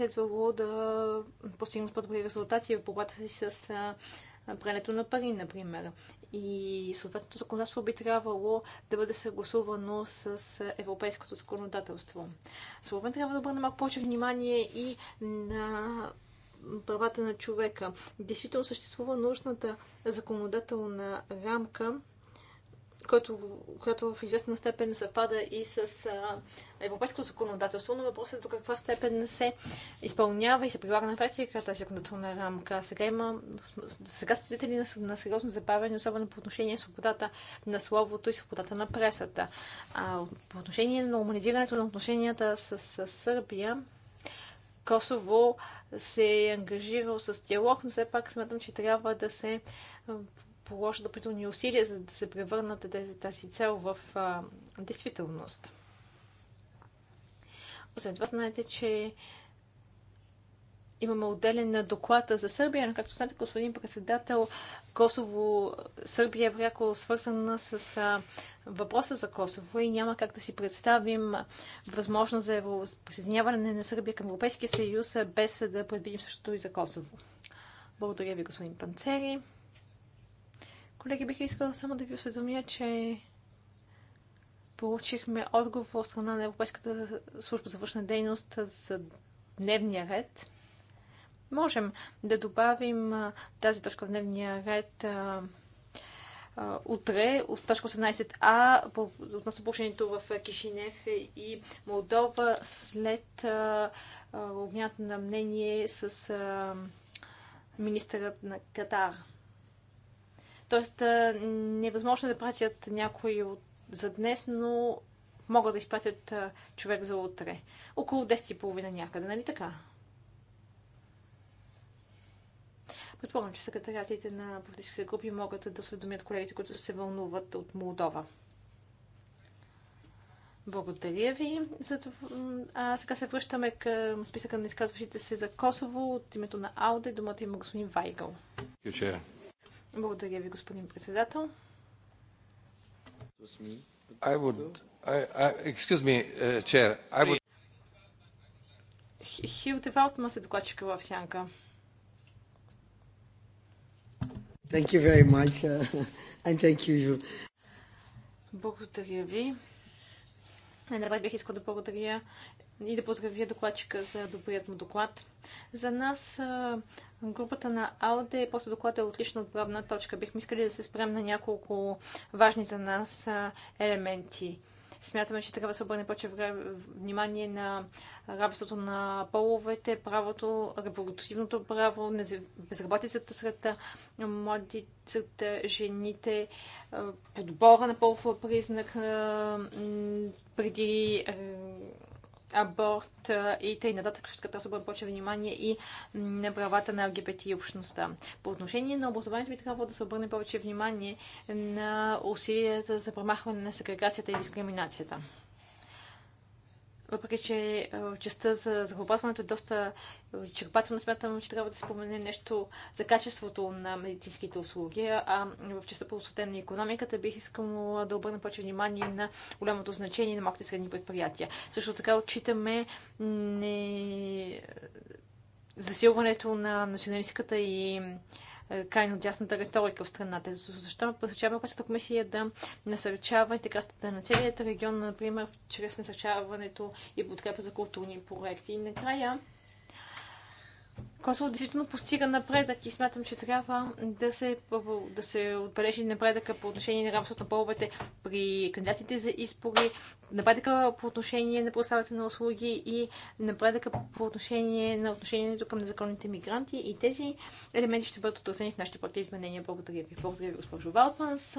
да постигнат по-добри резултати в борбата си с е, прането на пари, например. И съответното законодателство би трябвало да бъде съгласувано с европейското законодателство. Според мен трябва да бъде малко повече внимание и на правата на човека. Действително съществува нужната законодателна рамка, която, която в известна степен съвпада и с европейското законодателство, но въпросът е до каква степен се изпълнява и се прилага на практика тази законодателна рамка. Сега има сега свидетели на, на сериозно забавяне, особено по отношение на свободата на словото и свободата на пресата. А, по отношение на нормализирането на отношенията с, с Сърбия, Косово се е ангажирал с диалог, но все пак смятам, че трябва да се положат допълнителни усилия, за да се превърнат тази цел в а, действителност. Освен това, знаете, че имаме отделен доклад за Сърбия, но както знаете, господин председател, Косово, Сърбия е пряко свързана с въпроса за Косово и няма как да си представим възможност за присъединяване на Сърбия към Европейския съюз, без да предвидим същото и за Косово. Благодаря ви, господин Панцери. Колеги, бих искала само да ви осведомя, че Получихме отговор от страна на Европейската служба за външна дейност за дневния ред. Можем да добавим тази точка в дневния ред утре от точка 18а относно положението в Кишинев и Молдова след обмяната на мнение с министърът на Катар. Тоест, невъзможно е да пратят някои от за днес, но могат да изпратят човек за утре. Около 10.30 някъде, нали така? Предполагам, че секретариатите на политическите групи могат да осведомят колегите, които се вълнуват от Молдова. Благодаря ви. За това... А сега се връщаме към списъка на изказващите се за Косово от името на Ауде. и думата има господин Вайгъл. Благодаря ви, господин председател. I would, I, I, excuse me, uh, chair, I would... Хилде Валтма се докладчика в сянка. Thank you very much, uh, and thank you. Благодаря ви. Най-напред бих искал да благодаря и да поздравя докладчика за добрият му доклад. За нас групата на АОДЕ и просто доклад е отлична отправна точка. Бихме искали да се спрем на няколко важни за нас елементи. Смятаме, че трябва да се обърне повече внимание на равенството на половете, правото, репродуктивното право, безработицата сред младите, сред жените, подбора на полова признак преди аборт и тъй нататък, така трябва да бъде повече внимание и на правата на ЛГБТ и общността. По отношение на образованието би трябва да се обърне повече внимание на усилията за промахване на сегрегацията и дискриминацията. Въпреки, че частта за захопатването е доста изчерпателно, смятам, че трябва да спомене нещо за качеството на медицинските услуги. А в частта по осветен на економиката бих искала да обърна повече внимание на голямото значение на малките средни предприятия. Също така отчитаме не... засилването на националистката и е, крайно дясната риторика в страната. Защо посъчава Европейската комисия да насърчава интеграцията на целият регион, например, чрез насърчаването и подкрепа за културни проекти. И накрая, Косово действително постига напредък и смятам, че трябва да се, да се отбележи напредъка по отношение на равенството на половете при кандидатите за избори, напредъка по отношение на предоставяте на услуги и напредъка по отношение на отношението към незаконните мигранти. И тези елементи ще бъдат отразени в нашите проекти изменения. Благодаря ви. Благодаря ви, госпожо Валтманс.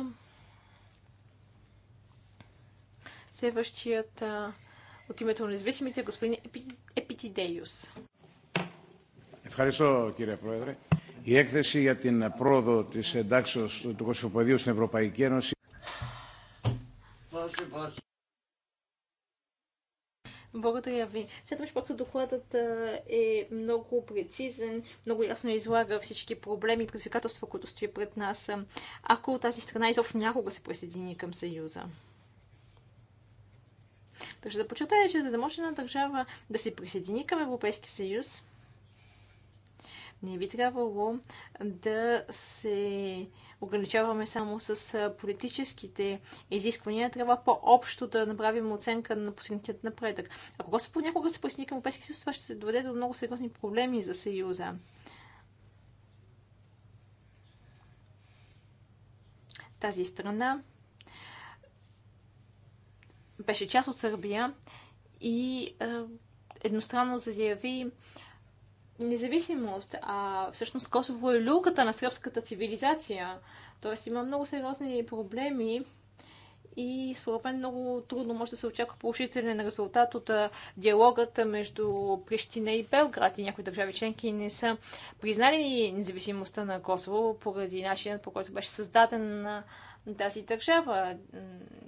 Следващият от името на независимите е господин епи, Ευχαριστώ, κύριε Πρόεδρε. Η έκθεση για την πρόοδο της εντάξεως του Κωσυφοπεδίου στην Ευρωπαϊκή Ένωση... Благодаря ви. Смятам, че пакто докладът е много прецизен, много ясно излага всички проблеми и предизвикателства, които стои пред нас, ако тази страна изобщо някога се присъедини към Съюза. Държа да подчертая, че за да може една държава да се присъедини към Европейския съюз, не би трябвало да се ограничаваме само с политическите изисквания, трябва по-общо да направим оценка на постигнатият напредък. Ако се понякога се присъедини към Европейския съюз, това ще се доведе до много сериозни проблеми за Съюза. Тази страна беше част от Сърбия и едностранно заяви независимост, а всъщност Косово е люлката на сръбската цивилизация. Тоест има много сериозни проблеми и според мен много трудно може да се очаква положителен резултат от диалогата между Прищина и Белград и някои държави членки не са признали независимостта на Косово поради начинът по който беше създаден тази държава.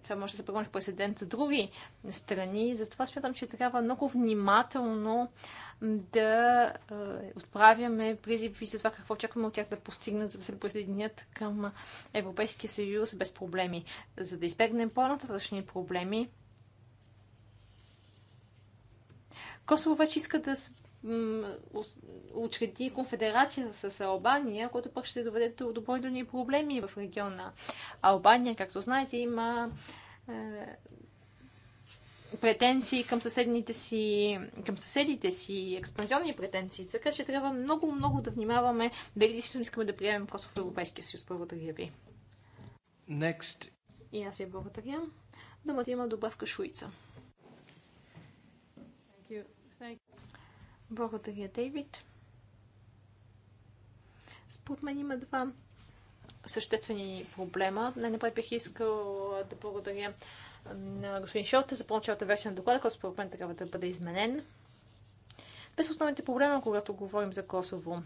Това може да се превърне в прецедент за други страни. Затова смятам, че трябва много внимателно да отправяме призиви за това какво очакваме от тях да постигнат, за да се присъединят към Европейския съюз без проблеми. За да избегнем по-нататъчни проблеми, Косово вече иска да учреди конфедерация с Албания, което пък ще доведе до допълнителни проблеми в региона. Албания, както знаете, има е, претенции към съседните си, към съседите си, експанзионни претенции, така че трябва много, много да внимаваме дали действително искаме да приемем Косово в Европейския съюз. Благодаря ви. Next. И аз ви благодаря. Думата има добавка Шуица. Благодаря, Дейвид. Според мен има два съществени проблема. Най-напред бих искал да благодаря на господин Шорте за по-началната версия на доклада, който според мен трябва да бъде изменен. Без основните проблема, когато говорим за Косово.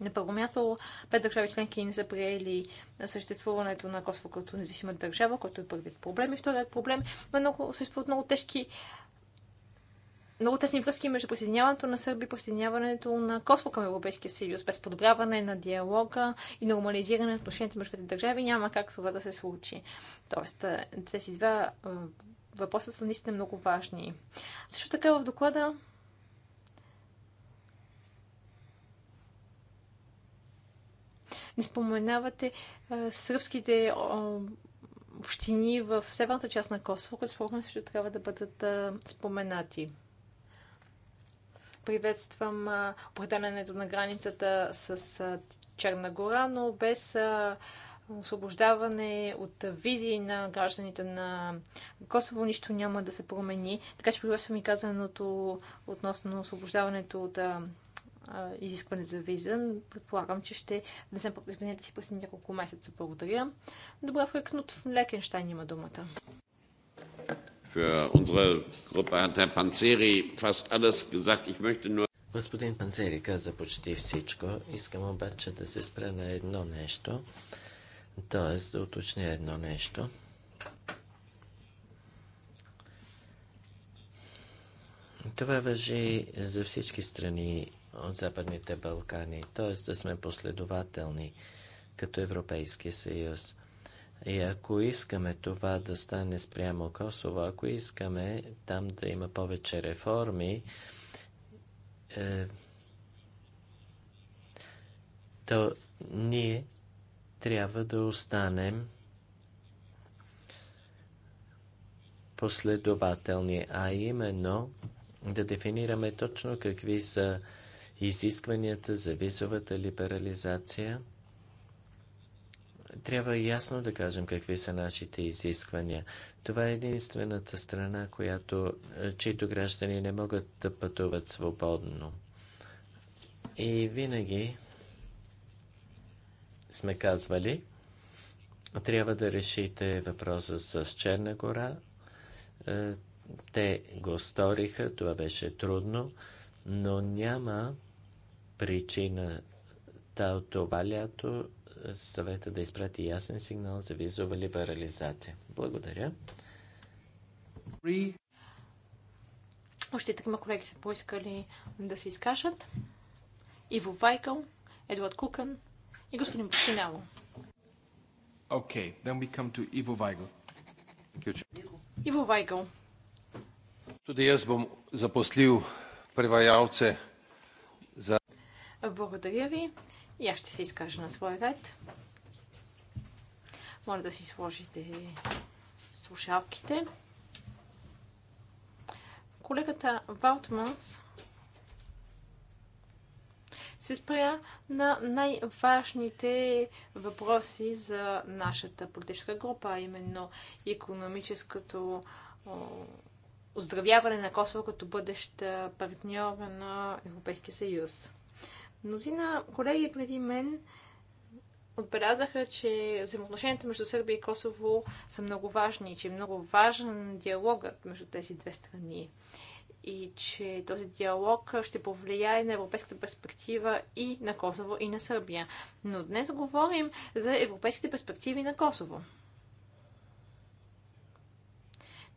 На първо място, пет държави членки не са приели съществуването на Косово като независима държава, който е първият проблем. И вторият проблем е много, съществуват много тежки много тесни връзки между присъединяването на Сърби, и присъединяването на Косово към Европейския съюз. Без подобряване на диалога и нормализиране на отношенията между двете държави няма как това да се случи. Тоест, е, тези два е, въпроса са наистина много важни. Също така в доклада не споменавате е, сръбските общини в северната част на Косово, които според мен също трябва да бъдат е, споменати. Приветствам определенето на границата с Черна гора, но без освобождаване от визи на гражданите на Косово нищо няма да се промени. Така че приветствам и казаното относно освобождаването от изискване за виза. Предполагам, че ще внесем измененията си през няколко месеца. Благодаря. Добре, Фрекнут в Лекенштайн има думата. Für unsere Gruppe hat Herr Panzeri fast alles gesagt. Ich möchte nur Господин Панцери каза почти всичко. Искам обаче да се спра на едно нещо, т.е. да уточня едно нещо. Това въжи за всички страни от Западните Балкани, т.е. да сме последователни като Европейски съюз. И ако искаме това да стане спрямо Косово, ако искаме там да има повече реформи, е, то ние трябва да останем последователни, а именно да дефинираме точно какви са изискванията за визовата либерализация – трябва ясно да кажем какви са нашите изисквания. Това е единствената страна, която, е, чието граждани не могат да пътуват свободно. И винаги сме казвали, трябва да решите въпроса с Черна гора. Е, те го сториха, това беше трудно, но няма причина това лято съвета да изпрати ясен сигнал за визова либерализация. Благодаря. Още такива колеги са поискали да се изкажат. Иво Вайкъл, Едуард Кукън и господин Пушиняло. Okay, then we come to Иво Вайгъл. Иво Вайгъл. Туди аз бом запослил превайалце за... Благодаря ви. И аз ще се изкажа на своя ред. Моля да си сложите слушалките. Колегата Валтманс се спря на най-важните въпроси за нашата политическа група, а именно економическото оздравяване на Косово като бъдещ партньор на Европейския съюз. Мнозина колеги преди мен отбелязаха, че взаимоотношенията между Сърбия и Косово са много важни, че е много важен диалогът между тези две страни и че този диалог ще повлияе на европейската перспектива и на Косово, и на Сърбия. Но днес говорим за европейските перспективи на Косово.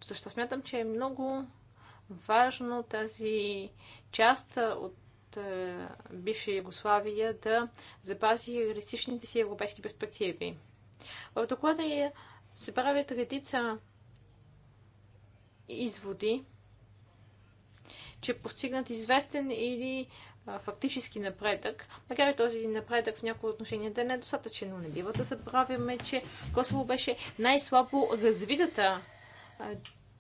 Защо смятам, че е много важно тази част от е, бивша Югославия да запази реалистичните си европейски перспективи. В доклада е, се правят редица изводи, че постигнат известен или фактически напредък, макар и този напредък в някои отношения да не е достатъчен, но не бива да забравяме, че Косово беше най-слабо развитата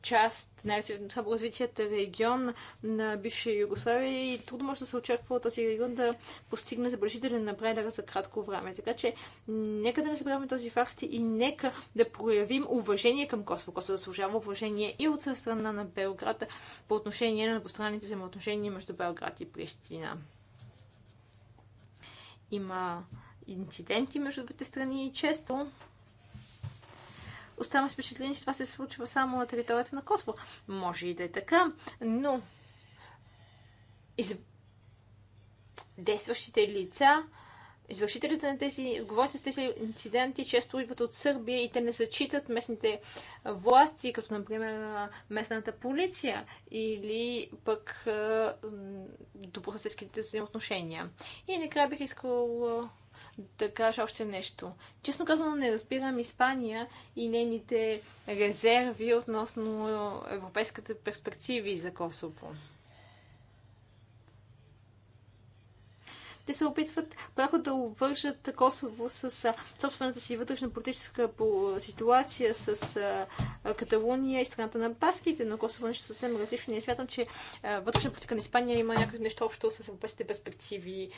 част, най-слабо развитият регион на бивша Югославия и трудно може да се очаква от този регион да постигне забележителен напредък за кратко време. Така че нека да не забравяме този факт и нека да проявим уважение към Косово. Косово заслужава уважение и от страна на Белград по отношение на двустранните взаимоотношения между Белград и Пристина. Има инциденти между двете страни и често оставам с впечатление, че това се случва само на територията на Косово. Може и да е така, но из... действащите лица, извършителите на тези, говорите с тези инциденти често идват от Сърбия и те не зачитат местните власти, като например местната полиция или пък добросъседските взаимоотношения. И накрая бих искал да кажа още нещо. Честно казвам, не разбирам Испания и нейните резерви относно европейската перспективи за Косово. Те се опитват понякога да обвържат Косово с собствената си вътрешна политическа ситуация с Каталуния и страната на баските, но Косово е нещо съвсем различно. Не смятам, че вътрешна политика на Испания има някакво нещо общо с европейските перспективи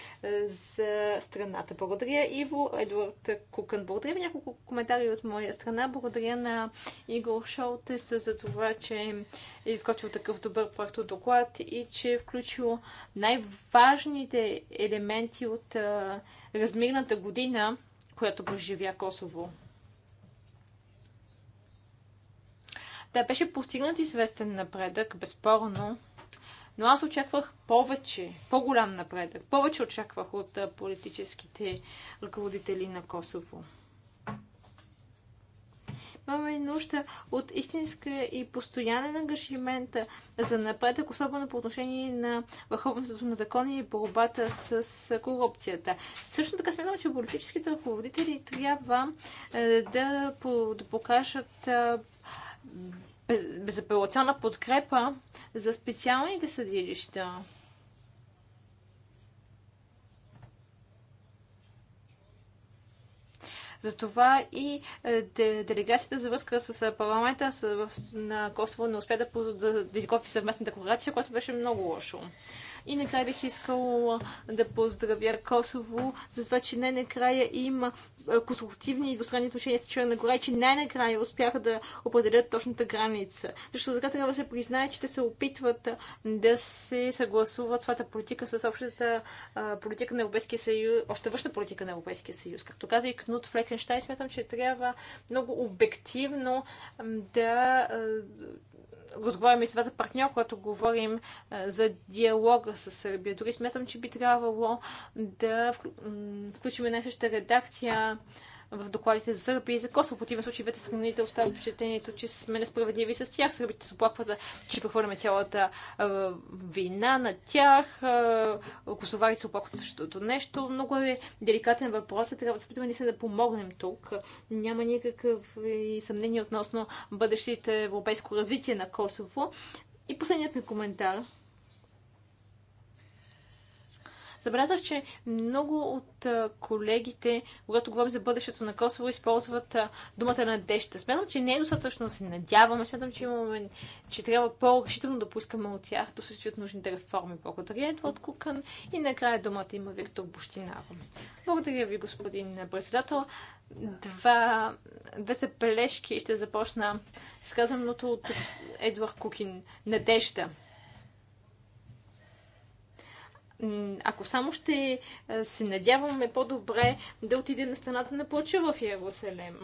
за страната. Благодаря Иво, Едуард Кукън. Благодаря ви няколко коментари от моя страна. Благодаря на Игор Шолтес за това, че е изготвил такъв добър проект доклад и че е включил най-важните елементи от а, размирната година, която преживя Косово. Да, беше постигнат известен напредък, безспорно, но аз очаквах повече, по-голям напредък, повече очаквах от политическите ръководители на Косово. Имаме нужда от истинска и постоянен ангажимент за напредък, особено по отношение на върховенството на закони и борбата с корупцията. Също така смятам, че политическите ръководители трябва е, да, покажат е, безапелационна подкрепа за специалните съдилища. Затова и е, делегацията за връзка с е, парламента на Косово не успя да, да, да изготви съвместна декларация, която беше много лошо. И накрая бих искала да поздравя Косово за това, че не накрая има конструктивни и двустранни отношения с Черна гора и че най-накрая успяха да определят точната граница. Защото така трябва да се признае, че те се опитват да се съгласуват своята политика с общата политика на Европейския съюз, общата външна политика на Европейския съюз. Както каза и Кнут Флекенштайн, смятам, че трябва много обективно да разговаряме и с двата партньор, когато говорим за диалога с Сърбия. Дори смятам, че би трябвало да включим една съща редакция в докладите за Сърби и за Косово. В противен случай двете страните остават впечатлението, че сме несправедливи с тях. Сърбите се оплакват, че прехвърляме цялата а, вина на тях. косоварите се оплакват същото нещо. Много е деликатен въпрос. Трябва да се опитаме се да помогнем тук. Няма никакъв съмнение относно бъдещите европейско развитие на Косово. И последният ми коментар – Забелязах, че много от колегите, когато говорим за бъдещето на Косово, използват думата надежда. Смятам, че не е достатъчно да се надяваме. Смятам, че, имаме, че трябва по-решително да пускаме от тях да съществуват нужните реформи. Благодаря, от Кукън. И накрая думата има Виктор Бущинаро. Благодаря ви, господин председател два, две са бележки и ще започна с казаното от Едвард Кукин. Надежда ако само ще се надяваме по-добре да отиде на страната на плача в Ярусалем.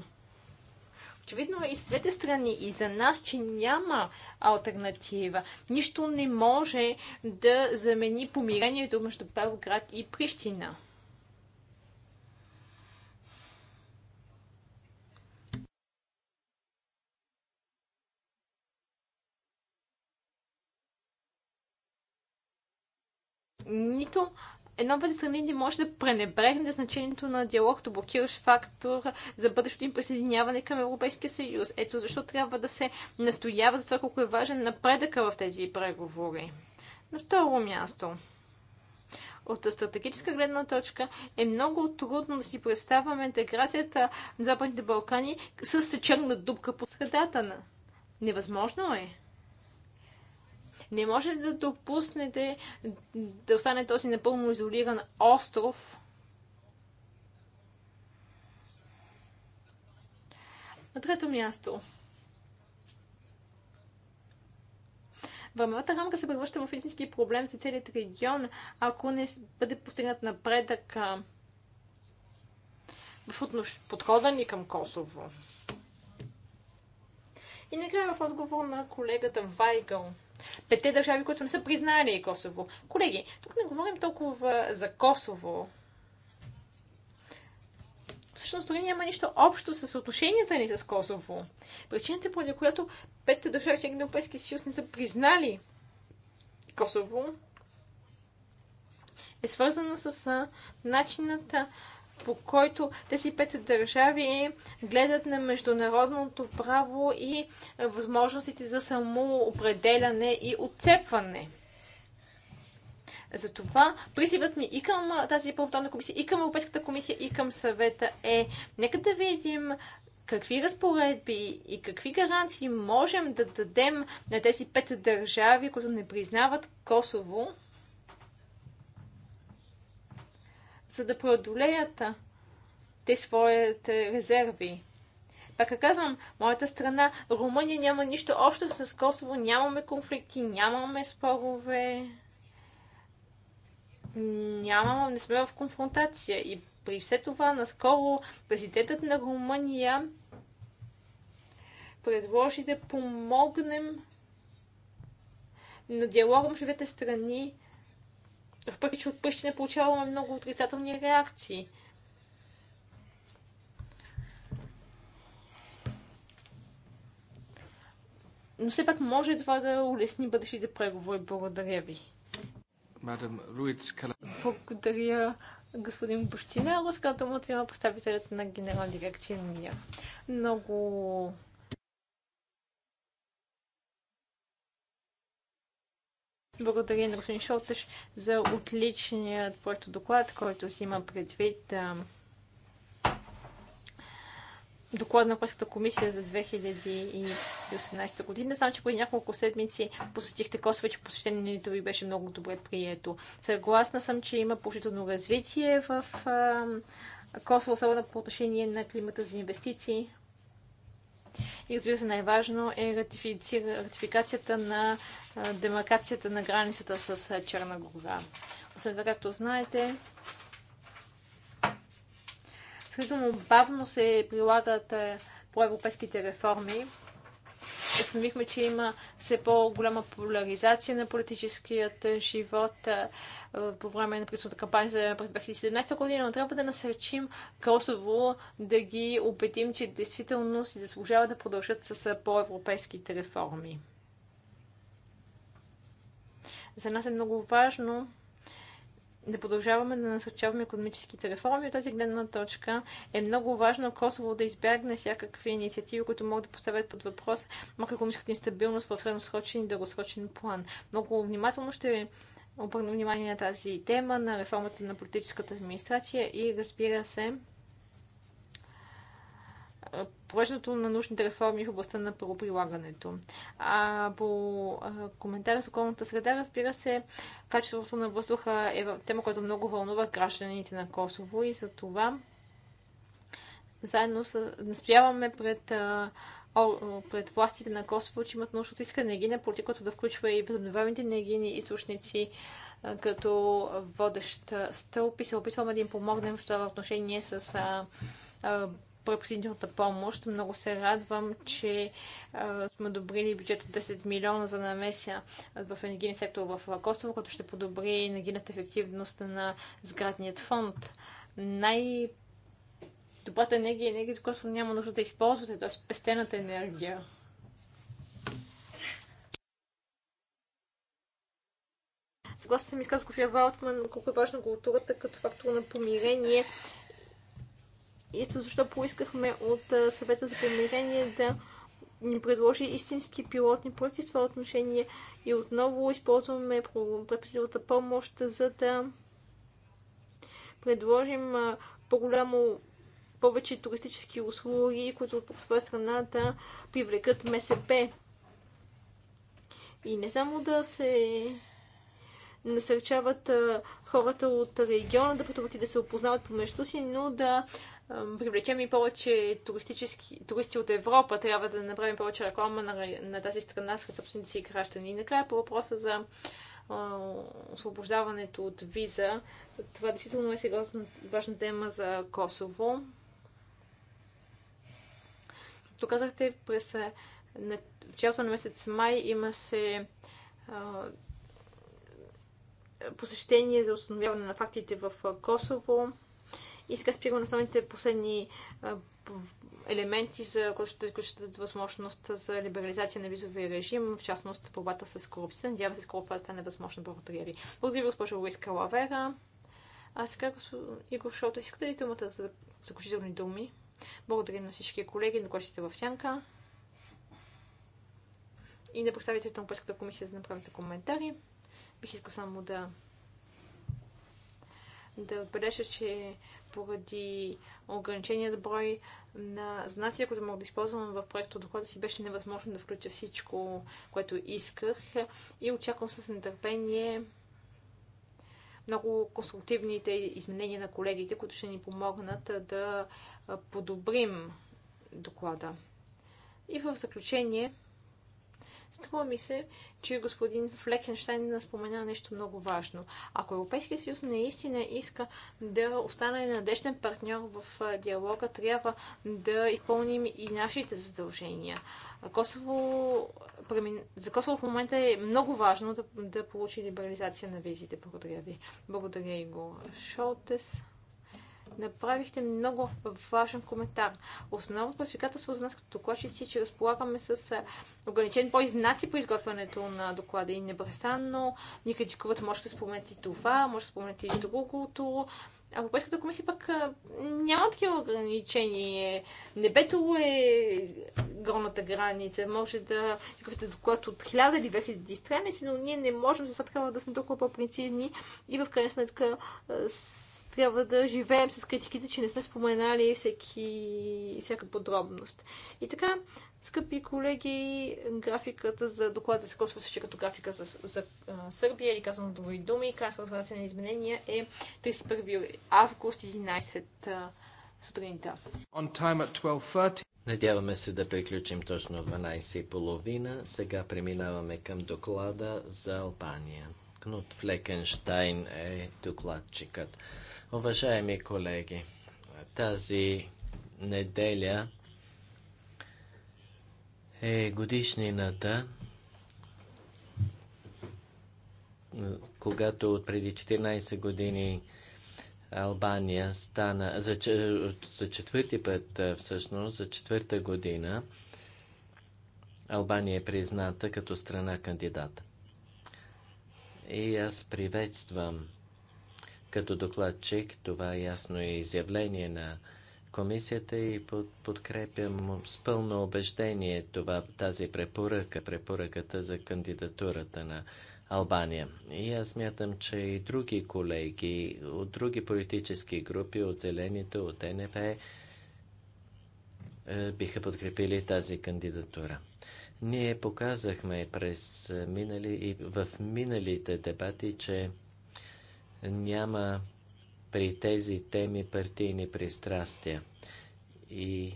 Очевидно и с двете страни, и за нас, че няма альтернатива. Нищо не може да замени помирението между Белград и Прищина. нито едно бъде страни не може да пренебрегне значението на диалог като блокиращ фактор за бъдещото им присъединяване към Европейския съюз. Ето защо трябва да се настоява за това колко е важен напредъка в тези преговори. На второ място от стратегическа гледна точка е много трудно да си представяме интеграцията на Западните Балкани с черна дупка по средата на. Невъзможно е. Не може да допуснете да остане този напълно изолиран остров. На трето място. Времевата рамка се превръща в истински проблем за целият регион, ако не бъде постигнат напредък в подхода ни към Косово. И накрая в отговор на колегата Вайгъл. Пете държави, които не са признали Косово. Колеги, тук не говорим толкова за Косово. Всъщност дори няма нищо общо с отношенията ни с Косово. Причината, поради която петте държави, че Европейски съюз, не са признали Косово, е свързана с начината по който тези пет държави гледат на международното право и възможностите за самоопределяне и отцепване. Затова призивът ми и към тази парламентарна комисия, и към Европейската комисия, и към съвета е нека да видим какви разпоредби и какви гаранции можем да дадем на тези пет държави, които не признават Косово, за да преодолеят те своите резерви. Пак е казвам, моята страна, Румъния няма нищо общо с Косово, нямаме конфликти, нямаме спорове, нямаме, не сме в конфронтация. И при все това, наскоро президентът на Румъния предложи да помогнем на диалога между двете страни въпреки че от не получаваме много отрицателни реакции. Но все пак може това да улесни бъдещите преговори. Благодаря ви. Мадам Руиц Благодаря, господин Бощина. Разказвам от има представителят на генерална дирекция на Много Благодаря на господин Шолтеш за отличният твоето доклад, който си има предвид доклад на Европейската комисия за 2018 година. Знам, че преди няколко седмици посетихте Косове, че посещението ви беше много добре прието. Съгласна съм, че има положително развитие в Косово, особено по отношение на климата за инвестиции. И разбира се, най-важно е ратификацията на демаркацията на границата с Черна гора. Освен това, както знаете, сравнително бавно се прилагат проевропейските реформи, установихме, че има все по-голяма поляризация на политическият живот по време на предсната кампания за през 2017 година, но трябва да насърчим Косово да ги убедим, че действително си заслужава да продължат с по-европейските реформи. За нас е много важно да продължаваме да насърчаваме економическите реформи. От тази гледна точка е много важно Косово да избягне всякакви инициативи, които могат да поставят под въпрос макроекономическата им стабилност в средносрочен и дългосрочен план. Много внимателно ще обърна внимание на тази тема, на реформата на политическата администрация и разбира се, провеждането на научните реформи в областта на правоприлагането. А по коментара с околната среда, разбира се, качеството на въздуха е тема, която много вълнува гражданите на Косово и за това заедно с, настояваме пред пред властите на Косово, че имат нужда от иска енергийна политика, която да включва и възобновяемите енергийни източници като водещ стълб и се опитваме да им помогнем в това отношение с препресителната помощ. Много се радвам, че а, сме добрили бюджет от 10 милиона за намеся в енергийния сектор в Косово, което ще подобри енергийната ефективност на сградният фонд. Най- Добрата енергия е енергия, която няма нужда да използвате, т.е. пестената енергия. Съгласна съм и с Кофия Валтман, колко е важна културата като фактор на помирение ето защо поискахме от съвета за примирение да ни предложи истински пилотни проекти в това отношение и отново използваме препсилата помощ, за да предложим по-голямо повече туристически услуги, които от своя страна да привлекат МСП. И не само да се насърчават хората от региона да пътуват и да се опознават помежду си, но да привлечем и повече туристи от Европа, трябва да направим повече реклама на, на тази страна сред собствените си граждани. И накрая по въпроса за освобождаването от виза. Това действително е сериозна важна тема за Косово. Както казахте, през началото на месец май има се а, посещение за установяване на фактите в Косово. И сега спирам на основните последни елементи, за които ще изключат възможност за либерализация на визовия режим, в частност борбата с корупцията. Надявам се, скоро това стане възможно. Благодаря ви. Благодаря ви, госпожо Луиска Лавера. А сега, господин Игор Шото, искате ли думата за заключителни думи? Благодаря на всички колеги, на които сте в сянка. И на представителите на Европейската комисия за да направите коментари. Бих искал само да да отбележа, че поради ограниченият брой на знаци, които мога да използвам в проекта доклада си, беше невъзможно да включа всичко, което исках и очаквам с нетърпение много конструктивните изменения на колегите, които ще ни помогнат да подобрим доклада. И в заключение, Струва ми се, че господин Флекенштайн спомена нещо много важно. Ако Европейския съюз наистина иска да остане надежден партньор в диалога, трябва да изпълним и нашите задължения. Косово, за Косово в момента е много важно да, да получи либерализация на визите. Благодаря ви. Благодаря, го. Шолтес направихте много важен коментар. Основното класификателство за нас като докладчици, е, че разполагаме с ограничен по знаци по изготвянето на доклада и непрестанно ни критикуват, може да споменете и това, може да споменете и другото. А Европейската комисия пък няма такива ограничения. Небето е горната граница. Може да изготвите доклад от 1000 или 2000 страници, но ние не можем за това да сме толкова по-прецизни и в крайна сметка с трябва да живеем с критиките, че не сме споменали всеки, всяка подробност. И така, скъпи колеги, графиката за доклада се косва също като графика за, за а, Сърбия или казвам други думи. Крайна срок за на изменения е 31 август 11 сутринта. On time at 12.30. Надяваме се да приключим точно в 12.30. Сега преминаваме към доклада за Албания. Кнут Флекенштайн е докладчикът. Уважаеми колеги, тази неделя е годишнината, когато от преди 14 години Албания стана за, за четвърти път, всъщност, за четвърта година Албания е призната като страна кандидат. И аз приветствам като докладчик, това е ясно и изявление на комисията и под, подкрепям с пълно убеждение това, тази препоръка, препоръката за кандидатурата на Албания. И аз мятам, че и други колеги от други политически групи, от Зелените, от НП, е, биха подкрепили тази кандидатура. Ние показахме през минали и в миналите дебати, че няма при тези теми партийни пристрастия. И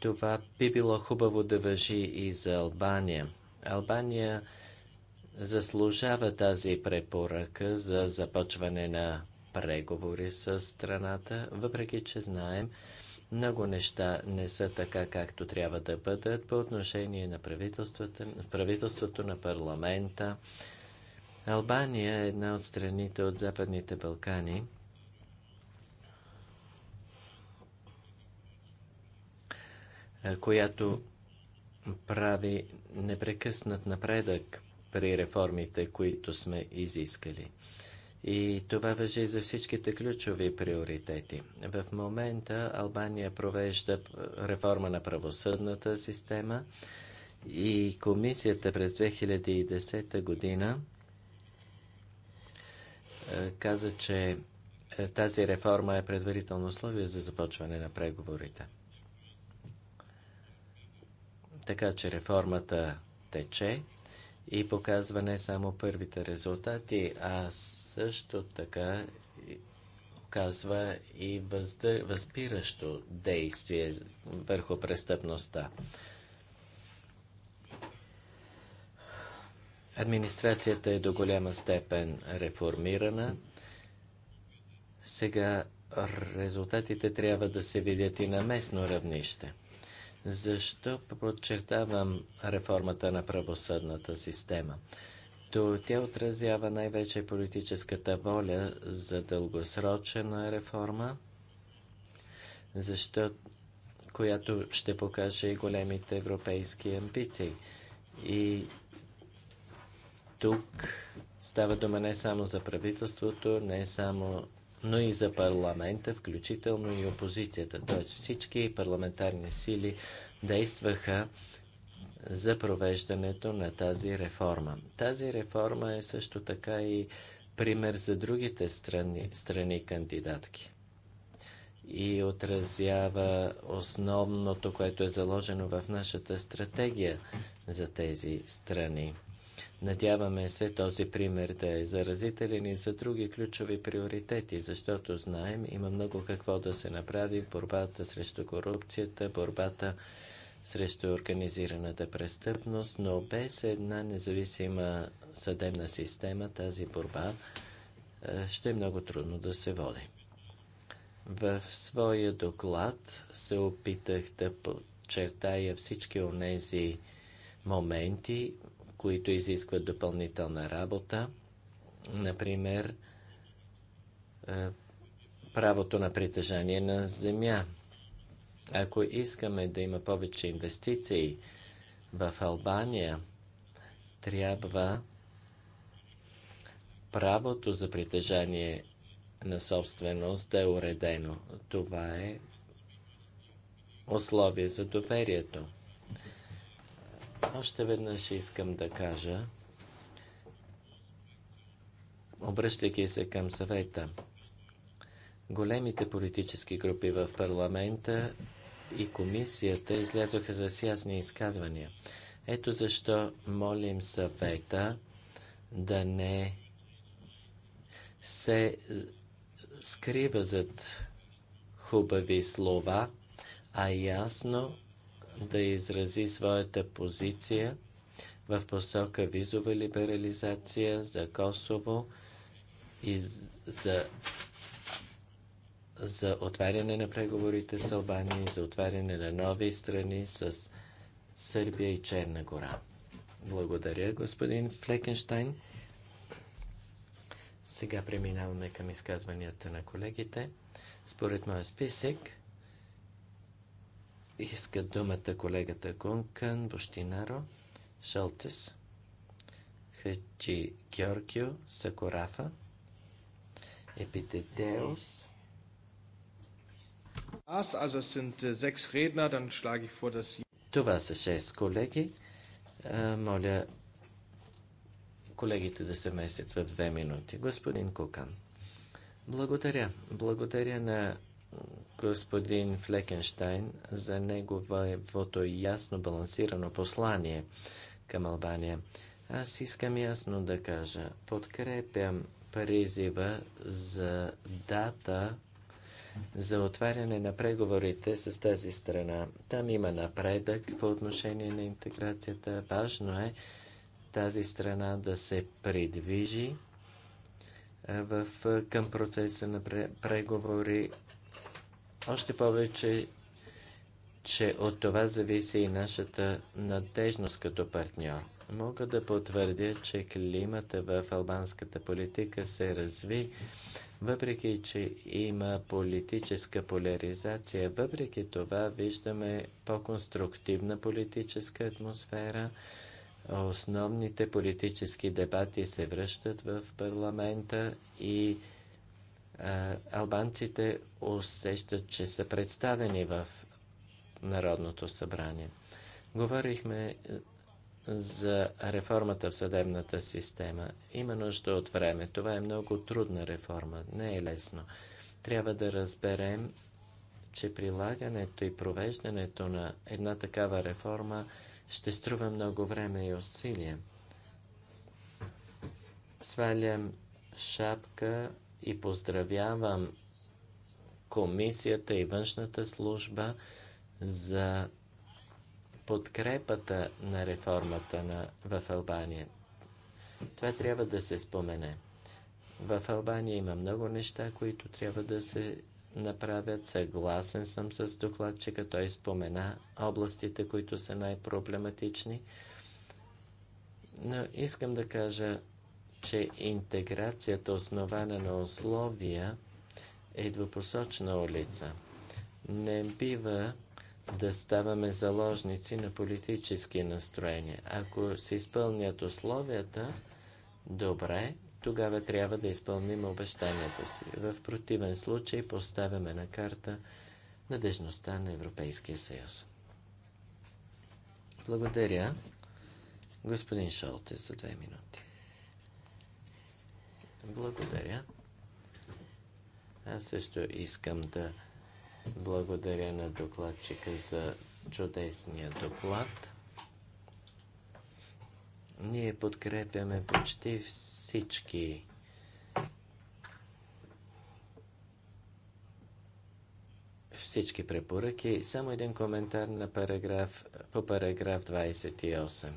това би било хубаво да въжи и за Албания. Албания заслужава тази препоръка за започване на преговори с страната, въпреки че знаем, много неща не са така, както трябва да бъдат по отношение на правителството, правителството на парламента, Албания е една от страните от Западните Балкани, която прави непрекъснат напредък при реформите, които сме изискали. И това въжи за всичките ключови приоритети. В момента Албания провежда реформа на правосъдната система и комисията през 2010 година е, каза, че е, тази реформа е предварително условие за започване на преговорите. Така че реформата тече и показва не само първите резултати, а също така оказва и въздър... възпиращо действие върху престъпността. Администрацията е до голяма степен реформирана. Сега резултатите трябва да се видят и на местно равнище. Защо подчертавам реформата на правосъдната система? То тя отразява най-вече политическата воля за дългосрочена реформа, защо, която ще покаже и големите европейски амбиции. И тук става дума не само за правителството, не само, но и за парламента, включително и опозицията. Т.е. всички парламентарни сили действаха за провеждането на тази реформа. Тази реформа е също така и пример за другите страни, страни кандидатки и отразява основното, което е заложено в нашата стратегия за тези страни. Надяваме се този пример да е заразителен и за други ключови приоритети, защото знаем, има много какво да се направи в борбата срещу корупцията, борбата срещу организираната престъпност, но без една независима съдебна система тази борба е, ще е много трудно да се води. В своя доклад се опитах да подчертая всички онези моменти, които изискват допълнителна работа. Например, е, правото на притежание на земя. Ако искаме да има повече инвестиции в Албания, трябва правото за притежание на собственост да е уредено. Това е условие за доверието. Още веднъж искам да кажа, обръщайки се към съвета, големите политически групи в парламента и комисията излязоха за ясни изказвания. Ето защо молим съвета да не се скрива зад хубави слова, а ясно да изрази своята позиция в посока визова либерализация за Косово и за, за отваряне на преговорите с Албания и за отваряне на нови страни с Сърбия и Черна гора. Благодаря, господин Флекенштайн. Сега преминаваме към изказванията на колегите. Според моя списък, иска думата колегата Гункан Бощинаро, Шалтес, Хачи Георгио, Сакорафа, Епитетеус. Аз, also es sind Това са шест колеги. моля колегите да се месят в две минути. Господин Кукан. Благодаря. Благодаря на господин Флекенштайн за неговото ясно балансирано послание към Албания. Аз искам ясно да кажа, подкрепям призива за дата за отваряне на преговорите с тази страна. Там има напредък по отношение на интеграцията. Важно е тази страна да се придвижи в, към процеса на преговори още повече, че от това зависи и нашата надежност като партньор. Мога да потвърдя, че климата в албанската политика се разви, въпреки че има политическа поляризация, въпреки това виждаме по-конструктивна политическа атмосфера. Основните политически дебати се връщат в парламента и албанците усещат, че са представени в Народното събрание. Говорихме е, за реформата в съдебната система. Има нужда от време. Това е много трудна реформа. Не е лесно. Трябва да разберем, че прилагането и провеждането на една такава реформа ще струва много време и усилие. Свалям шапка и поздравявам комисията и външната служба за подкрепата на реформата на, в Албания. Това трябва да се спомене. В Албания има много неща, които трябва да се направят. Съгласен съм с докладчика. Той спомена областите, които са най-проблематични. Но искам да кажа че интеграцията, основана на условия, е двупосочна улица. Не бива да ставаме заложници на политически настроения. Ако се изпълнят условията, добре, тогава трябва да изпълним обещанията си. В противен случай поставяме на карта надежността на Европейския съюз. Благодаря, господин Шолте, за две минути. Благодаря. Аз също искам да благодаря на докладчика за чудесния доклад. Ние подкрепяме почти всички всички препоръки. Само един коментар на параграф, по параграф 28.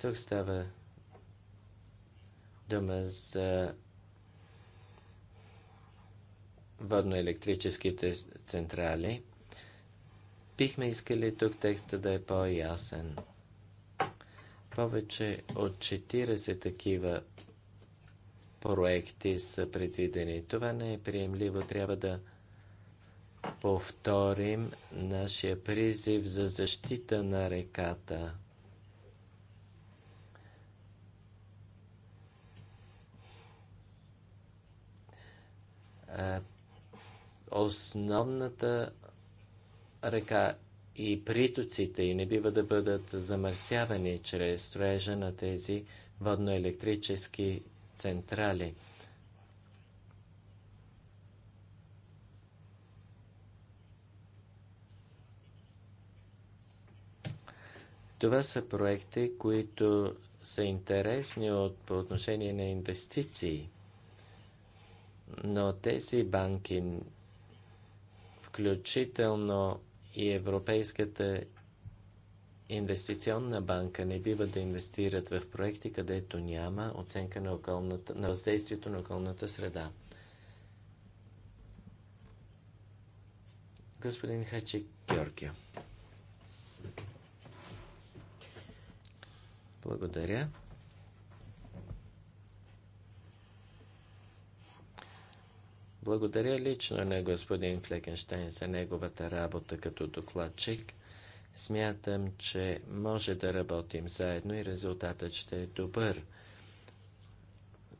Тук става дъмъз за водноелектрическите централи. Бихме искали тук текста да е по-ясен. Повече от 40 такива проекти са предвидени. Това не е приемливо. Трябва да повторим нашия призив за защита на реката. основната река и притоците и не бива да бъдат замърсявани чрез строежа на тези водноелектрически централи. Това са проекти, които са интересни от, по отношение на инвестиции. Но тези банки, включително и Европейската инвестиционна банка не бива да инвестират в проекти, където няма оценка на, околната, на въздействието на околната среда. Господин Хачи Георгия. Благодаря. Благодаря лично на господин Флекенштайн за неговата работа като докладчик. Смятам, че може да работим заедно и резултатът ще е добър.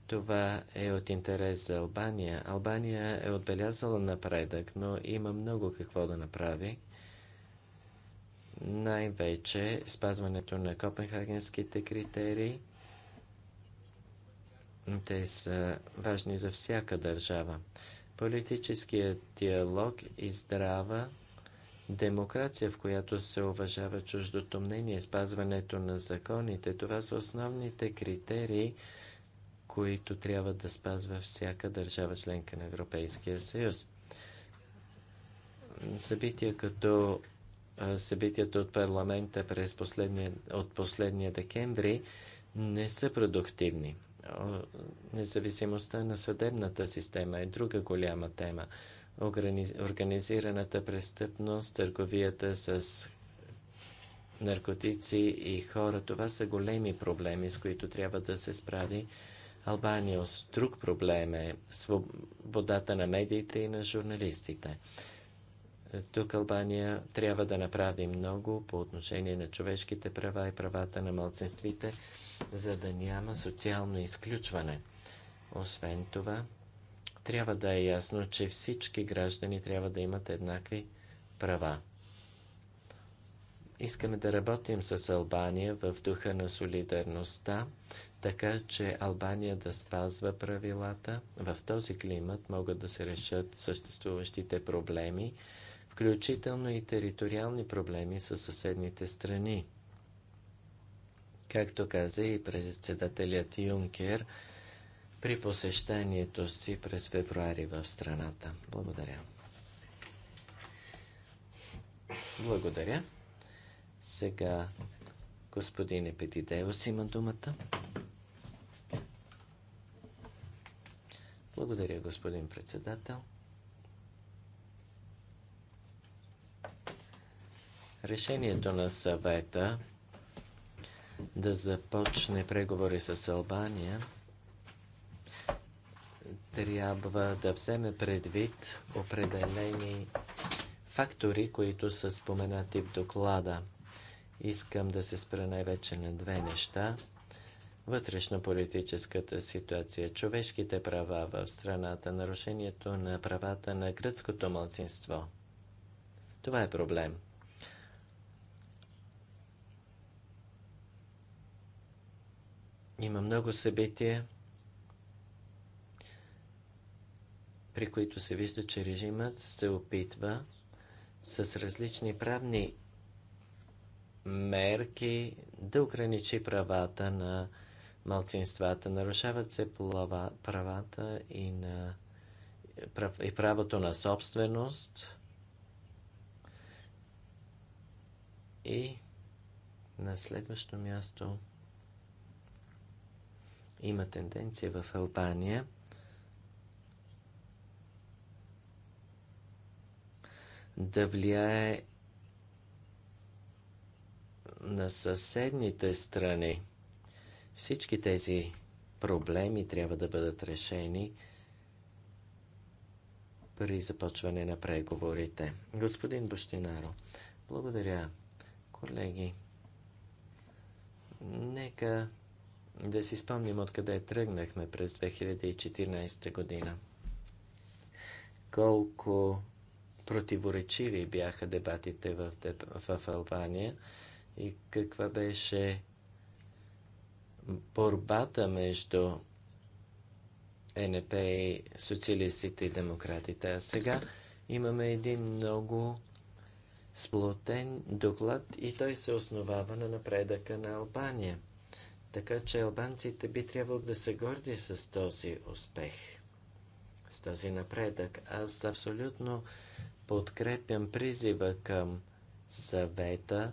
Това е от интерес за Албания. Албания е отбелязала напредък, но има много какво да направи. Най-вече спазването на копенхагенските критерии. Те са важни за всяка държава. Политическият диалог и здрава демокрация, в която се уважава чуждото мнение, спазването на законите, това са основните критерии, които трябва да спазва всяка държава членка на Европейския съюз. Събития като събитията от парламента през последния, от последния декември не са продуктивни. Независимостта на съдебната система е друга голяма тема. Организираната престъпност, търговията с наркотици и хора, това са големи проблеми, с които трябва да се справи Албания. Друг проблем е свободата на медиите и на журналистите. Тук Албания трябва да направи много по отношение на човешките права и правата на младсинствите, за да няма социално изключване. Освен това, трябва да е ясно, че всички граждани трябва да имат еднакви права. Искаме да работим с Албания в духа на солидарността, така че Албания да спазва правилата. В този климат могат да се решат съществуващите проблеми включително и териториални проблеми с със съседните страни. Както каза и председателят Юнкер при посещанието си през февруари в страната. Благодаря. Благодаря. Сега господин Епетидеус има думата. Благодаря, господин председател. Решението на съвета да започне преговори с Албания трябва да вземе предвид определени фактори, които са споменати в доклада. Искам да се спра най-вече на две неща. Вътрешно-политическата ситуация, човешките права в страната, нарушението на правата на гръцкото мълцинство. Това е проблем. Има много събития, при които се вижда, че режимът се опитва с различни правни мерки да ограничи правата на малцинствата. Нарушават се правата и, на, и правото на собственост и на следващо място – има тенденция в Албания да влияе на съседните страни. Всички тези проблеми трябва да бъдат решени при започване на преговорите. Господин Бащинаро, благодаря. Колеги, нека да си спомним откъде тръгнахме през 2014 година. Колко противоречиви бяха дебатите в, деб... в Албания и каква беше борбата между НП и социалистите и демократите. А сега имаме един много сплотен доклад и той се основава на напредъка на Албания – така че албанците би трябвало да се горди с този успех, с този напредък. Аз абсолютно подкрепям призива към съвета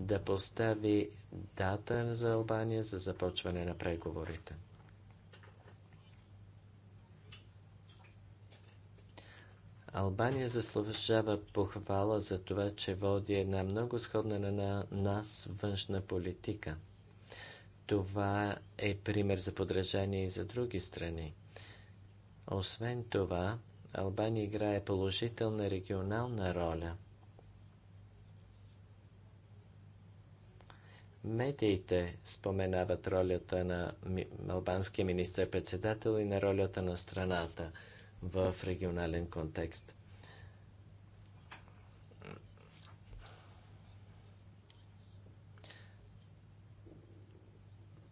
да постави дата за Албания за започване на преговорите. Албания заслужава похвала за това, че води една много сходна на нас външна политика – това е пример за подражание и за други страни. Освен това, Албания играе положителна регионална роля. Медиите споменават ролята на албанския министър-председател и на ролята на страната в регионален контекст.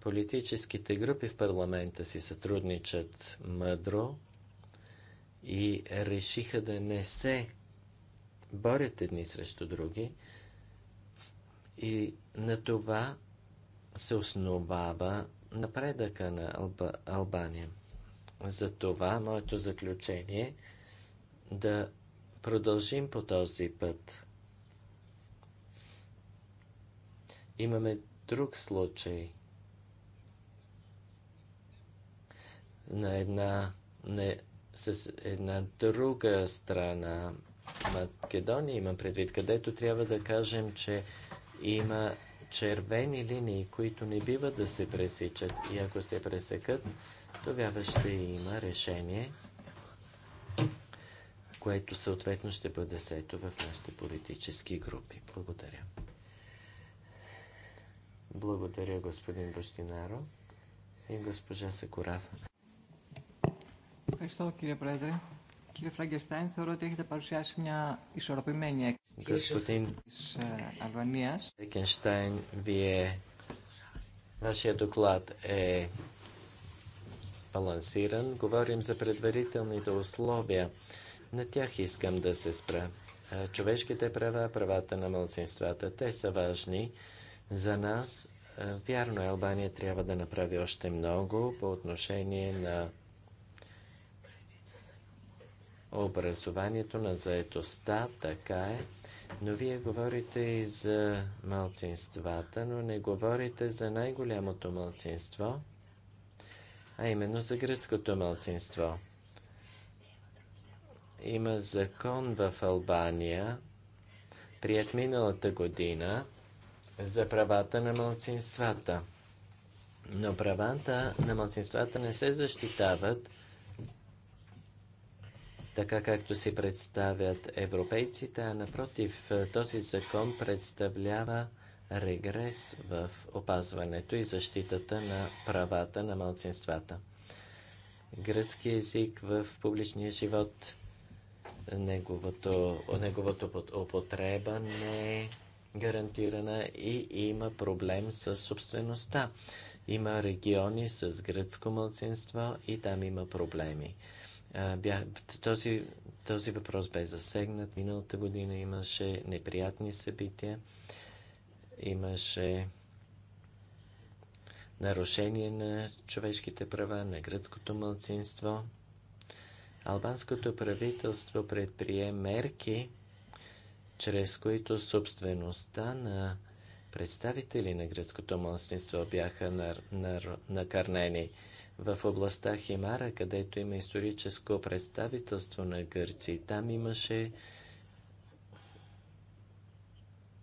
Политическите групи в парламента си сътрудничат мъдро и решиха да не се борят едни срещу други. И на това се основава напредъка на Алба, Албания. За това моето заключение е да продължим по този път. Имаме друг случай – на една, не, с една друга страна Македония, имам предвид, където трябва да кажем, че има червени линии, които не бива да се пресичат. И ако се пресекат, тогава ще има решение, което съответно ще бъде сето в нашите политически групи. Благодаря. Благодаря, господин Бащинаро и госпожа Секурафа. Ευχαριστώ κύριε Πρόεδρε. Κύριε Φραγκεστάιν, θεωρώ ότι έχετε παρουσιάσει μια ισορροπημένη έκθεση της Αλβανίας. Φραγκεστάιν, вие... Нашия доклад е балансиран. Говорим за предварителните условия. На тях искам да се спра. Е, човешките права, правата на младсинствата, те са важни за нас. Е, вярно е, Албания трябва да направи още много по отношение на образованието, на заетостта, така е. Но вие говорите и за малцинствата, но не говорите за най-голямото малцинство, а именно за гръцкото малцинство. Има закон в Албания, прият миналата година, за правата на малцинствата. Но правата на малцинствата не се защитават така както си представят европейците, а напротив, е, този закон представлява регрес в опазването и защитата на правата на малцинствата. Гръцки език в публичния живот, неговото, неговото употреба не е гарантирана и има проблем с собствеността. Има региони с гръцко мълцинство и там има проблеми. Този, този въпрос бе засегнат. Миналата година имаше неприятни събития. Имаше нарушение на човешките права на гръцкото мълцинство. Албанското правителство предприе мерки, чрез които собствеността на представители на гръцкото мълцинство бяха накарнени. На, на в областта Химара, където има историческо представителство на гърци. Там имаше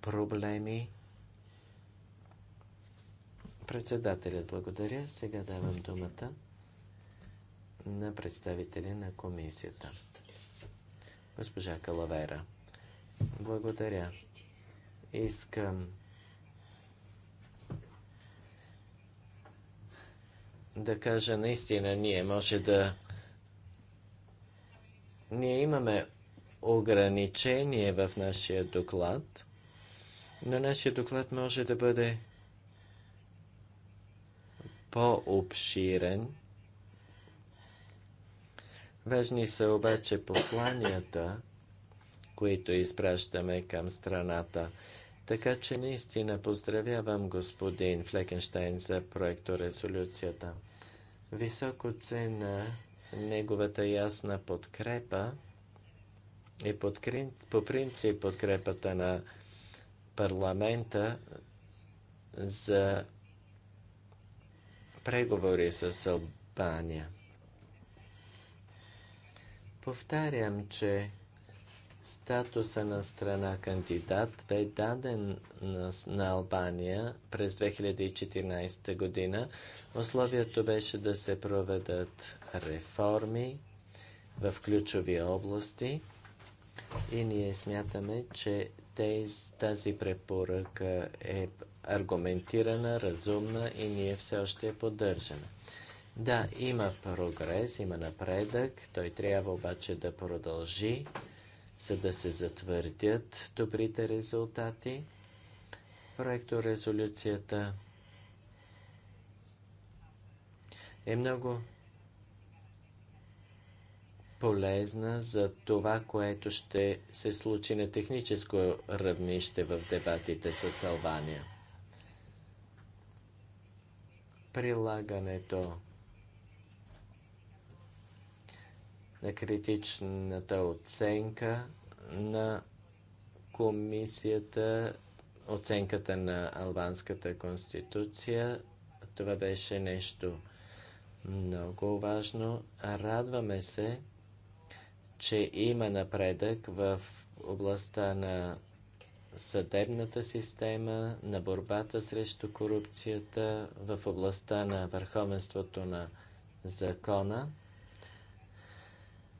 проблеми. Председателят благодаря. Сега давам думата на представителя на комисията. Госпожа Калавера. Благодаря. Искам да кажа, наистина ние може да... Ние имаме ограничение в нашия доклад, но нашия доклад може да бъде по-обширен. Важни са обаче посланията, които изпращаме към страната. Така че наистина поздравявам господин Флекенштайн за проекторезолюцията. Високо цена неговата ясна подкрепа и под, по принцип подкрепата на парламента за преговори с Албания. Повтарям, че Статуса на страна кандидат бе даден на, на Албания през 2014 година. Условието беше да се проведат реформи в ключови области и ние смятаме, че тази препоръка е аргументирана, разумна и ние все още я поддържаме. Да, има прогрес, има напредък, той трябва обаче да продължи за да се затвърдят добрите резултати. Проекторезолюцията е много полезна за това, което ще се случи на техническо равнище в дебатите с Албания. Прилагането на критичната оценка на комисията, оценката на албанската конституция. Това беше нещо много важно. Радваме се, че има напредък в областта на съдебната система, на борбата срещу корупцията, в областта на върховенството на закона.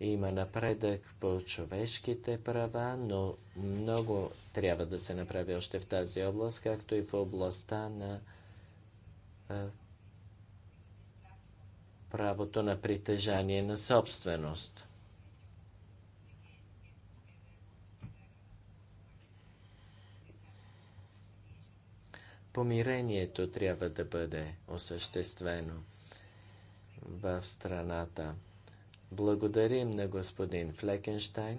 Има напредък по човешките права, но много трябва да се направи още в тази област, както и в областта на а, правото на притежание на собственост. Помирението трябва да бъде осъществено в страната. Благодарим на господин Флекенштайн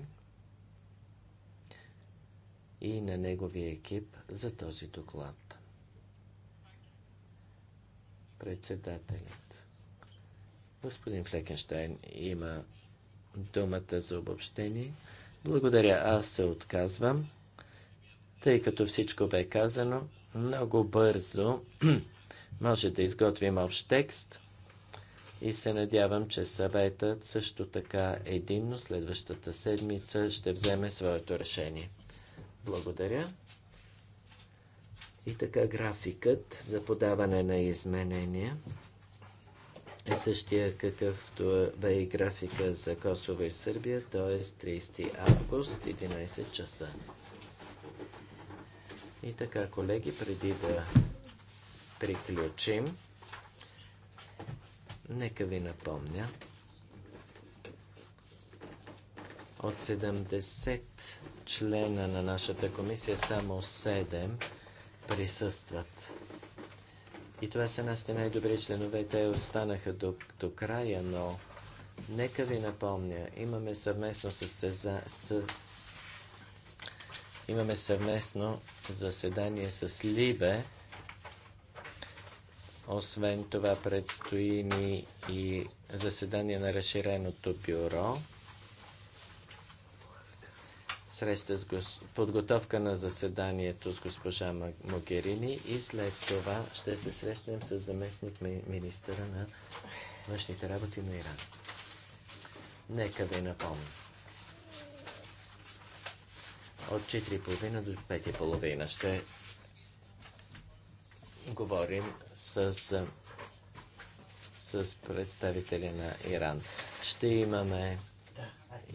и на неговия екип за този доклад. Председателят. Господин Флекенштайн има думата за обобщение. Благодаря, аз се отказвам, тъй като всичко бе казано много бързо. Може да изготвим общ текст – и се надявам, че съветът също така единно следващата седмица ще вземе своето решение. Благодаря. И така графикът за подаване на изменения е същия какъвто бе и графика за Косово и Сърбия, т.е. 30 август, 11 часа. И така, колеги, преди да приключим, Нека ви напомня. От 70 члена на нашата комисия само 7 присъстват. И това са нашите най-добри членове. Те останаха до, до края, но нека ви напомня, имаме съвместно състеза, с, с, имаме съвместно заседание с Либе освен това предстои ни и заседание на разширеното бюро. Среща с гос... подготовка на заседанието с госпожа Могерини и след това ще се срещнем с заместник ми... министъра на външните работи на Иран. Нека ви напомня. От 4.30 до 5.30 ще говорим с, с представители на Иран. Ще имаме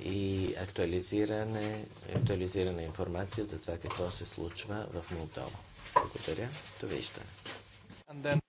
и актуализиране, актуализирана информация за това какво се случва в Молдова. Благодаря. Довиждане.